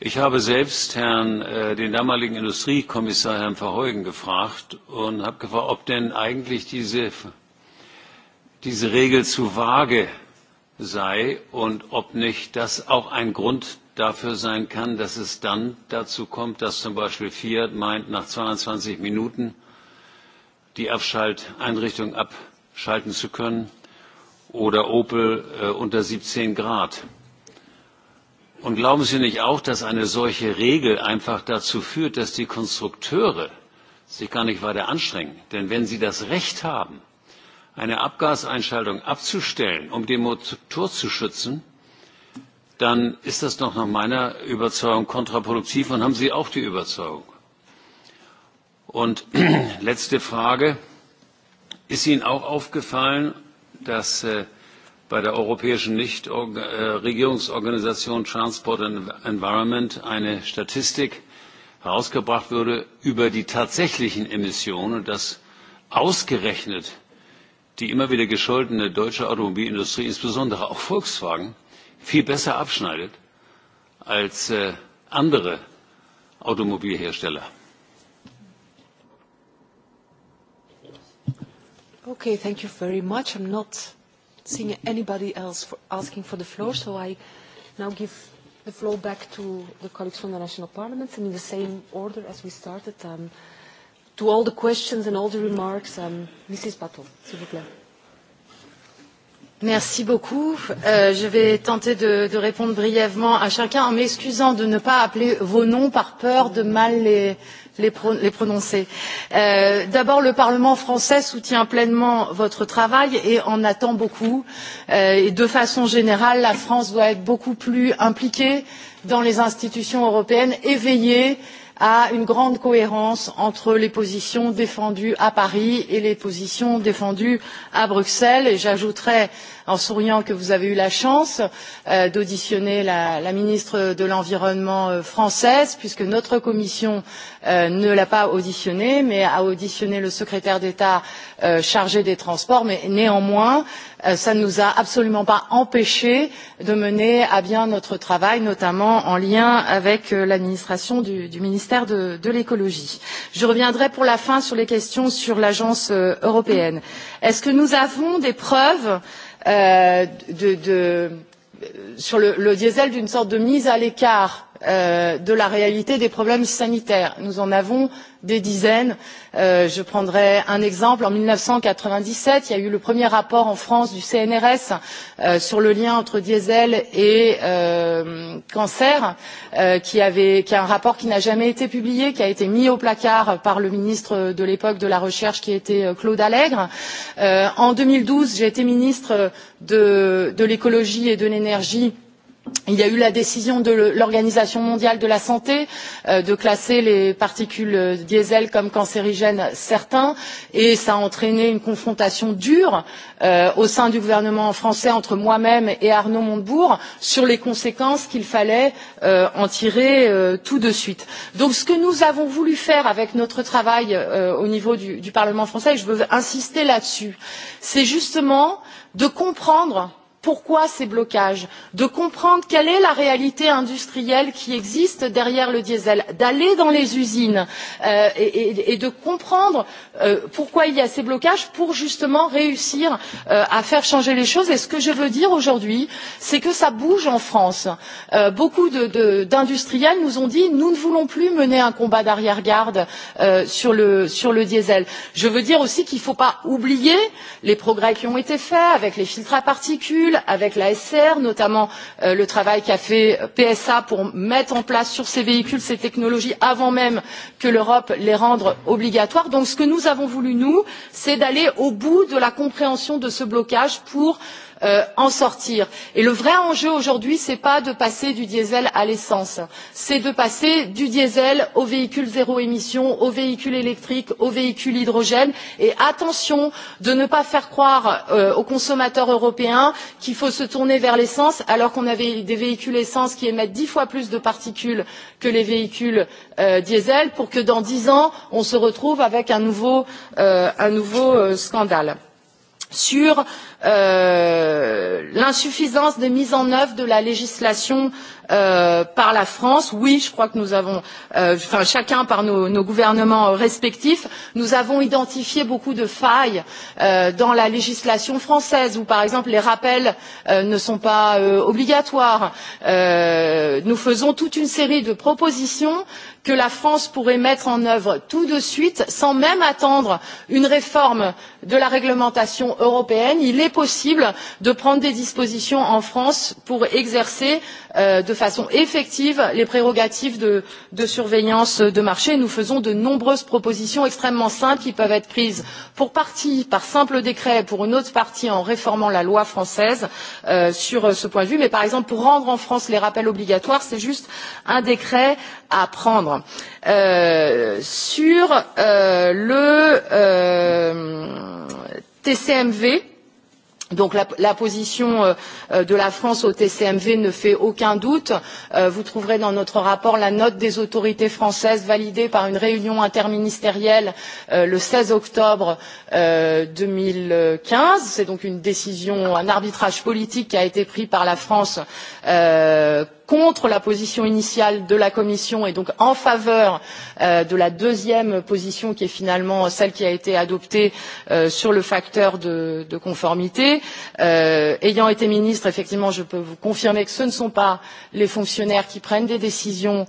Ich habe selbst den damaligen Industriekommissar Herrn Verheugen gefragt und habe gefragt, ob denn eigentlich diese Regel zu vage sei und ob nicht das auch ein Grund dafür sein kann, dass es dann dazu kommt, dass zum Beispiel Fiat meint, nach 22 Minuten die Einrichtung abschalten zu können oder Opel unter 17 Grad. Und glauben Sie nicht auch, dass eine solche Regel einfach dazu führt, dass die Konstrukteure sich gar nicht weiter anstrengen? Denn wenn sie das Recht haben, eine Abgaseinschaltung abzustellen, um den Motor zu schützen, dann ist das doch nach meiner Überzeugung kontraproduktiv und haben Sie auch die Überzeugung. Und letzte Frage. Ist Ihnen auch aufgefallen, dass bei der Europäischen Nichtregierungsorganisation Transport and Environment eine Statistik herausgebracht wurde über die tatsächlichen Emissionen und dass ausgerechnet die immer wieder gescholtene deutsche Automobilindustrie, insbesondere auch Volkswagen, viel besser abschneidet als andere Automobilhersteller. Okay, thank you very much. I'm not seeing anybody else for asking for the floor, so I now give the floor back to the colleagues from the national parliaments and in the same order as we started. to all the questions and all the remarks, um, Mrs. Battle, s'il vous plaît. Merci beaucoup. Je vais tenter de répondre brièvement à chacun en m'excusant de ne pas appeler vos noms par peur de mal les prononcer. D'abord, le Parlement français soutient pleinement votre travail et en attend beaucoup. Et de façon générale, la France doit être beaucoup plus impliquée dans les institutions européennes, éveillée à une grande cohérence entre les positions défendues à Paris et les positions défendues à Bruxelles. Et j'ajouterais en souriant que vous avez eu la chance d'auditionner la ministre de l'environnement française puisque notre commission ne l'a pas auditionnée mais a auditionné le secrétaire d'état chargé des transports mais néanmoins ça ne nous a absolument pas empêchés de mener à bien notre travail notamment en lien avec l'administration du ministère de l'écologie je reviendrai pour la fin sur les questions sur l'agence européenne est-ce que nous avons des preuves sur le diesel d'une sorte de mise à l'écart de la réalité des problèmes sanitaires. Nous en avons des dizaines. Je prendrai un exemple. En mille neuf cent quatre-vingt-dix sept, il y a eu le premier rapport en France du CNRS sur le lien entre diesel et cancer, qui est un rapport qui n'a jamais été publié, qui a été mis au placard par le ministre de l'époque de la Recherche, qui était Claude Allègre. En deux mille douze, j'ai été ministre de l'écologie et de l'énergie Il y a eu la décision de l'Organisation mondiale de la santé de classer les particules diesel comme cancérigènes certains et cela a entraîné une confrontation dure au sein du gouvernement français entre moi-même et Arnaud Montebourg sur les conséquences qu'il fallait en tirer tout de suite. Donc ce que nous avons voulu faire avec notre travail au niveau du Parlement français, et je veux insister là-dessus, c'est justement de comprendre pourquoi ces blocages de comprendre quelle est la réalité industrielle qui existe derrière le diesel d'aller dans les usines et de comprendre pourquoi il y a ces blocages pour justement réussir à faire changer les choses ce que je veux dire aujourd'hui c'est que ça bouge en France beaucoup d'industriels nous ont dit nous ne voulons plus mener un combat d'arrière garde sur le diesel je veux dire aussi qu'il ne faut pas oublier les progrès qui ont été faits avec les filtres à particules avec l'ASR, notamment le travail qu'a fait PSA pour mettre en place sur ces véhicules ces technologies avant même que l'Europe les rende obligatoires. Donc ce que nous avons voulu, nous, c'est d'aller au bout de la compréhension de ce blocage pour en sortir. Et le vrai enjeu aujourd'hui, ce n'est pas de passer du diesel à l'essence, c'est de passer du diesel aux véhicules zéro émission, aux véhicules électriques, aux véhicules hydrogène. Et attention de ne pas faire croire aux consommateurs européens qu'il faut se tourner vers l'essence alors qu'on a des véhicules essence qui émettent dix fois plus de particules que les véhicules diesel pour que dans dix ans on se retrouve avec un nouveau scandale. Sur l'insuffisance de mise en œuvre de la législation par la France. Oui, je crois que nous avons, enfin chacun par nos gouvernements respectifs, nous avons identifié beaucoup de failles dans la législation française, où par exemple les rappels ne sont pas obligatoires. Nous faisons toute une série de propositions que la France pourrait mettre en œuvre tout de suite, sans même attendre une réforme de la réglementation européenne est possible de prendre des dispositions en France pour exercer de façon effective les prérogatives de surveillance de marché. Nous faisons de nombreuses propositions extrêmement simples qui peuvent être prises pour partie par simple décret, pour une autre partie en réformant la loi française sur ce point de vue. Mais par exemple, pour rendre en France les rappels obligatoires, c'est juste un décret à prendre. Sur le TCMV, Donc la position de la France au TCMV ne fait aucun doute. Vous trouverez dans notre rapport la note des autorités françaises validée par une réunion interministérielle le 16 octobre 2015. C'est donc une décision, un arbitrage politique qui a été pris par la France contre la position initiale de la commission et donc en faveur de la deuxième position qui est finalement celle qui a été adoptée sur le facteur de conformité. ayant été ministre effectivement je peux vous confirmer que ce ne sont pas les fonctionnaires qui prennent des décisions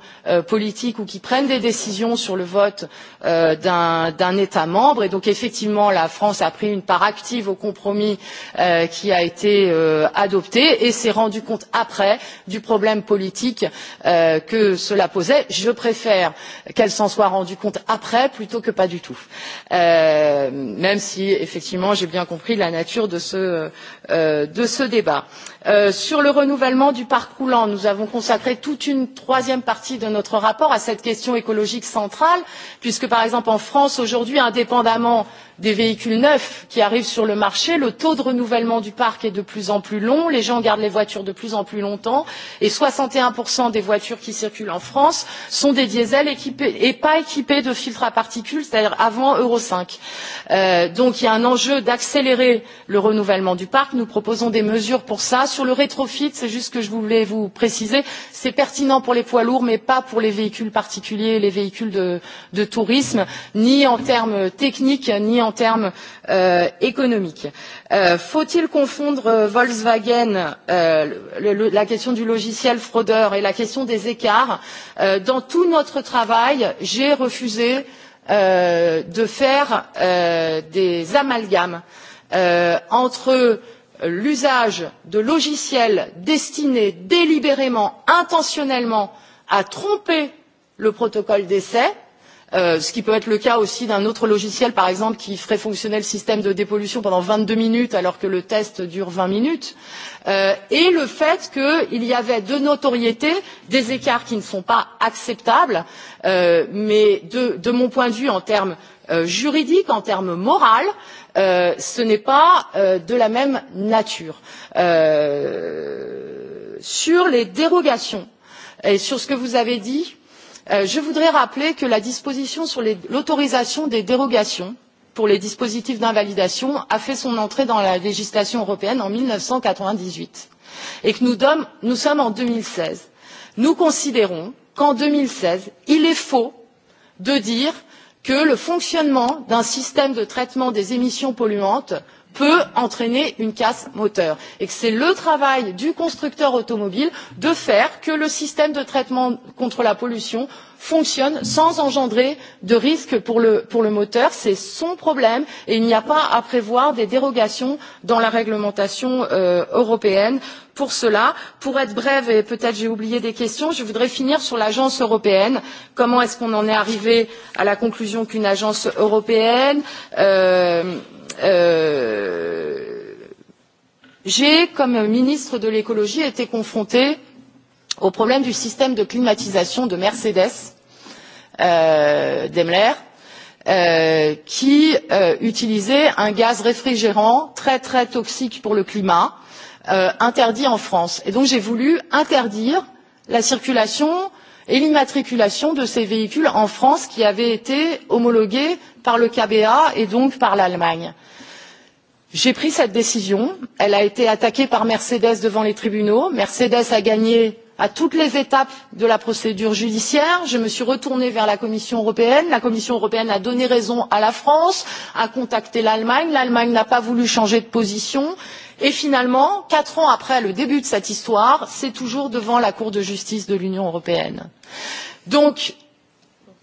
politiques ou qui prennent des décisions sur le vote d'un état membre et donc effectivement la france a pris une part active au compromis qui a été adopté et s'est rendu compte après du problème politique que cela posait. Je préfère qu'elle s'en soit rendue compte après plutôt que pas du tout, même si effectivement j'ai bien compris la nature de ce débat. Sur le renouvellement du parc roulant, nous avons consacré toute une troisième partie de notre rapport à cette question écologique centrale, puisque par exemple en France aujourd'hui, indépendamment des véhicules neufs qui arrivent sur le marché le taux de renouvellement du parc est de plus en plus long les gens gardent les voitures de plus en plus longtemps et soixante et un des voitures qui circulent en france sont des diesels et pas équipés de filtres à particules c'est à dire avant euro. cinq donc il y a un enjeu d'accélérer le renouvellement du parc nous proposons des mesures pour cela. sur le rétrofit c'est juste ce que je voulais vous préciser c'est pertinent pour les poids lourds mais pas pour les véhicules particuliers les véhicules de tourisme ni en termes techniques ni en termes économiques. Faut-il confondre Volkswagen, la question du logiciel fraudeur et la question des écarts Dans tout notre travail, j'ai refusé de faire des amalgames entre l'usage de logiciels destinés délibérément, intentionnellement à tromper le protocole d'essai ce qui peut être le cas aussi d'un autre logiciel par exemple qui ferait fonctionner le système de dépollution pendant vingt deux minutes alors que le test dure vingt minutes et le fait qu'il y avait de notoriété des écarts qui ne sont pas acceptables mais de mon point de vue en termes juridiques en termes moraux ce n'est pas de la même nature. sur les dérogations et sur ce que vous avez dit je voudrais rappeler que la disposition sur l'autorisation des dérogations pour les dispositifs d'invalidation a fait son entrée dans la législation européenne en mille neuf cent quatre vingt dix huit et que nous sommes en deux mille seize nous considérons qu'en deux mille seize il est faux de dire que le fonctionnement d'un système de traitement des émissions polluantes peut entraîner une casse moteur et que c'est le travail du constructeur automobile de faire que le système de traitement contre la pollution fonctionne sans engendrer de risque pour le moteur. C'est son problème et il n'y a pas à prévoir des dérogations dans la réglementation européenne pour cela. Pour être brève, et peut-être j'ai oublié des questions, je voudrais finir sur l'agence européenne. Comment est-ce qu'on en est arrivé à la conclusion qu'une agence européenne J'ai, comme ministre de l'écologie, été confrontée au problème du système de climatisation de Mercedes Daimler, qui utilisait un gaz réfrigérant très très toxique pour le climat, interdit en France. Et donc j'ai voulu interdire la circulation et l'immatriculation de ces véhicules en France qui avaient été homologués par le KBA et donc par l'Allemagne. J'ai pris cette décision. Elle a été attaquée par Mercedes devant les tribunaux. Mercedes a gagné à toutes les étapes de la procédure judiciaire. Je me suis retournée vers la Commission européenne. La Commission européenne a donné raison à la France, a contacté l'Allemagne. L'Allemagne n'a pas voulu changer de position. Et finalement, quatre ans après le début de cette histoire, c'est toujours devant la Cour de justice de l'Union européenne. Donc,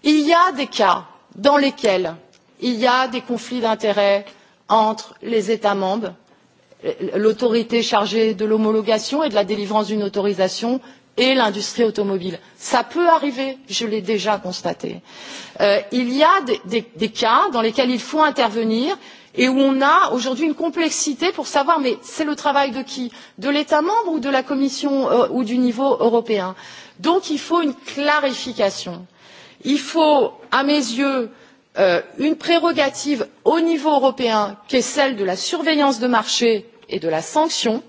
il y a des cas dans lesquels il y a des conflits d'intérêts entre les États membres l'autorité chargée de l'homologation et de la délivrance d'une autorisation et l'industrie automobile. Ça peut arriver, je l'ai déjà constaté. Il y a des cas dans lesquels il faut intervenir et où on a aujourd'hui une complexité pour savoir mais c'est le travail de qui De l'État membre ou de la Commission ou du niveau européen. Donc il faut une clarification. Il faut, à mes yeux, une prérogative au niveau européen qui est celle de la surveillance de marché et de la sanction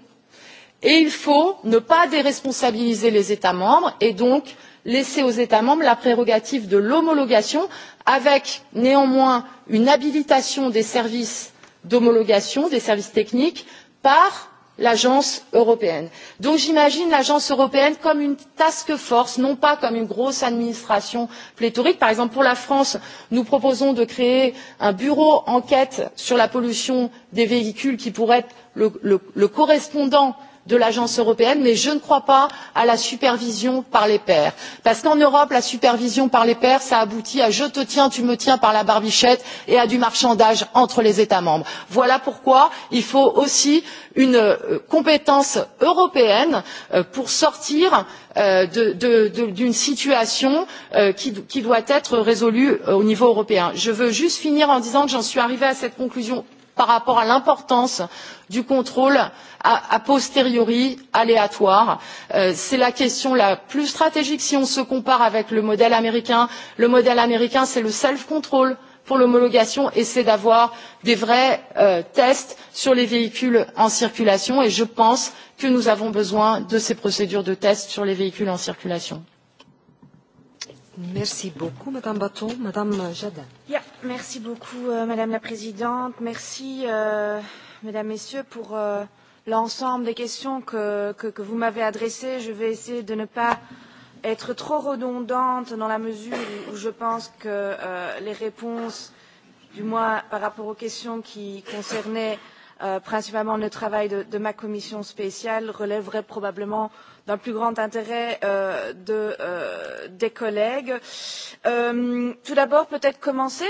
il faut ne pas déresponsabiliser les états membres et donc laisser aux états membres la prérogative de l'homologation avec néanmoins une habilitation des services d'homologation des services techniques par l'agence européenne. donc j'imagine l'agence européenne comme une task force non pas comme une grosse administration pléthorique. par exemple pour la france nous proposons de créer un bureau enquête sur la pollution des véhicules qui pourrait être le correspondant de l'agence européenne mais je ne crois pas à la supervision par les pairs parce qu'en europe la supervision par les pairs ça aboutit à je te tiens tu me tiens par la barbichette et à du marchandage entre les états membres. voilà pourquoi il faut aussi une compétence européenne pour sortir d'une situation qui doit être résolue au niveau européen. je veux juste finir en disant que j'en suis arrivée à cette conclusion par rapport à l'importance du contrôle a posteriori aléatoire. C'est la question la plus stratégique si on se compare avec le modèle américain. Le modèle américain, c'est le self-control pour l'homologation et c'est d'avoir des vrais tests sur les véhicules en circulation et je pense que nous avons besoin de ces procédures de tests sur les véhicules en circulation. Merci beaucoup, Madame Baton. Madame Jadin. Merci beaucoup, Madame la Présidente. Merci, Mesdames, Messieurs, pour l'ensemble des questions que vous m'avez adressées. Je vais essayer de ne pas être trop redondante dans la mesure où je pense que les réponses, du moins par rapport aux questions qui concernaient principalement le travail de ma commission spéciale, relèveraient probablement d'un plus grand intérêt des collègues. Tout d'abord, peut-être commencer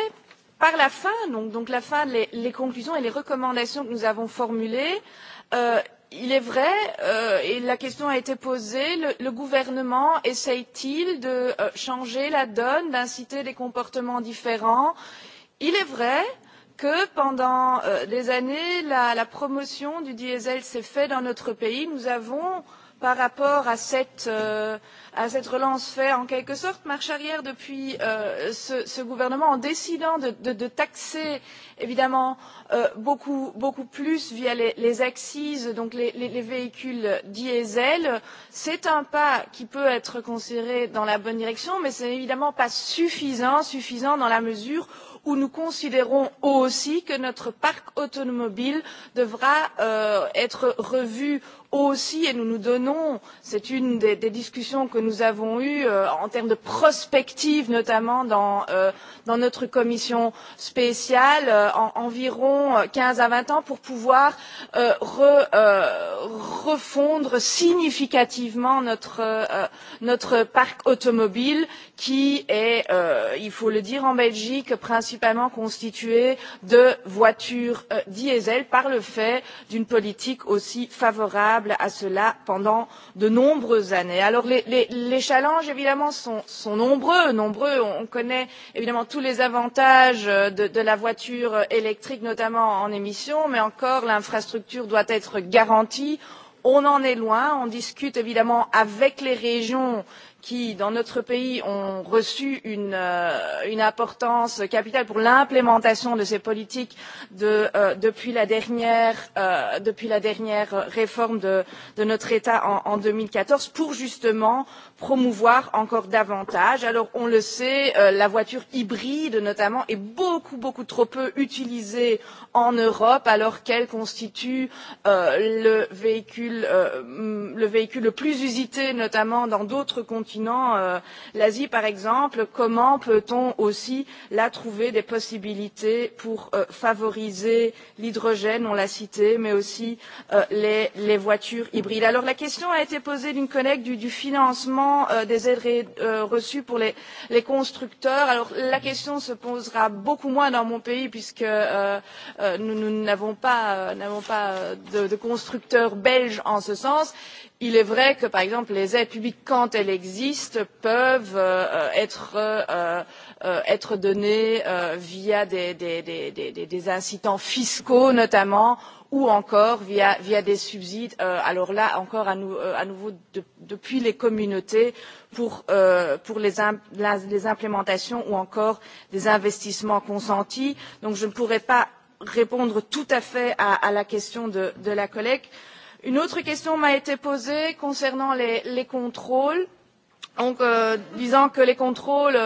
par la fin, donc, donc la fin, les, conclusions et les recommandations que nous avons formulées, il est vrai, et la question a été posée, le, gouvernement essaye-t-il de changer la donne, d'inciter des comportements différents Il est vrai que pendant des années, la, la promotion du diesel s'est faite dans notre pays. Nous avons par rapport à cette relance fait en quelque sorte marche arrière depuis ce gouvernement en décidant de taxer évidemment beaucoup plus via les axes donc les véhicules diesel. c'est un pas qui peut être considéré dans la bonne direction mais ce n'est évidemment pas suffisant suffisant dans la mesure où nous considérons aussi que notre parc automobile devra être revu aussi et nous nous donnons c'est une des discussions que nous avons eues en termes de prospective notamment dans notre commission spéciale environ quinze à vingt ans pour pouvoir refondre significativement notre parc automobile qui est il faut le dire en belgique principalement constitué de voitures diesel par le fait d'une politique aussi favorable à cela pendant de nombreuses années. Alors les challenges évidemment sont nombreux, nombreux. On connaît évidemment tous les avantages de la voiture électrique, notamment en émissions, mais encore l'infrastructure doit être garantie. On en est loin. On discute évidemment avec les régions qui dans notre pays ont reçu une importance capitale pour l'implémentation de ces politiques depuis la dernière réforme de notre état en 2014 pour justement promouvoir encore davantage alors on le sait la voiture hybride notamment est beaucoup beaucoup trop peu utilisée en Europe alors qu'elle constitue le véhicule le véhicule le plus usité notamment dans d'autres continents continent, l'Asie par exemple, comment peut-on aussi là trouver des possibilités pour favoriser l'hydrogène, on l'a cité, mais aussi les voitures hybrides. Alors la question a été posée d'une collègue du financement des aides reçues pour les constructeurs. Alors la question se posera beaucoup moins dans mon pays puisque nous n'avons pas de constructeurs belges en ce sens il est vrai que par exemple les aides publiques quand elles existent peuvent être données via des incitants fiscaux notamment ou encore via des subsides alors là encore à nouveau depuis les communautés pour les implémentations ou encore des investissements consentis. donc je ne pourrais pas répondre tout à fait à la question de la collègue Une autre question m'a été posée concernant les contrôles, en disant que les contrôles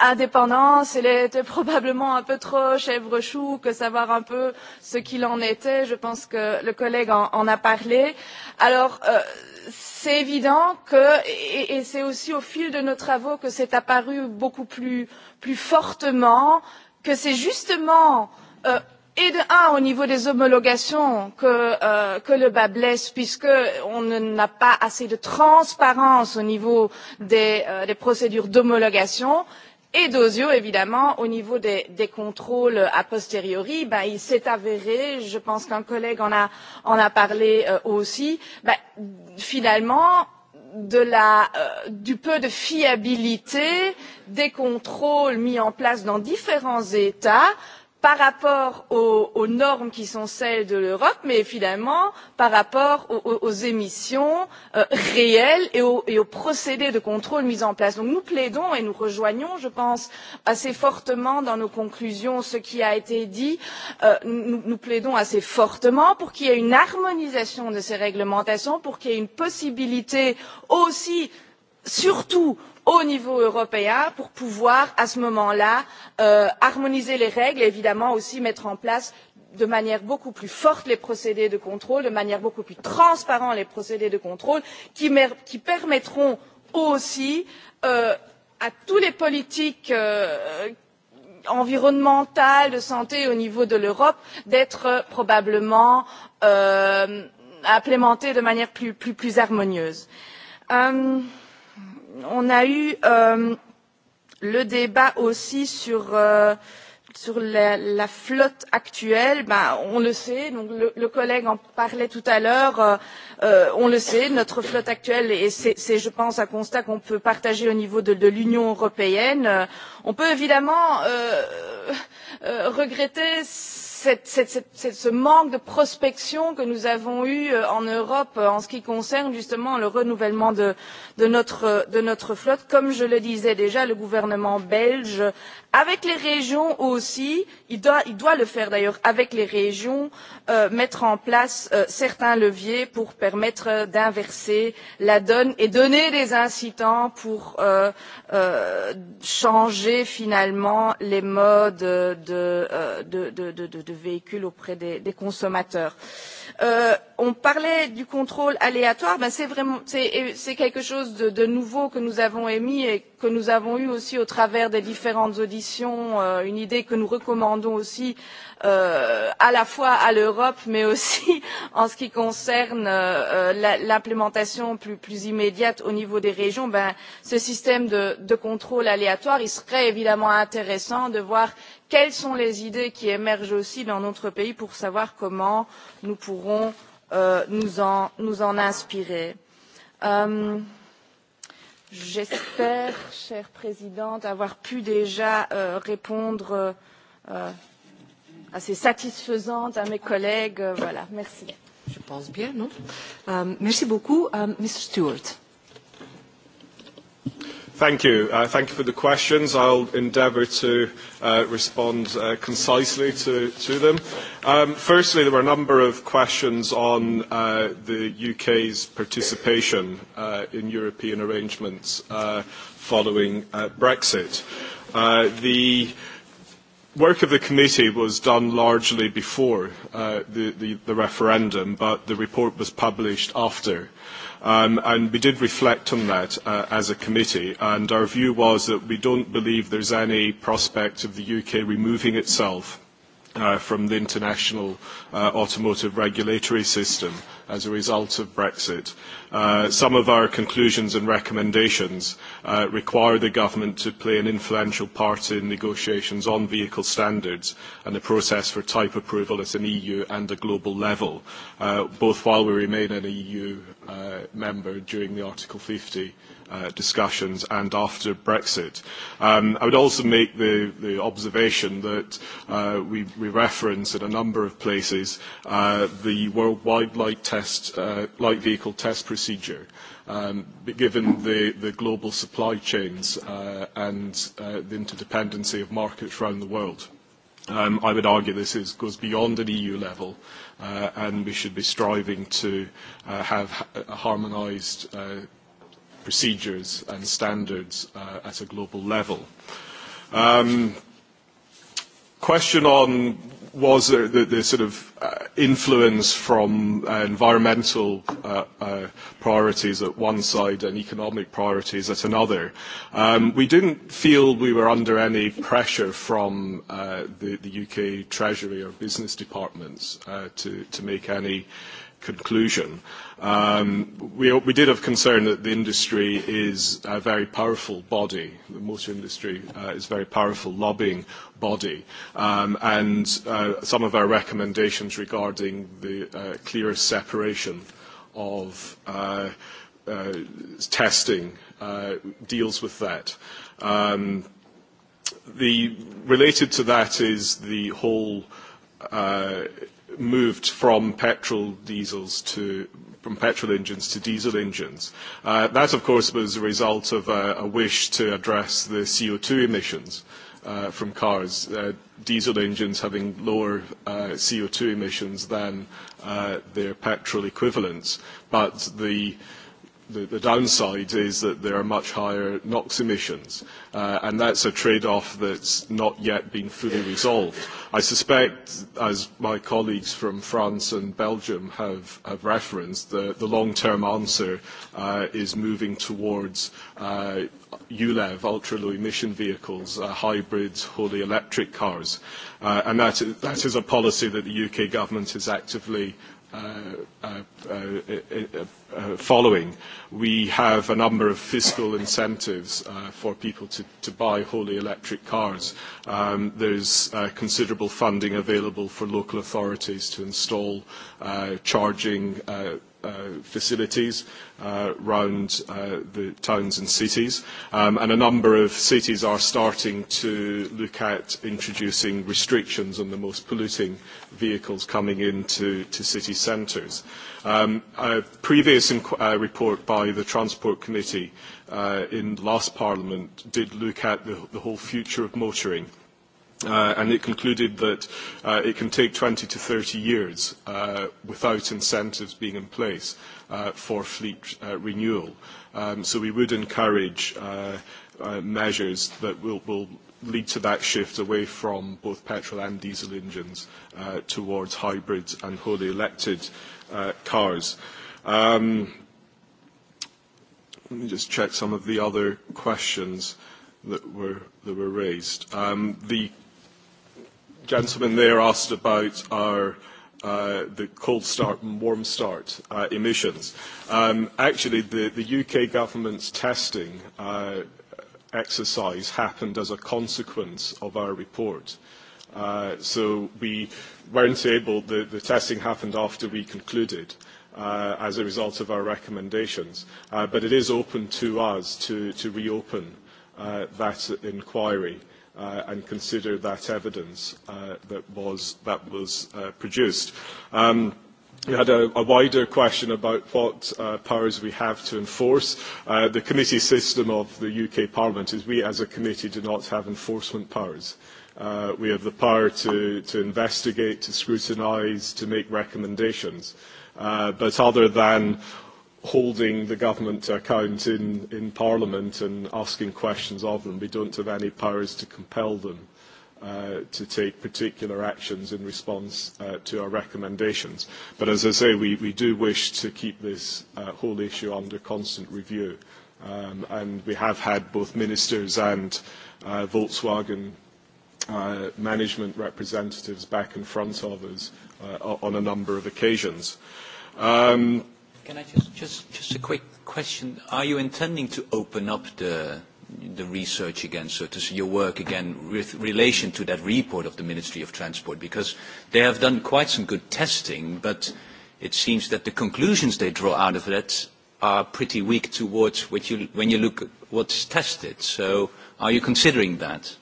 indépendants, étaient probablement un peu trop chèvre chou que savoir un peu ce qu'il en était, je pense que le collègue en a parlé. Alors c'est évident que et c'est aussi au fil de nos travaux que c'est apparu beaucoup plus fortement que c'est justement et de un au niveau des homologations que le bas blesse puisqu'on n'a pas assez de transparence au niveau des procédures d'homologation et d'osio évidemment au niveau des contrôles a posteriori il s'est avéré je pense qu'un collègue en a parlé aussi finalement du peu de fiabilité des contrôles mis en place dans différents états par rapport aux normes qui sont celles de l'europe mais finalement par rapport aux émissions réelles et aux procédés de contrôle mis en place. donc nous plaidons et nous rejoignons je pense assez fortement dans nos conclusions ce qui a été dit nous plaidons assez fortement pour qu'il y ait une harmonisation de ces réglementations pour qu'il y ait une possibilité aussi surtout au niveau européen pour pouvoir à ce moment là harmoniser les règles et évidemment aussi mettre en place de manière beaucoup plus forte les procédés de contrôle de manière beaucoup plus transparente les procédés de contrôle qui permettront aussi à toutes les politiques environnementales de santé au niveau de l'europe d'être probablement implémentées de manière plus harmonieuse on a eu le débat aussi sur sur la flotte actuelle on le sait donc le collègue en parlait tout à l'heure on le sait notre flotte actuelle et c'est je pense un constat qu'on peut partager au niveau de l'union européenne on peut évidemment regretter ce manque de prospection que nous avons eu en Europe en ce qui concerne justement le renouvellement de notre flotte. Comme je le disais déjà, le gouvernement belge Avec les régions aussi, il doit le faire d'ailleurs avec les régions, mettre en place certains leviers pour permettre d'inverser la donne et donner des incitants pour changer finalement les modes de véhicules auprès des consommateurs. On parlait du contrôle aléatoire, c'est quelque chose de nouveau que nous avons émis et que nous avons eu aussi au travers des différentes auditions, une idée que nous recommandons aussi à la fois à l'Europe, mais aussi en ce qui concerne l'implémentation plus immédiate au niveau des régions. Ce système de contrôle aléatoire, il serait évidemment intéressant de voir quelles sont les idées qui émergent aussi dans notre pays pour savoir comment nous pourrons nous en inspirer. J'espère, chère Présidente, avoir pu déjà répondre assez satisfaisante à mes collègues. Voilà, merci. Je pense bien, non Merci beaucoup. Mr. Stewart. Thank you. Thank you for the questions. I'll endeavour to respond concisely to them. Firstly, there were a number of questions on the UK's participation in European arrangements following Brexit. The work of the committee was done largely before the referendum, but the report was published after and we did reflect on that as a committee and our view was that we don't believe there's any prospect of the UK removing itself from the international automotive regulatory system as a result of Brexit. Some of our conclusions and recommendations require the government to play an influential part in negotiations on vehicle standards and the process for type approval at an EU and a global level, both while we remain an EU member during the Article 50 discussions and after Brexit. I would also make the the observation that we we reference in a number of places the worldwide light vehicle test procedure. Given the the global supply chains and the interdependency of markets around the world, I would argue this is goes beyond an EU level and we should be striving to have a harmonised procedures and standards at a global level. Question on was there the sort of influence from environmental priorities at one side and economic priorities at another. We didn't feel we were under any pressure from the UK Treasury or business departments to make any conclusion. We did have concern that the industry is a very powerful body. The motor industry is a very powerful lobbying body. And some of our recommendations regarding the clear separation of testing deals with that. The Related to that is the whole moved from petrol diesels to from petrol engines to diesel engines. That, of course, was a result of a wish to address the CO2 emissions from cars, diesel engines having lower CO2 emissions than their petrol equivalents. But the The downside is that there are much higher NOx emissions, and that's a trade-off that's not yet been fully resolved. I suspect, as my colleagues from France and Belgium have referenced, the long-term answer is moving towards ULEV, ultra-low emission vehicles, hybrids, wholly electric cars. And that is a policy that the UK government is actively following. We have a number of fiscal incentives for people to buy wholly electric cars. There There's considerable funding available for local authorities to install charging facilities around the towns and cities. And a number of cities are starting to look at introducing restrictions on the most polluting vehicles coming into city centres. Previous report by the Transport Committee in last Parliament did look at the whole future of motoring and it concluded that it can take 20 to 30 years without incentives being in place for fleet renewal. So we would encourage measures that will lead to that shift away from both petrol and diesel engines towards hybrids and wholly elected cars. Let me just check some of the other questions that were raised. The gentleman there asked about our the cold start and warm start emissions. Actually, the UK government's testing exercise happened as a consequence of our report. So we weren't able, the testing happened after we concluded as a result of our recommendations. But it is open to us to reopen that inquiry and consider that evidence that was produced. You had a wider question about what powers we have to enforce. The committee system of the UK Parliament is we as a committee do not have enforcement powers. We have the power to investigate, to scrutinise, to make recommendations. But other than holding the government to account in in Parliament and asking questions of them, we don't have any powers to compel them to take particular actions in response to our recommendations. But as I say, we do wish to keep this whole issue under constant review. And we have had both ministers and Volkswagen management representatives back in front of us on a number of occasions. Can I just a quick question? Are you intending to open up the research again, so to your work again with relation to that report of the Ministry of Transport? Because they have done quite some good testing, but it seems that the conclusions they draw out of that are pretty weak towards when you look at what's tested. So are you considering that?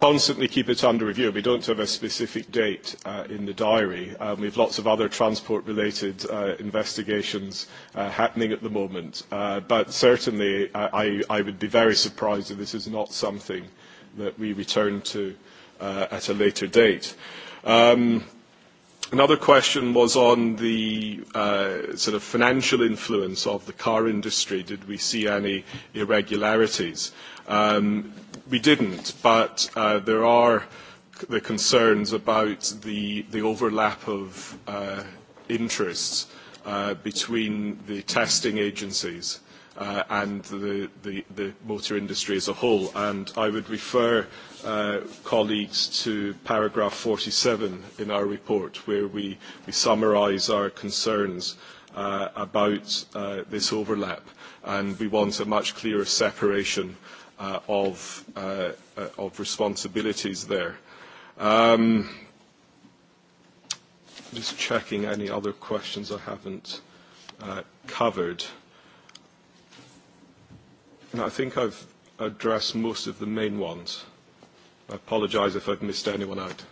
constantly keep it under review. We don't have a specific date in the diary. We have lots of other transport-related investigations happening at the moment. But certainly, I would be very surprised if this is not something that we return to at a later date. Another question was on the sort of financial influence of the car industry. Did we see any irregularities? we didn't, but there are the concerns about the overlap of interests between the testing agencies and the motor industry as a whole. And I would refer colleagues to paragraph 47 in our report, where we summarise our concerns about this overlap. And we want a much clearer separation of responsibilities there. Just checking any other questions I haven't covered. I think I've addressed most of the main ones. I apologize if I've missed anyone out.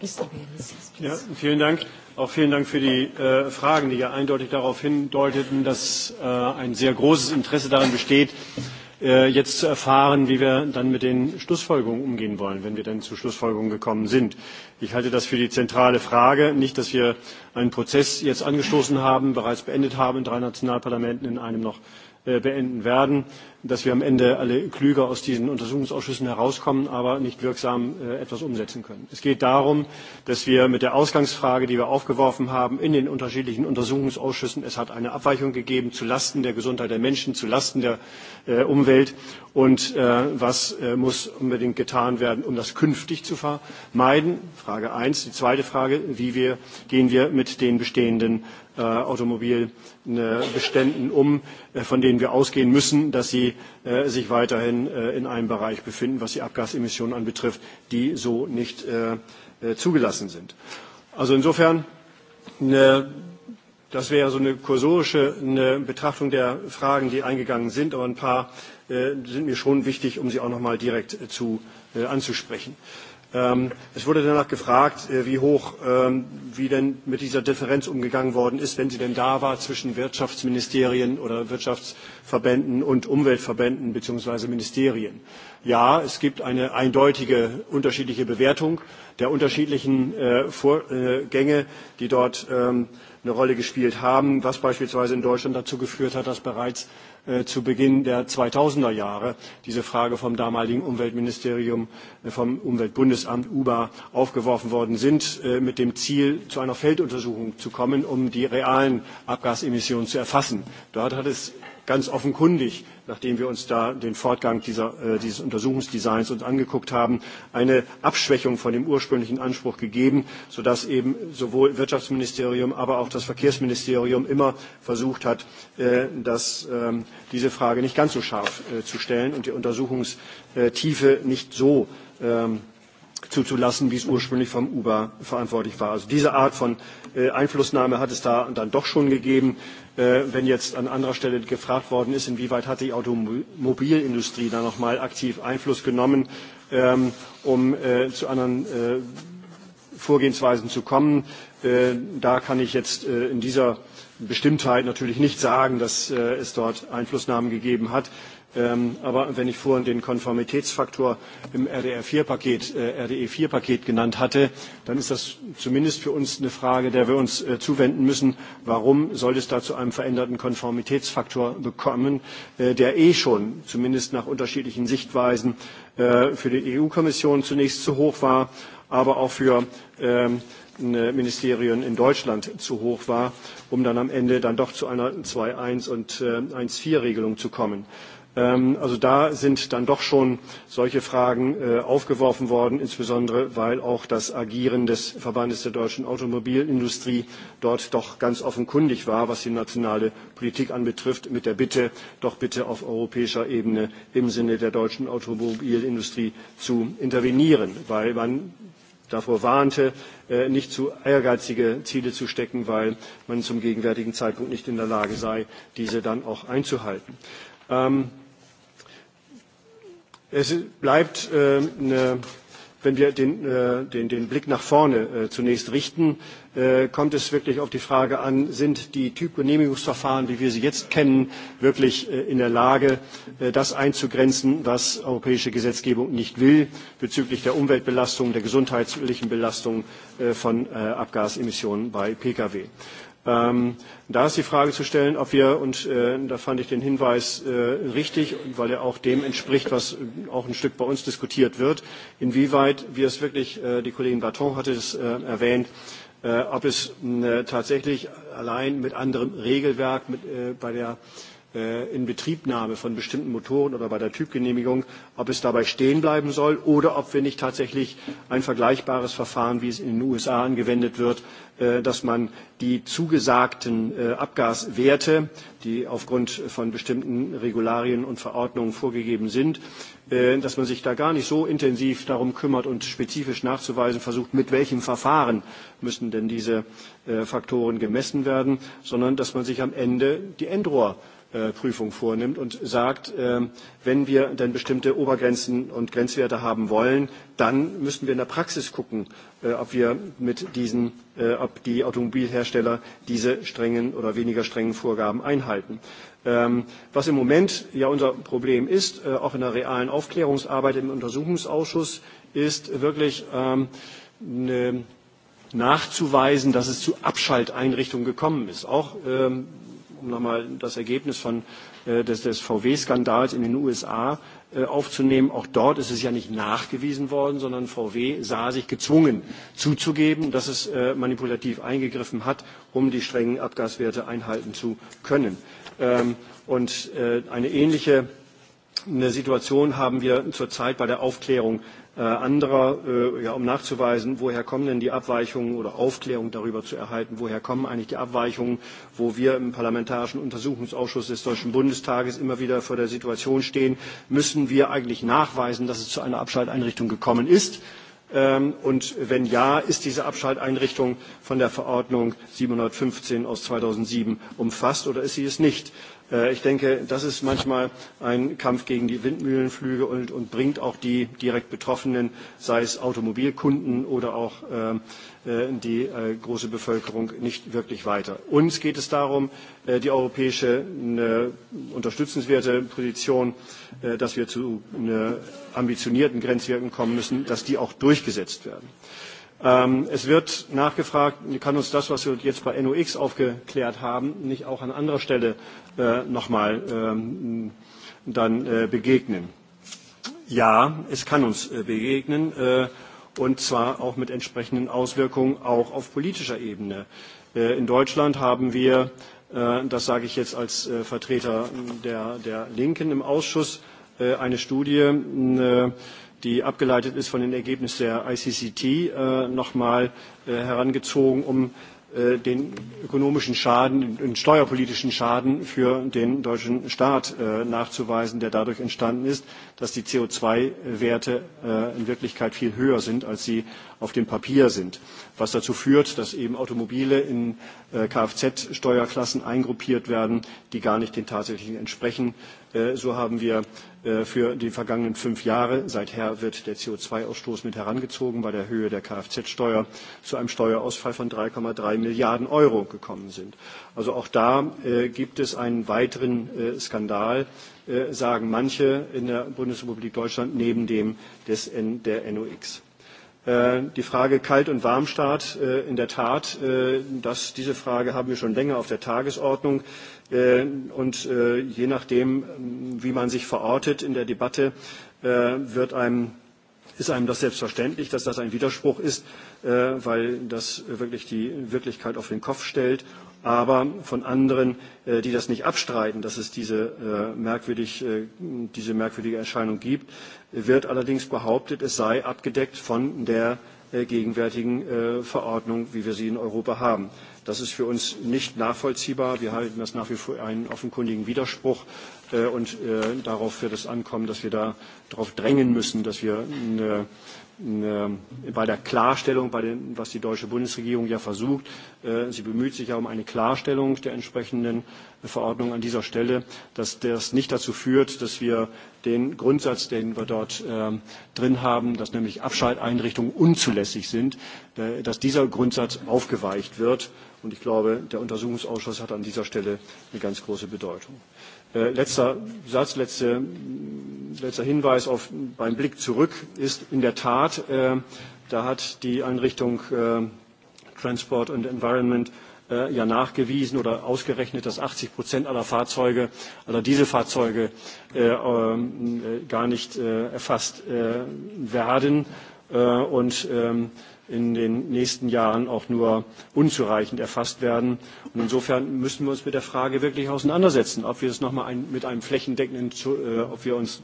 Vielen Dank. Auch vielen Dank für die Fragen, die ja eindeutig darauf hindeuteten, dass ein sehr großes Interesse daran besteht, jetzt zu erfahren, wie wir dann mit den Schlussfolgerungen umgehen wollen, wenn wir dann zu Schlussfolgerungen gekommen sind. Ich halte das für die zentrale Frage, nicht, dass wir einen Prozess jetzt angestoßen haben, bereits beendet haben in drei Nationalparlamenten, in einem noch beenden werden, dass wir am Ende alle klüger aus diesen Untersuchungsausschüssen herauskommen, aber nicht wirksam etwas umsetzen können. Es geht darum, dass wir mit der Ausgangsfrage, die wir aufgeworfen haben, in den unterschiedlichen Untersuchungsausschüssen, es hat eine Abweichung gegeben zu Lasten der Gesundheit der Menschen, zu Lasten der Umwelt und was muss unbedingt getan werden, um das künftig zu vermeiden? Frage 1. Die zweite Frage, wie gehen wir mit den bestehenden Automobilbeständen um, von denen wir ausgehen müssen, dass sie sich weiterhin in einem Bereich befinden, was die Abgasemissionen anbetrifft, die so nicht zugelassen sind. Also insofern, das wäre so eine kursorische Betrachtung der Fragen, die eingegangen sind, aber ein paar sind mir schon wichtig, um sie auch noch mal direkt anzusprechen. Es wurde danach gefragt, wie hoch, wie denn mit dieser Differenz umgegangen worden ist, wenn sie denn da war, zwischen Wirtschaftsministerien oder Wirtschaftsverbänden und Umweltverbänden bzw. Ministerien. Ja, es gibt eine eindeutige unterschiedliche Bewertung der unterschiedlichen Vorgänge, die dort eine Rolle gespielt haben, was beispielsweise in Deutschland dazu geführt hat, dass bereits zu Beginn der 2000er Jahre diese Frage vom damaligen Umweltministerium, vom Umweltbundesamt UBA aufgeworfen worden sind, mit dem Ziel, zu einer Felduntersuchung zu kommen, um die realen Abgasemissionen zu erfassen. Dort hat es ganz offenkundig, nachdem wir uns da den Fortgang dieses Untersuchungsdesigns uns angeguckt haben, eine Abschwächung von dem ursprünglichen Anspruch gegeben, sodass eben sowohl Wirtschaftsministerium, aber auch das Verkehrsministerium immer versucht hat, diese Frage nicht ganz so scharf zu stellen und die Untersuchungstiefe nicht so zuzulassen, wie es ursprünglich vom UBA verantwortlich war. Also diese Art von Einflussnahme hat es da dann doch schon gegeben. Wenn jetzt an anderer Stelle gefragt worden ist, inwieweit hat die Automobilindustrie da noch mal aktiv Einfluss genommen, um zu anderen Vorgehensweisen zu kommen, da kann ich jetzt in dieser Bestimmtheit natürlich nicht sagen, dass es dort Einflussnahmen gegeben hat. Aber wenn ich vorhin den Konformitätsfaktor im RDE-4-Paket genannt hatte, dann ist das zumindest für uns eine Frage, der wir uns zuwenden müssen. Warum soll es da zu einem veränderten Konformitätsfaktor bekommen, der eh schon, zumindest nach unterschiedlichen Sichtweisen, für die EU-Kommission zunächst zu hoch war, aber auch für Ministerien in Deutschland zu hoch war, um dann am Ende dann doch zu einer 2.1- und 1.4-Regelung zu kommen. Also da sind dann doch schon solche Fragen aufgeworfen worden, insbesondere weil auch das Agieren des Verbandes der deutschen Automobilindustrie dort doch ganz offenkundig war, was die nationale Politik anbetrifft, mit der Bitte, doch bitte auf europäischer Ebene im Sinne der deutschen Automobilindustrie zu intervenieren, weil man davor warnte, nicht zu ehrgeizige Ziele zu stecken, weil man zum gegenwärtigen Zeitpunkt nicht in der Lage sei, diese dann auch einzuhalten. Es bleibt, wenn wir den Blick nach vorne zunächst richten, kommt es wirklich auf die Frage an, sind die Typgenehmigungsverfahren, wie wir sie jetzt kennen, wirklich in der Lage, das einzugrenzen, was europäische Gesetzgebung nicht will, bezüglich der Umweltbelastung, der gesundheitlichen Belastung von Abgasemissionen bei Pkw. Da ist die Frage zu stellen, ob wir, und da fand ich den Hinweis richtig, weil er auch dem entspricht, was auch ein Stück bei uns diskutiert wird, inwieweit wir es wirklich, die Kollegin Baton hatte es erwähnt, ob es tatsächlich allein mit anderem Regelwerk bei der In Betriebnahme von bestimmten Motoren oder bei der Typgenehmigung, ob es dabei stehen bleiben soll oder ob wir nicht tatsächlich ein vergleichbares Verfahren, wie es in den USA angewendet wird, dass man die zugesagten Abgaswerte, die aufgrund von bestimmten Regularien und Verordnungen vorgegeben sind, dass man sich da gar nicht so intensiv darum kümmert und spezifisch nachzuweisen versucht, mit welchem Verfahren müssen denn diese Faktoren gemessen werden, sondern dass man sich am Ende die Endrohr Prüfung vornimmt und sagt, wenn wir denn bestimmte Obergrenzen und Grenzwerte haben wollen, dann müssen wir in der Praxis gucken, ob wir mit diesen, ob die Automobilhersteller diese strengen oder weniger strengen Vorgaben einhalten. Was im Moment ja unser Problem ist, auch in der realen Aufklärungsarbeit im Untersuchungsausschuss, ist wirklich nachzuweisen, dass es zu Abschalteinrichtungen gekommen ist. Auch um nochmal das Ergebnis von, des, des VW-Skandals in den USA aufzunehmen. Auch dort ist es ja nicht nachgewiesen worden, sondern VW sah sich gezwungen zuzugeben, dass es manipulativ eingegriffen hat, um die strengen Abgaswerte einhalten zu können. Und eine ähnliche Situation haben wir zurzeit bei der Aufklärung anderer, ja, um nachzuweisen, woher kommen denn die Abweichungen oder Aufklärung darüber zu erhalten, woher kommen eigentlich die Abweichungen, wo wir im Parlamentarischen Untersuchungsausschuss des Deutschen Bundestages immer wieder vor der Situation stehen, müssen wir eigentlich nachweisen, dass es zu einer Abschalteinrichtung gekommen ist. Und wenn ja, ist diese Abschalteinrichtung von der Verordnung 715 aus 2007 umfasst oder ist sie es nicht? Ich denke, das ist manchmal ein Kampf gegen die Windmühlenflüge und bringt auch die direkt Betroffenen, sei es Automobilkunden oder auch die große Bevölkerung, nicht wirklich weiter. Uns geht es darum, die europäische unterstützenswerte Position, dass wir zu ambitionierten Grenzwerten kommen müssen, dass die auch durchgesetzt werden. Es wird nachgefragt, kann uns das, was wir jetzt bei NOx aufgeklärt haben, nicht auch an anderer Stelle nochmal dann begegnen? Ja, es kann uns begegnen, und zwar auch mit entsprechenden Auswirkungen auch auf politischer Ebene. In Deutschland haben wir, das sage ich jetzt als Vertreter der Linken im Ausschuss, eine Studie die abgeleitet ist von den Ergebnissen der ICCT, noch einmal herangezogen, um den ökonomischen Schaden den steuerpolitischen Schaden für den deutschen Staat nachzuweisen, der dadurch entstanden ist, dass die CO2-Werte in Wirklichkeit viel höher sind, als sie auf dem Papier sind, was dazu führt, dass eben Automobile in Kfz-Steuerklassen eingruppiert werden, die gar nicht den tatsächlichen entsprechen. So haben wir für die vergangenen fünf Jahre. Seither wird der CO2-Ausstoß mit herangezogen, bei der Höhe der Kfz-Steuer zu einem Steuerausfall von 3,3 Milliarden Euro gekommen sind. Also auch da gibt es einen weiteren Skandal, sagen manche in der Bundesrepublik Deutschland, neben dem des, der NOx. Die Frage Kalt- und Warmstaat in der Tat, diese Frage haben wir schon länger auf der Tagesordnung. Und je nachdem, wie man sich verortet in der Debatte, wird ist einem das selbstverständlich, dass das ein Widerspruch ist, weil das wirklich die Wirklichkeit auf den Kopf stellt. Aber von anderen, die das nicht abstreiten, dass es diese merkwürdige Erscheinung gibt, wird allerdings behauptet, es sei abgedeckt von der gegenwärtigen Verordnung, wie wir sie in Europa haben. Das ist für uns nicht nachvollziehbar. Wir halten das nach wie vor einen offenkundigen Widerspruch. Und darauf wird es ankommen, dass wir darauf drängen müssen, dass wir eine bei der Klarstellung, bei dem, was die deutsche Bundesregierung ja versucht. Sie bemüht sich ja um eine Klarstellung der entsprechenden Verordnung an dieser Stelle, dass das nicht dazu führt, dass wir den Grundsatz, den wir dort drin haben, dass nämlich Abschalteinrichtungen unzulässig sind, dass dieser Grundsatz aufgeweicht wird. Und ich glaube, der Untersuchungsausschuss hat an dieser Stelle eine ganz große Bedeutung. Letzter Satz, letzter Hinweis beim Blick zurück ist in der Tat, da hat die Einrichtung Transport and Environment ja nachgewiesen oder ausgerechnet, dass 80 aller Fahrzeuge, aller Dieselfahrzeuge gar nicht erfasst werden. Und in den nächsten Jahren auch nur unzureichend erfasst werden. insofern müssen wir uns mit der Frage wirklich auseinandersetzen, ob wir es noch mit einem flächendeckenden, ob wir uns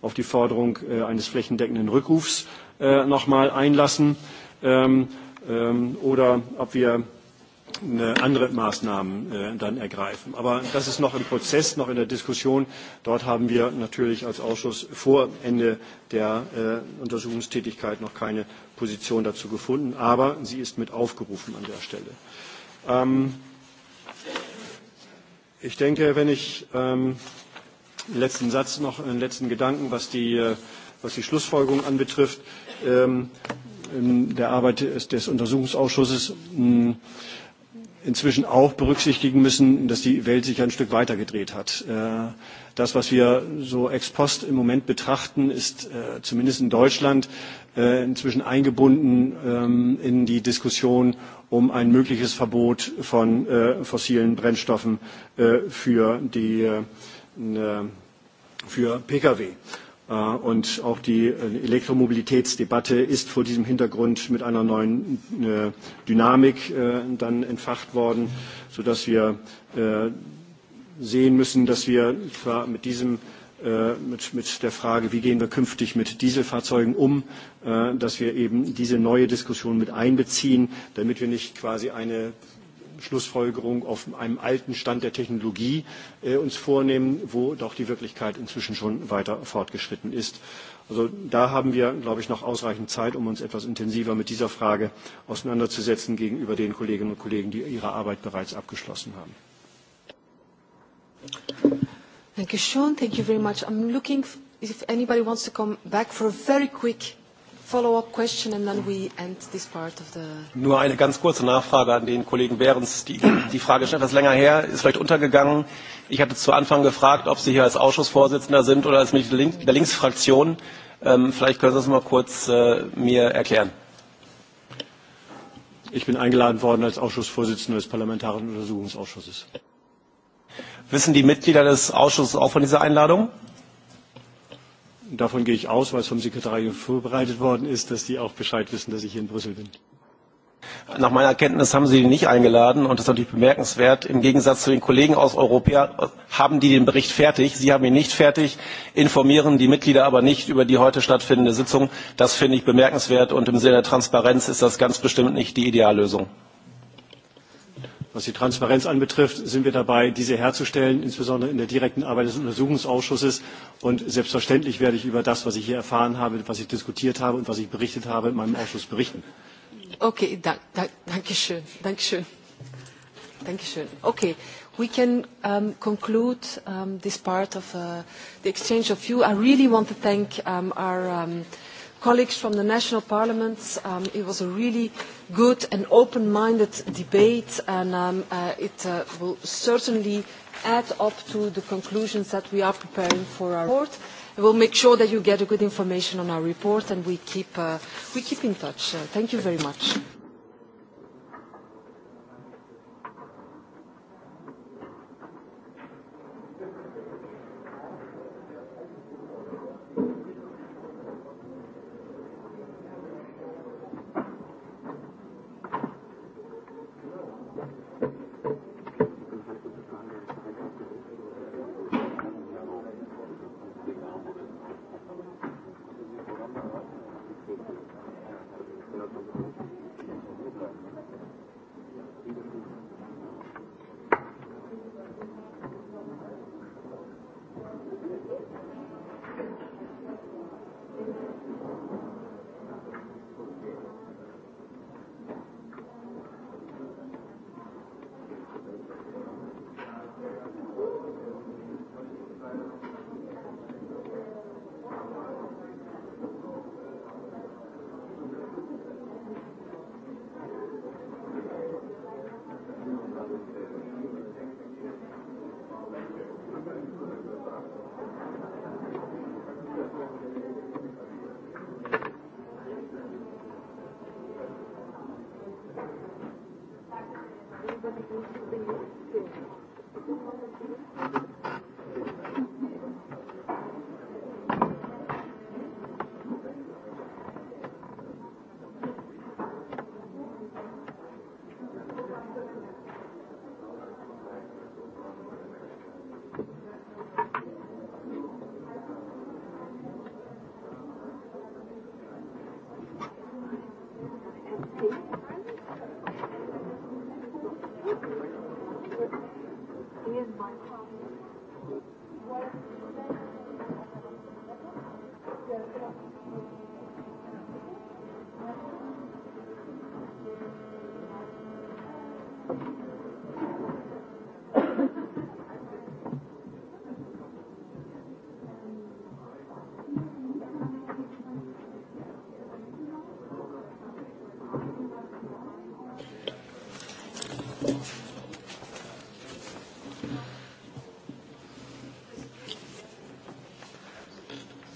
auf die Forderung eines flächendeckenden Rückrufs noch mal einlassen oder ob wir andere Maßnahmen dann ergreifen. Aber das ist noch im Prozess, noch in der Diskussion. Dort haben wir natürlich als Ausschuss vor Ende der Untersuchungstätigkeit noch keine Position dazu gefunden, aber sie ist mit aufgerufen an der Stelle. Ich denke, wenn ich einen letzten Satz noch, einen letzten Gedanken, was die Schlussfolgerung anbetrifft, der Arbeit des Untersuchungsausschusses inzwischen auch berücksichtigen müssen, dass die Welt sich ein Stück weitergedreht hat. Das, was wir so ex post im Moment betrachten, ist zumindest in Deutschland inzwischen eingebunden in die Diskussion um ein mögliches Verbot von fossilen Brennstoffen für die für Pkw. Und auch die Elektromobilitätsdebatte ist vor diesem Hintergrund mit einer neuen Dynamik dann entfacht worden, sodass wir sehen müssen, dass wir zwar mit diesem mit der Frage, wie gehen wir künftig mit Dieselfahrzeugen um, dass wir eben diese neue Diskussion mit einbeziehen, damit wir nicht quasi eine Schlussfolgerung auf einem alten Stand der Technologie uns vornehmen, wo doch die Wirklichkeit inzwischen schon weiter fortgeschritten ist. Also da haben wir, glaube ich, noch ausreichend Zeit, um uns etwas intensiver mit dieser Frage auseinanderzusetzen gegenüber den Kolleginnen und Kollegen, die ihre Arbeit bereits abgeschlossen haben. Thank Thank you very much. I'm looking if anybody wants to come back for a very quick Nur eine ganz kurze Nachfrage an den Kollegen Behrens. Die, die Frage ist etwas länger her, ist vielleicht untergegangen. Ich hatte zu Anfang gefragt, ob Sie hier als Ausschussvorsitzender sind oder als Mitglied der Linksfraktion. vielleicht können Sie das mal kurz mir erklären. Ich bin eingeladen worden als Ausschussvorsitzender des Parlamentarischen Untersuchungsausschusses. Wissen die Mitglieder des Ausschusses auch von dieser Einladung? davon gehe ich aus, weil es vom Sekretariat vorbereitet worden ist, dass die auch Bescheid wissen, dass ich hier in Brüssel bin. Nach meiner Kenntnis haben Sie ihn nicht eingeladen und das ist natürlich bemerkenswert. Im Gegensatz zu den Kollegen aus Europa haben die den Bericht fertig. Sie haben ihn nicht fertig, informieren die Mitglieder aber nicht über die heute stattfindende Sitzung. Das finde ich bemerkenswert und im Sinne der Transparenz ist das ganz bestimmt nicht die Ideallösung. Was die Transparenz anbetrifft, sind wir dabei, diese herzustellen, insbesondere in der direkten Arbeit des Untersuchungsausschusses. Und selbstverständlich werde ich über das, was ich hier erfahren habe, was ich diskutiert habe und was ich berichtet habe, in meinem Ausschuss berichten. Okay, danke schön. Danke schön. Danke schön. Okay, we can conclude this part of the exchange of view. I really want to thank our colleagues from the national parliaments. It was a really good and open-minded debate, and it will certainly add up to the conclusions that we are preparing for our report. We will make sure that you get good information on our report, and we keep in touch. Thank you very much.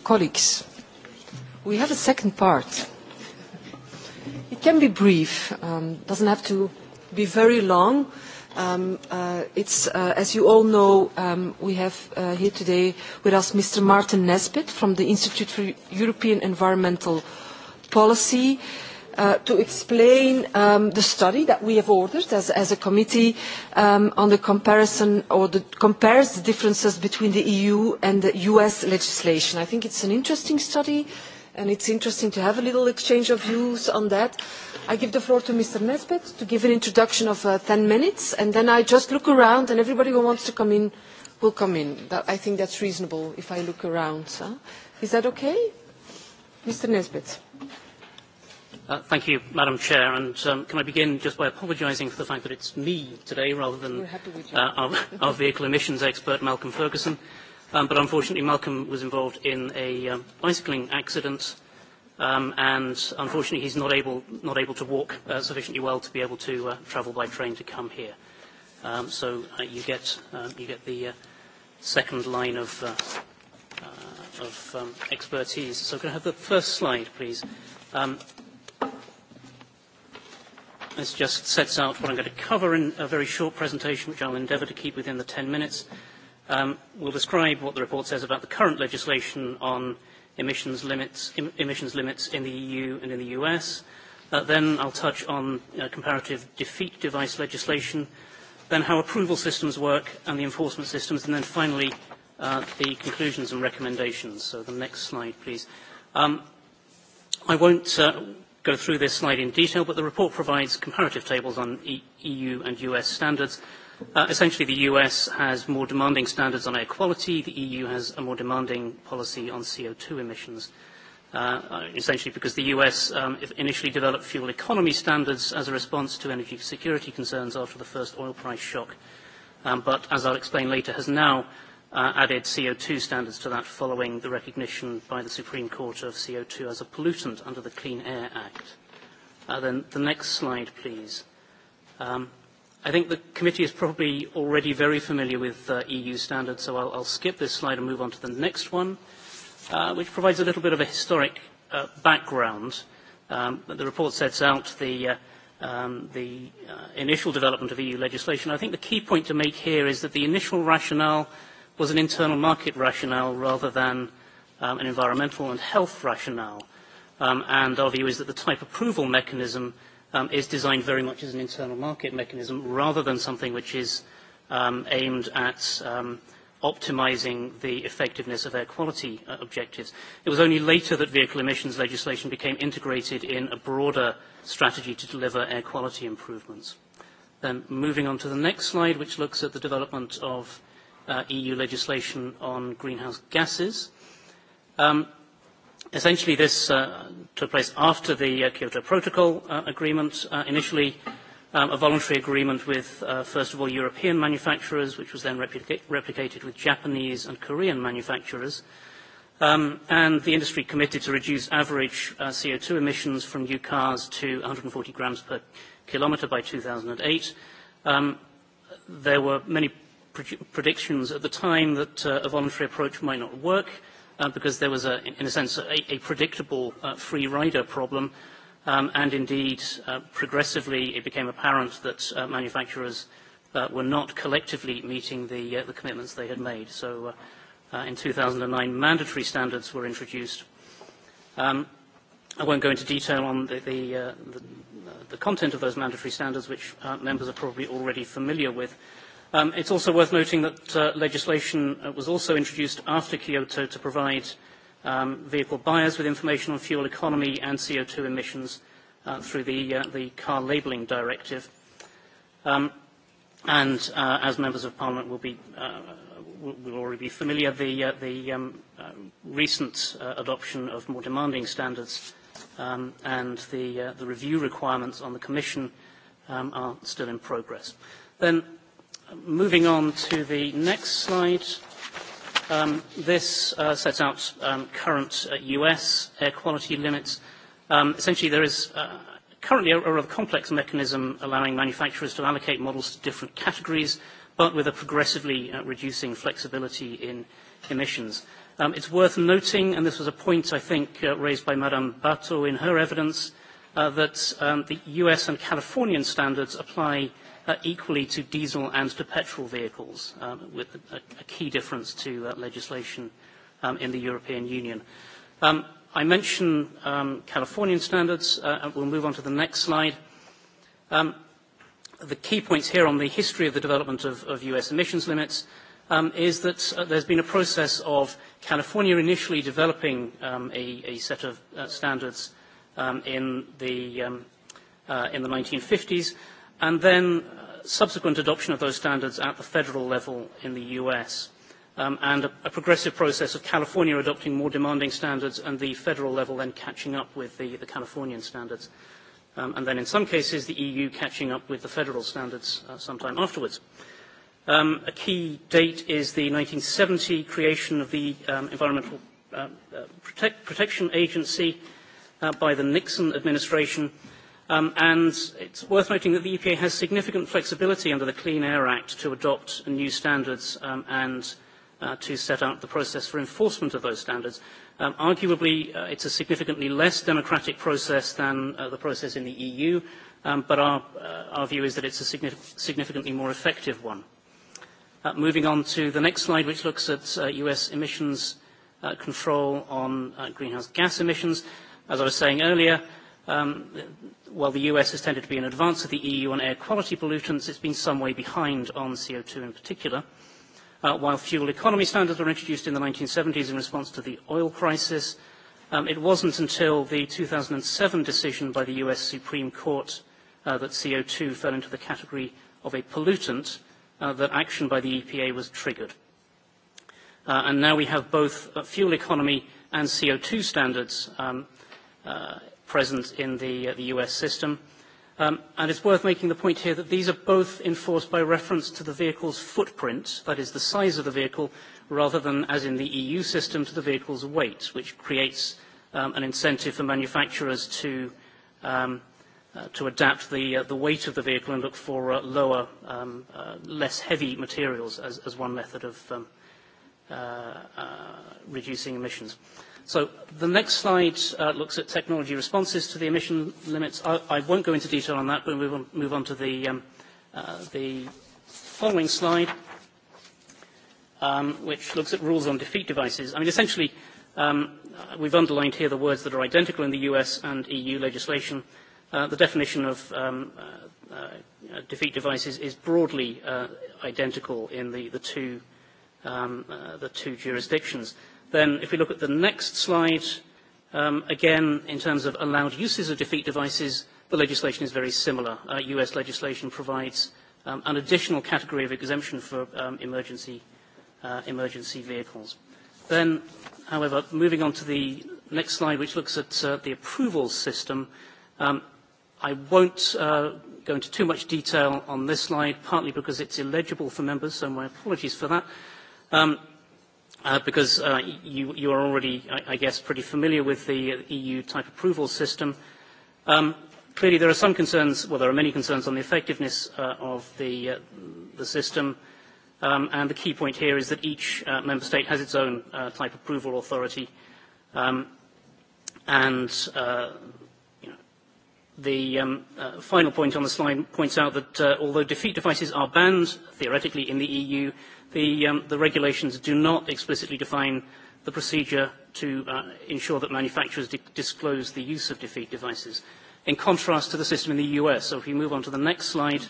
Colleagues, we have a second part. It can be brief, doesn't have to be very long. It's, as you all know, we have here today with us Mr. Martin Nesbitt from the Institute for European Environmental Policy to explain the study that we have ordered as a committee on the comparison or the compares the differences between the EU and the US legislation. I think it's an interesting study and it's interesting to have a little exchange of views on that. I give the floor to Mr. Nesbitt to give an introduction of 10 minutes and then I just look around and everybody who wants to come in will come in. I think that's reasonable if I look around. Is that okay? Mr. Nesbitt. Thank you, Madam Chair, and can I begin just by apologising for the fact that it's me today rather than our vehicle emissions expert, Malcolm Ferguson. But unfortunately, Malcolm was involved in a bicycling accident, and unfortunately, he's not able not able to walk sufficiently well to be able to travel by train to come here. So you get you get the second line of of expertise. So can I have the first slide, please? This just sets out what I'm going to cover in a very short presentation, which I'll endeavour to keep within the 10 minutes. We'll describe what the report says about the current legislation on emissions limits in the EU and in the US. Then I'll touch on comparative defeat device legislation, then how approval systems work and the enforcement systems, and then finally the conclusions and recommendations. So the next slide, please. I won't go through this slide in detail, but the report provides comparative tables on EU and US standards. Essentially, the US has more demanding standards on air quality. The EU has a more demanding policy on CO2 emissions, essentially because the US initially developed fuel economy standards as a response to energy security concerns after the first oil price shock, but as I'll explain later, has now added CO2 standards to that following the recognition by the Supreme Court of CO2 as a pollutant under the Clean Air Act. Then the next slide, please. I think the committee is probably already very familiar with EU standards, so I'll skip this slide and move on to the next one, which provides a little bit of a historic background. The report sets out the initial development of EU legislation. I think the key point to make here is that the initial rationale was an internal market rationale rather than an environmental and health rationale. And our view is that the type approval mechanism is designed very much as an internal market mechanism rather than something which is aimed at optimizing the effectiveness of air quality objectives. It was only later that vehicle emissions legislation became integrated in a broader strategy to deliver air quality improvements. Then moving on to the next slide, which looks at the development of EU legislation on greenhouse gases. Essentially, this took place after the Kyoto Protocol Agreement, initially a voluntary agreement with, first of all, European manufacturers, which was then replicated with Japanese and Korean manufacturers, um and the industry committed to reduce average CO2 emissions from new cars to 140 grams per kilometer by 2008. There were many predictions at the time that a voluntary approach might not work because there was, in a sense, a predictable free rider problem. And indeed, progressively, it became apparent that manufacturers were not collectively meeting the commitments they had made. So in 2009, mandatory standards were introduced. I won't go into detail on the content of those mandatory standards, which members are probably already familiar with. It's also worth noting that legislation was also introduced after Kyoto to provide vehicle buyers with information on fuel economy and CO2 emissions through the Car Labelling Directive. And as members of Parliament will be will already be familiar, the recent adoption of more demanding standards and the review requirements on the Commission are still in progress. Then Moving on to the next slide. This sets out current U.S. air quality limits. Essentially, there is currently a rather complex mechanism allowing manufacturers to allocate models to different categories, but with a progressively reducing flexibility in emissions. It's worth noting, and this was a point, I think, raised by Madame Bateau in her evidence, that the U.S. and Californian standards apply equally to diesel and to petrol vehicles, with a key difference to legislation in the European Union. I mention Californian standards, and we'll move on to the next slide. The key points here on the history of the development of U.S. emissions limits is that there's been a process of California initially developing a set of standards in the 1950s, and then subsequent adoption of those standards at the federal level in the US, and a progressive process of California adopting more demanding standards and the federal level then catching up with the Californian standards, and then in some cases the EU catching up with the federal standards sometime afterwards. A key date is the 1970 creation of the Environmental Protection Agency by the Nixon administration And it's worth noting that the EPA has significant flexibility under the Clean Air Act to adopt new standards and to set out the process for enforcement of those standards. Arguably, it's a significantly less democratic process than the process in the EU, but our view is that it's a significantly more effective one. Moving on to the next slide, which looks at U.S. emissions control on greenhouse gas emissions. As I was saying earlier, While the US has tended to be in advance of the EU on air quality pollutants, it's been some way behind on CO2 in particular. While fuel economy standards were introduced in the 1970s in response to the oil crisis, it wasn't until the 2007 decision by the US Supreme Court that CO2 fell into the category of a pollutant that action by the EPA was triggered. And now we have both fuel economy and CO2 standards present in the US system. And it's worth making the point here that these are both enforced by reference to the vehicle's footprint, that is the size of the vehicle, rather than, as in the EU system, to the vehicle's weight, which creates an incentive for manufacturers to adapt the weight of the vehicle and look for lower, less heavy materials as one method of reducing emissions. So the next slide looks at technology responses to the emission limits. I won't go into detail on that, but we will move on to the following slide, which looks at rules on defeat devices. I mean, essentially, we've underlined here the words that are identical in the US and EU legislation. The definition of defeat devices is broadly identical in the two jurisdictions. Then if we look at the next slide, again, in terms of allowed uses of defeat devices, the legislation is very similar. US legislation provides an additional category of exemption for emergency emergency vehicles. Then, however, moving on to the next slide, which looks at the approval system, I won't go into too much detail on this slide, partly because it's illegible for members, so my apologies for that because you you are already, I guess, pretty familiar with the EU type approval system. Clearly, there are some concerns, well, there are many concerns on the effectiveness of the system, and the key point here is that each member state has its own type approval authority, and the final point on the slide points out that although defeat devices are banned theoretically in the EU, the regulations do not explicitly define the procedure to ensure that manufacturers disclose the use of defeat devices, in contrast to the system in the US. So if we move on to the next slide,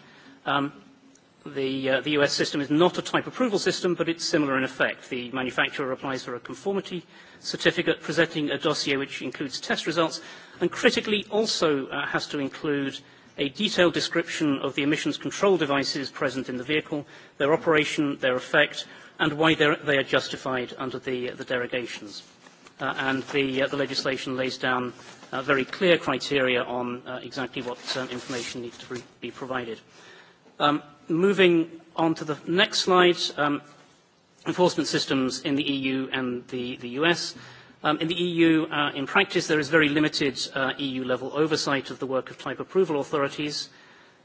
the US system is not a type approval system, but it's similar in effect. The manufacturer applies for a conformity certificate, presenting a dossier which includes test results, and critically also has to include a detailed description of the emissions control devices present in the vehicle, their operation, their effect, and why they are justified under the derogations. And the legislation lays down very clear criteria on exactly what information needs to be provided. Moving on to the next slide, enforcement systems in the EU and the US. In the EU, in practice, there is very limited EU-level oversight of the work of type approval authorities.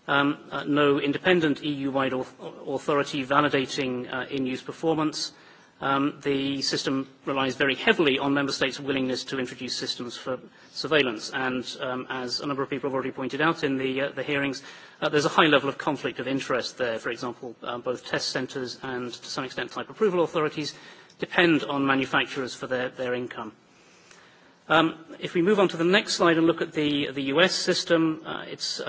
No independent EU-wide authority validating in-use performance. The system relies very heavily on member states' willingness to introduce systems for surveillance. And as a number of people have already pointed out in the hearings, there's a high level of conflict of interest there. For example, both test centers and, to some extent, type approval authorities depend on manufacturers for their income. If we move on to the next slide and look at the US system, it's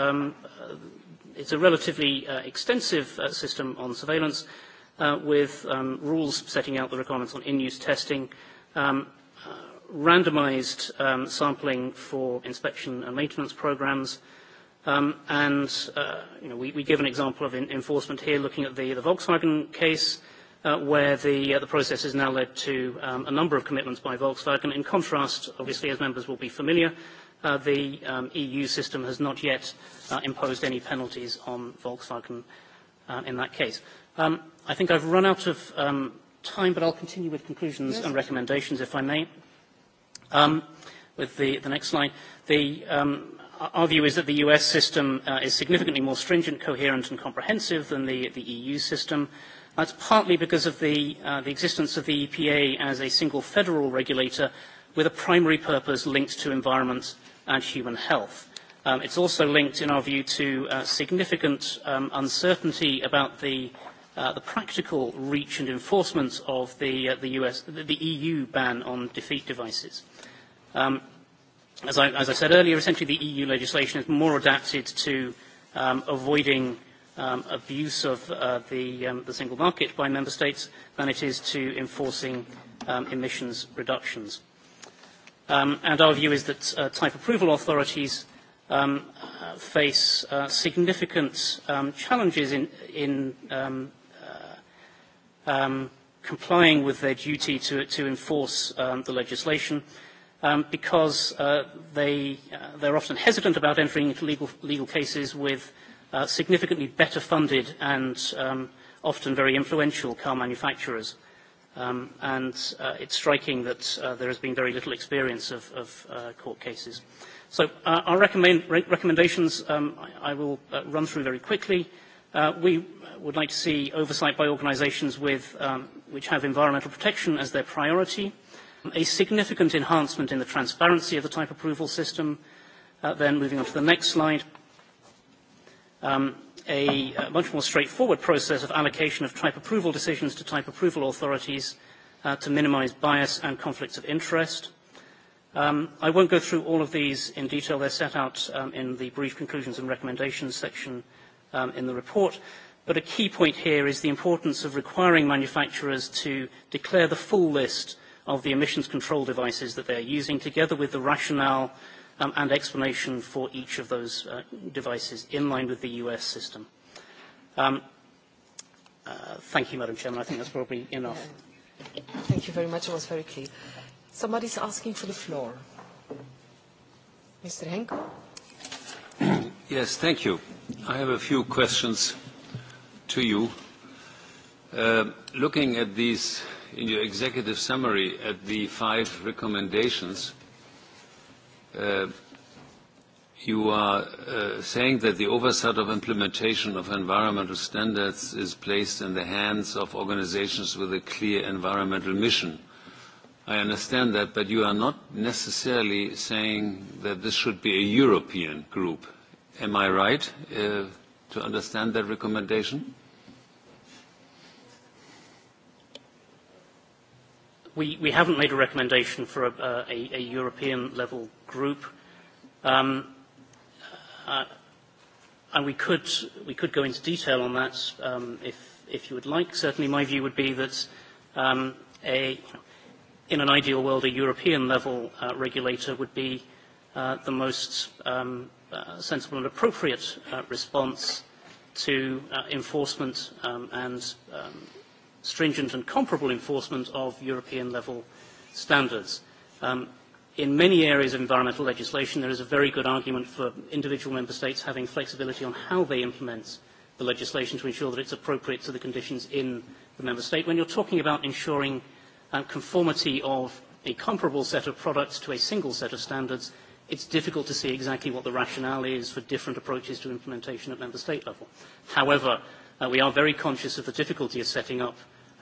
a relatively extensive system on surveillance with rules setting out the requirements on in-use testing, randomized sampling for inspection and maintenance programs, and we give an example of enforcement here looking at the Volkswagen case where the process has now led to a number of commitments by Volkswagen. In contrast, obviously, as members will be familiar, the EU system has not yet imposed any penalties on Volkswagen in that case. I think I've run out of time, but I'll continue with conclusions and recommendations, if I may. With the next slide. Our view is that the US system is significantly more stringent, coherent, and comprehensive than the EU system. That's partly because of the existence of the EPA as a single federal regulator with a primary purpose linked to environment and human health. It's also linked, in our view, to significant uncertainty about the practical reach and enforcement of the EU ban on defeat devices. As I said earlier, essentially the EU legislation is more adapted to avoiding abuse of the single market by member states than it is to enforcing emissions reductions. And our view is that type approval authorities face significant challenges in complying with their duty to enforce the legislation because they are often hesitant about entering into legal cases with significantly better funded and often very influential car manufacturers. And it's striking that there has been very little experience of court cases. So our recommendations I will run through very quickly. We would like to see oversight by organisations which have environmental protection as their priority, a significant enhancement in the transparency of the type approval system. Then moving on to the next slide a much more straightforward process of allocation of type approval decisions to type approval authorities to minimize bias and conflicts of interest. I won't go through all of these in detail. They're set out in the brief conclusions and recommendations section in the report. But a key point here is the importance of requiring manufacturers to declare the full list of the emissions control devices that they are using, together with the rationale and explanation for each of those devices in line with the US system. Thank you, Madam Chairman. I think that's probably enough. Thank you very much. It was very clear. Somebody's asking for the floor. Mr. Henkel? Yes, thank you. I have a few questions to you. Looking at these, in your executive summary, at the five recommendations, You are saying that the oversight of implementation of environmental standards is placed in the hands of organizations with a clear environmental mission. I understand that, but you are not necessarily saying that this should be a European group. Am I right to understand that recommendation? We haven't made a recommendation for a European-level group. And we could we could go into detail on that if if you would like. Certainly, my view would be that a in an ideal world, a European-level regulator would be the most sensible and appropriate response to enforcement and stringent and comparable enforcement of European-level standards in many areas of environmental legislation, there is a very good argument for individual member states having flexibility on how they implement the legislation to ensure that it's appropriate to the conditions in the member state. When you're talking about ensuring conformity of a comparable set of products to a single set of standards, it's difficult to see exactly what the rationale is for different approaches to implementation at member state level. However, we are very conscious of the difficulty of setting up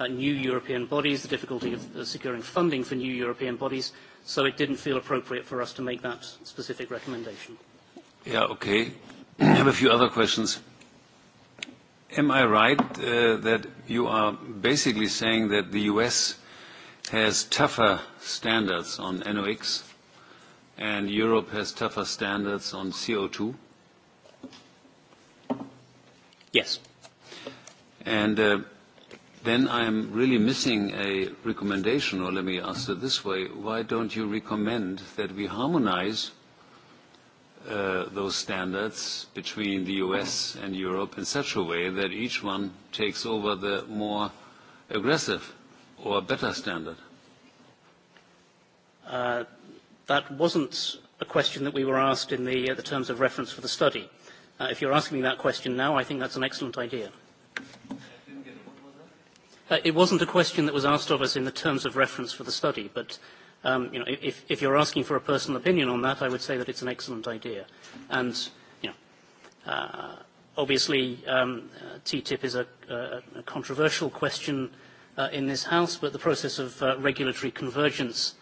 new European bodies, the difficulty of securing funding for new European bodies, so it didn't feel appropriate for us to make that specific recommendation. Yeah, okay. I have a few other questions. Am I right that you are basically saying that the U.S. has tougher standards on NOx and Europe has tougher standards on CO2? Yes. And Then I am really missing a recommendation, or let me ask it this way. Why don't you recommend that we harmonize those standards between the US and Europe in such a way that each one takes over the more aggressive or better standard? That wasn't a question that we were asked in the terms of reference for the study. If you're asking me that question now, I think that's an excellent idea. It wasn't a question that was asked of us in the terms of reference for the study, but if you're asking for a personal opinion on that, I would say that it's an excellent idea. And obviously, TTIP is a controversial question in this House, but the process of regulatory convergence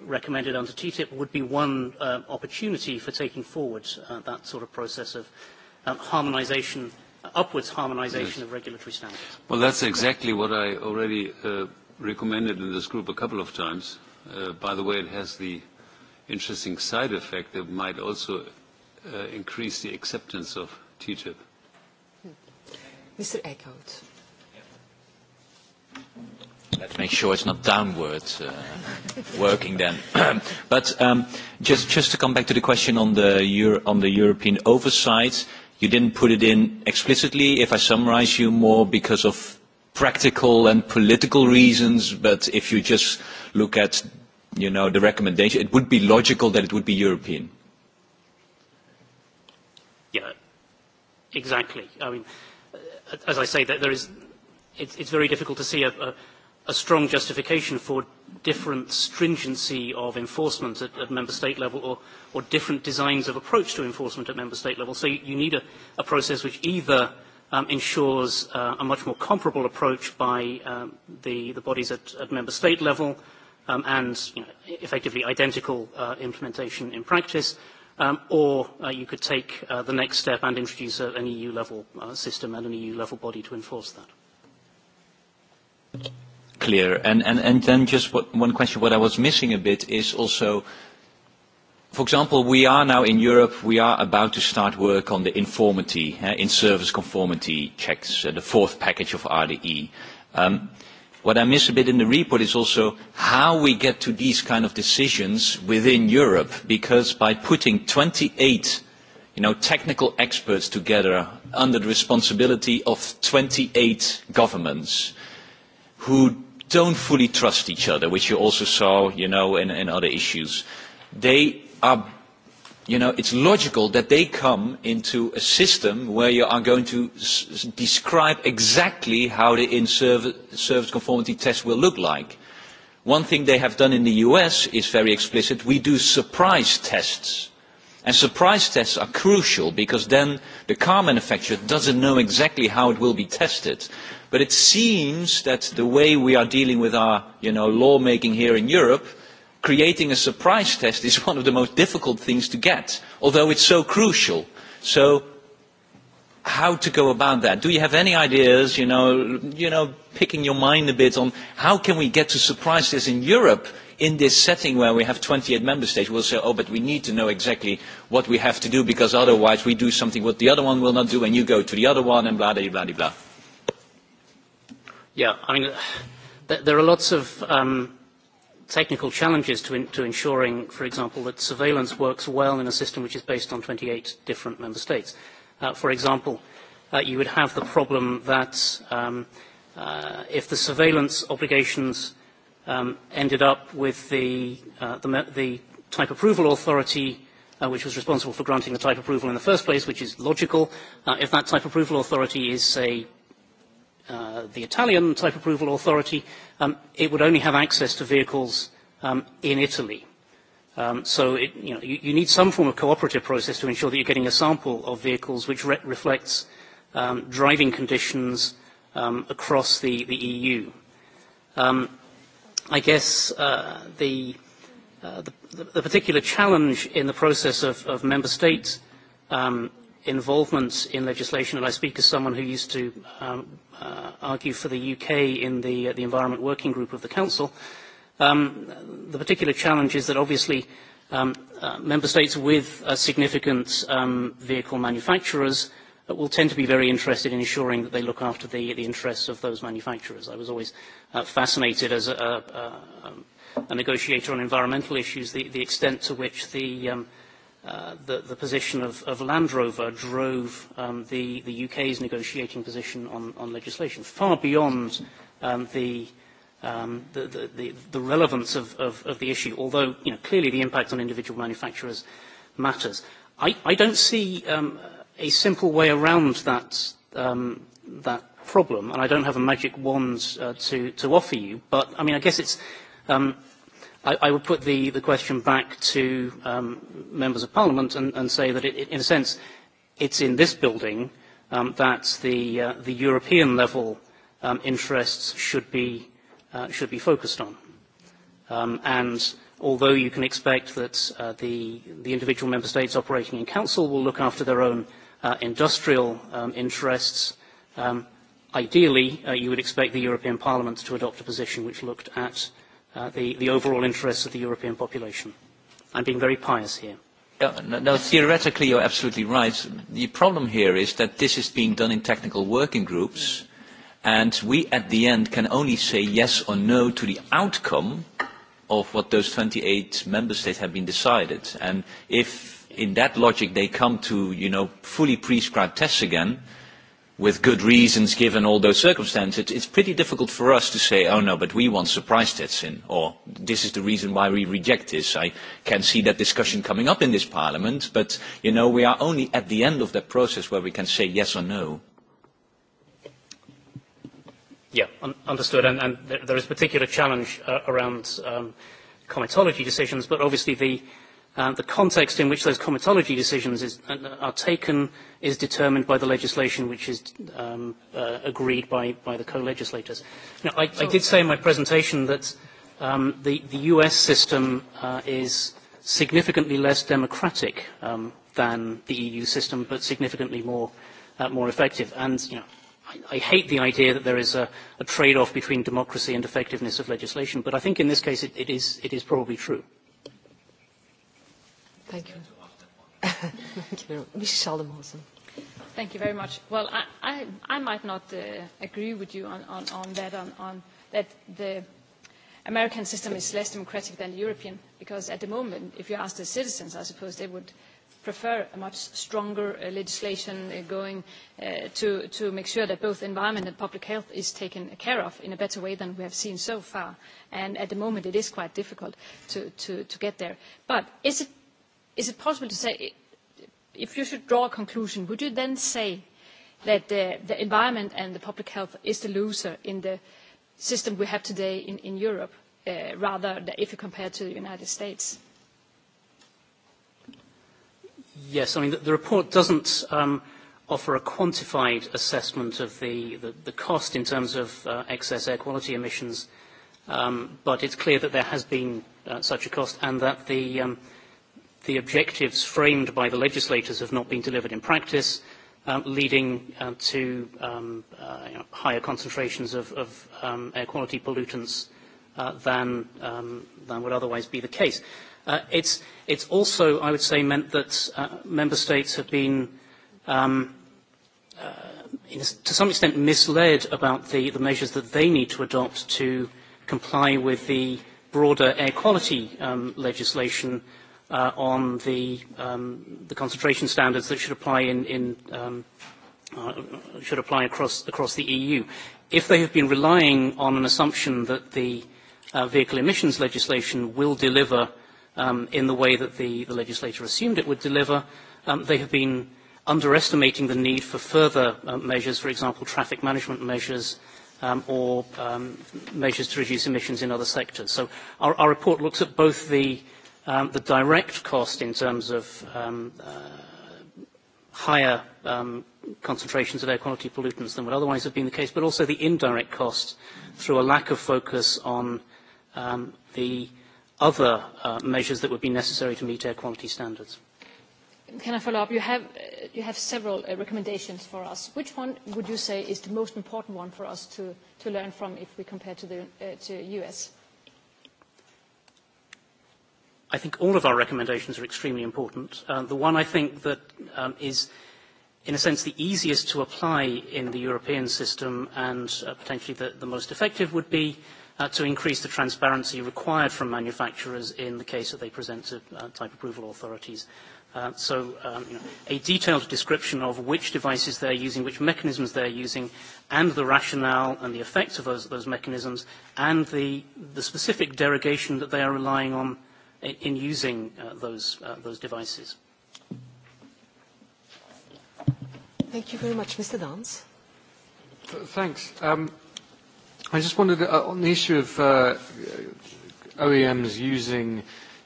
recommended under TTIP would be one opportunity for taking forward that sort of process of harmonisation upwards harmonisation of regulatory standards. Well, that's exactly what I already recommended in this group a couple of times. By the way, it has the interesting side effect that might also increase the acceptance of TTIP. Mr. Eckhout. Let's make sure it's not downward working then. But just to come back to the question on the on the European oversight, You didn't put it in explicitly, if I summarize you, more because of practical and political reasons, but if you just look at you know, the recommendation, it would be logical that it would be European. Yeah, exactly. I mean, as I say, that there is, it's, it's very difficult to see a, a strong justification for different stringency of enforcement at member state level or different designs of approach to enforcement at member state level. So you need a process which either ensures a much more comparable approach by the bodies at member state level and effectively identical implementation in practice, or you could take the next step and introduce an EU-level system and an EU-level body to enforce that clear. And, and, and then just one question, what I was missing a bit is also, for example, we are now in Europe, we are about to start work on the informity, in-service conformity checks, the fourth package of RDE. what I miss a bit in the report is also how we get to these kind of decisions within Europe, because by putting 28 you know, technical experts together under the responsibility of 28 governments, who don't fully trust each other, which you also saw, you know, in, in other issues. They are, you know, it's logical that they come into a system where you are going to s describe exactly how the in-service conformity test will look like. One thing they have done in the US is very explicit. We do surprise tests. And surprise tests are crucial because then the car manufacturer doesn't know exactly how it will be tested. But it seems that the way we are dealing with our lawmaking here in Europe, creating a surprise test is one of the most difficult things to get, although it's so crucial. So how to go about that? Do you have any ideas, you know, picking your mind a bit on how can we get to surprise tests in Europe in this setting where we have 28 member states? We'll say, oh, but we need to know exactly what we have to do because otherwise we do something what the other one will not do and you go to the other one and blah, blah, blah, blah. Yeah, I mean, there are lots of technical challenges to ensuring, for example, that surveillance works well in a system which is based on 28 different member states. For example, you would have the problem that if the surveillance obligations ended up with the type approval authority which was responsible for granting the type approval in the first place, which is logical, if that type approval authority is, say, the Italian type approval authority, it would only have access to vehicles in Italy. So you need some form of cooperative process to ensure that you're getting a sample of vehicles which reflects driving conditions across the EU. I guess the particular challenge in the process of member states involvement in legislation, and I speak as someone who used to argue for the UK in the the Environment Working Group of the Council, the particular challenge is that obviously member states with significant vehicle manufacturers will tend to be very interested in ensuring that they look after the interests of those manufacturers. I was always fascinated as a negotiator on environmental issues, the extent to which the the position of Land Rover drove the UK's negotiating position on legislation, far beyond the relevance of the issue, although clearly the impact on individual manufacturers matters. I don't see a simple way around that problem, and I don't have a magic wand to offer you, but I mean, I guess it's I would put the question back to members of Parliament and say that, in a sense, it's in this building that the European level interests should be focused on. And although you can expect that the individual member states operating in Council will look after their own industrial interests, ideally you would expect the European Parliament to adopt a position which looked at the the overall interests of the European population. I'm being very pious here. No, theoretically you're absolutely right. The problem here is that this is being done in technical working groups, and we at the end can only say yes or no to the outcome of what those 28 member states have been decided. And if in that logic they come to, you know, fully prescribed tests again, with good reasons given all those circumstances, it's pretty difficult for us to say, oh no, but we want surprise tests in, or this is the reason why we reject this. I can see that discussion coming up in this parliament, but you know, we are only at the end of that process where we can say yes or no. Yeah, understood. And there is a particular challenge around comitology decisions, but obviously the The context in which those comitology decisions are taken is determined by the legislation which is agreed by by the co-legislators. Now, I did say in my presentation that the U.S. system is significantly less democratic than the EU system, but significantly more effective. And I hate the idea that there is a trade-off between democracy and effectiveness of legislation, but I think in this case it is it is probably true. Thank you. Thank you very much. Well, I, I, I might not uh, agree with you on, on, on that, on, on that the American system is less democratic than the European, because at the moment, if you ask the citizens, I suppose they would prefer a much stronger legislation going to to make sure that both environment and public health is taken care of in a better way than we have seen so far. And at the moment, it is quite difficult to get there. But is it is it possible to say, if you should draw a conclusion, would you then say that the environment and the public health is the loser in the system we have today in Europe, rather than if you compare to the United States? Yes, I mean, the report doesn't offer a quantified assessment of the cost in terms of excess air quality emissions, but it's clear that there has been such a cost and that the the objectives framed by the legislators have not been delivered in practice, leading to higher concentrations of air quality pollutants than would otherwise be the case. It's also, I would say, meant that member states have been, to some extent, misled about the measures that they need to adopt to comply with the broader air quality legislation on the the concentration standards that should apply in in should apply across the EU. If they have been relying on an assumption that the vehicle emissions legislation will deliver in the way that the the legislator assumed it would deliver, they have been underestimating the need for further measures, for example, traffic management measures or measures to reduce emissions in other sectors. So our report looks at both the The direct cost in terms of higher concentrations of air quality pollutants than would otherwise have been the case, but also the indirect cost through a lack of focus on the other measures that would be necessary to meet air quality standards. Can I follow up? You have several recommendations for us. Which one would you say is the most important one for us to learn from if we compare to the US? I think all of our recommendations are extremely important. The one I think that is, in a sense, the easiest to apply in the European system and potentially the most effective would be to increase the transparency required from manufacturers in the case that they present to type approval authorities. So a detailed description of which devices they're using, which mechanisms they're using, and the rationale and the effects of those mechanisms, and the specific derogation that they are relying on in using those those devices. Thank you very much, Mr. Dance. Thanks. I just wondered on the issue of OEMs using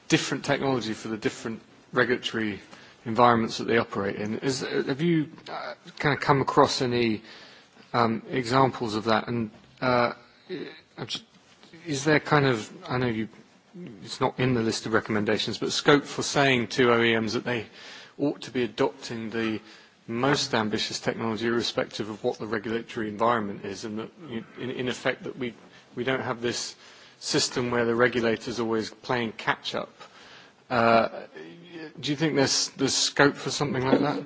different technology for the different regulatory environments that they operate in. Have you kind of come across any examples of that? And is there kind of, I know you it's not in the list of recommendations, but scope for saying to OEMs that they ought to be adopting the most ambitious technology irrespective of what the regulatory environment is and that in effect that we we don't have this system where the regulator is always playing catch up. Do you think there's there's scope for something like that?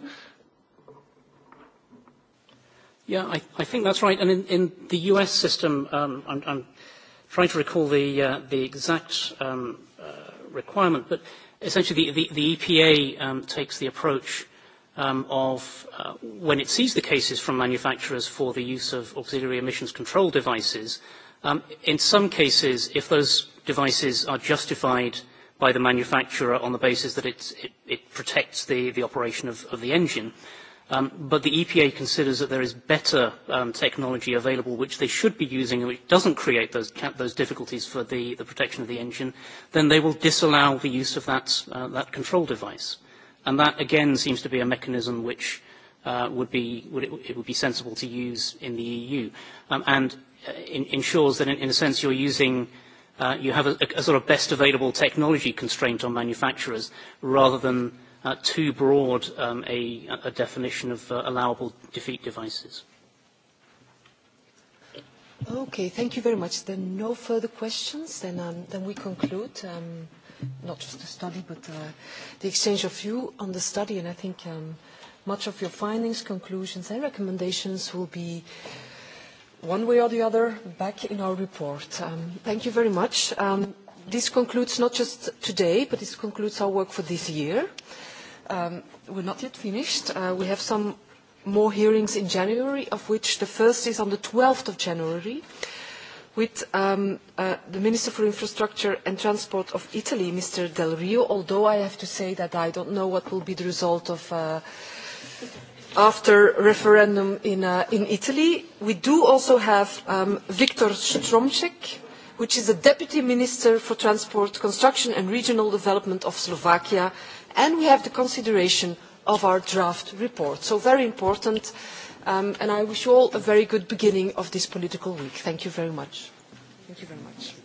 Yeah, I think that's right. And in the US system I'm trying to recall the the exact requirement, but essentially the EPA takes the approach of when it sees the cases from manufacturers for the use of auxiliary emissions control devices, in some cases, if those devices are justified by the manufacturer on the basis that it protects the operation of the engine, But the EPA considers that there is better technology available which they should be using and which doesn't create those difficulties for the protection of the engine, then they will disallow the use of that control device. And that, again, seems to be a mechanism which would be it would be sensible to use in the EU and ensures that, in a sense, you're using you have a sort of best available technology constraint on manufacturers rather than too broad a definition of allowable defeat devices. Okay, thank you very much. Then no further questions, then we conclude not just the study but the exchange of view on the study and I think much of your findings, conclusions and recommendations will be one way or the other back in our report. Thank you very much. This concludes not just today but this concludes our work for this year. We're not yet finished. We have some more hearings in January, of which the first is on the 12th of January with the Minister for Infrastructure and Transport of Italy, Mr. Del Rio, although I have to say that I don't know what will be the result of after referendum in Italy. We do also have Viktor Stromček, which is the Deputy Minister for Transport, Construction and Regional Development of Slovakia, and we have the consideration of our draft report. So very important, and I wish you all a very good beginning of this political week. Thank you very much. Thank you very much.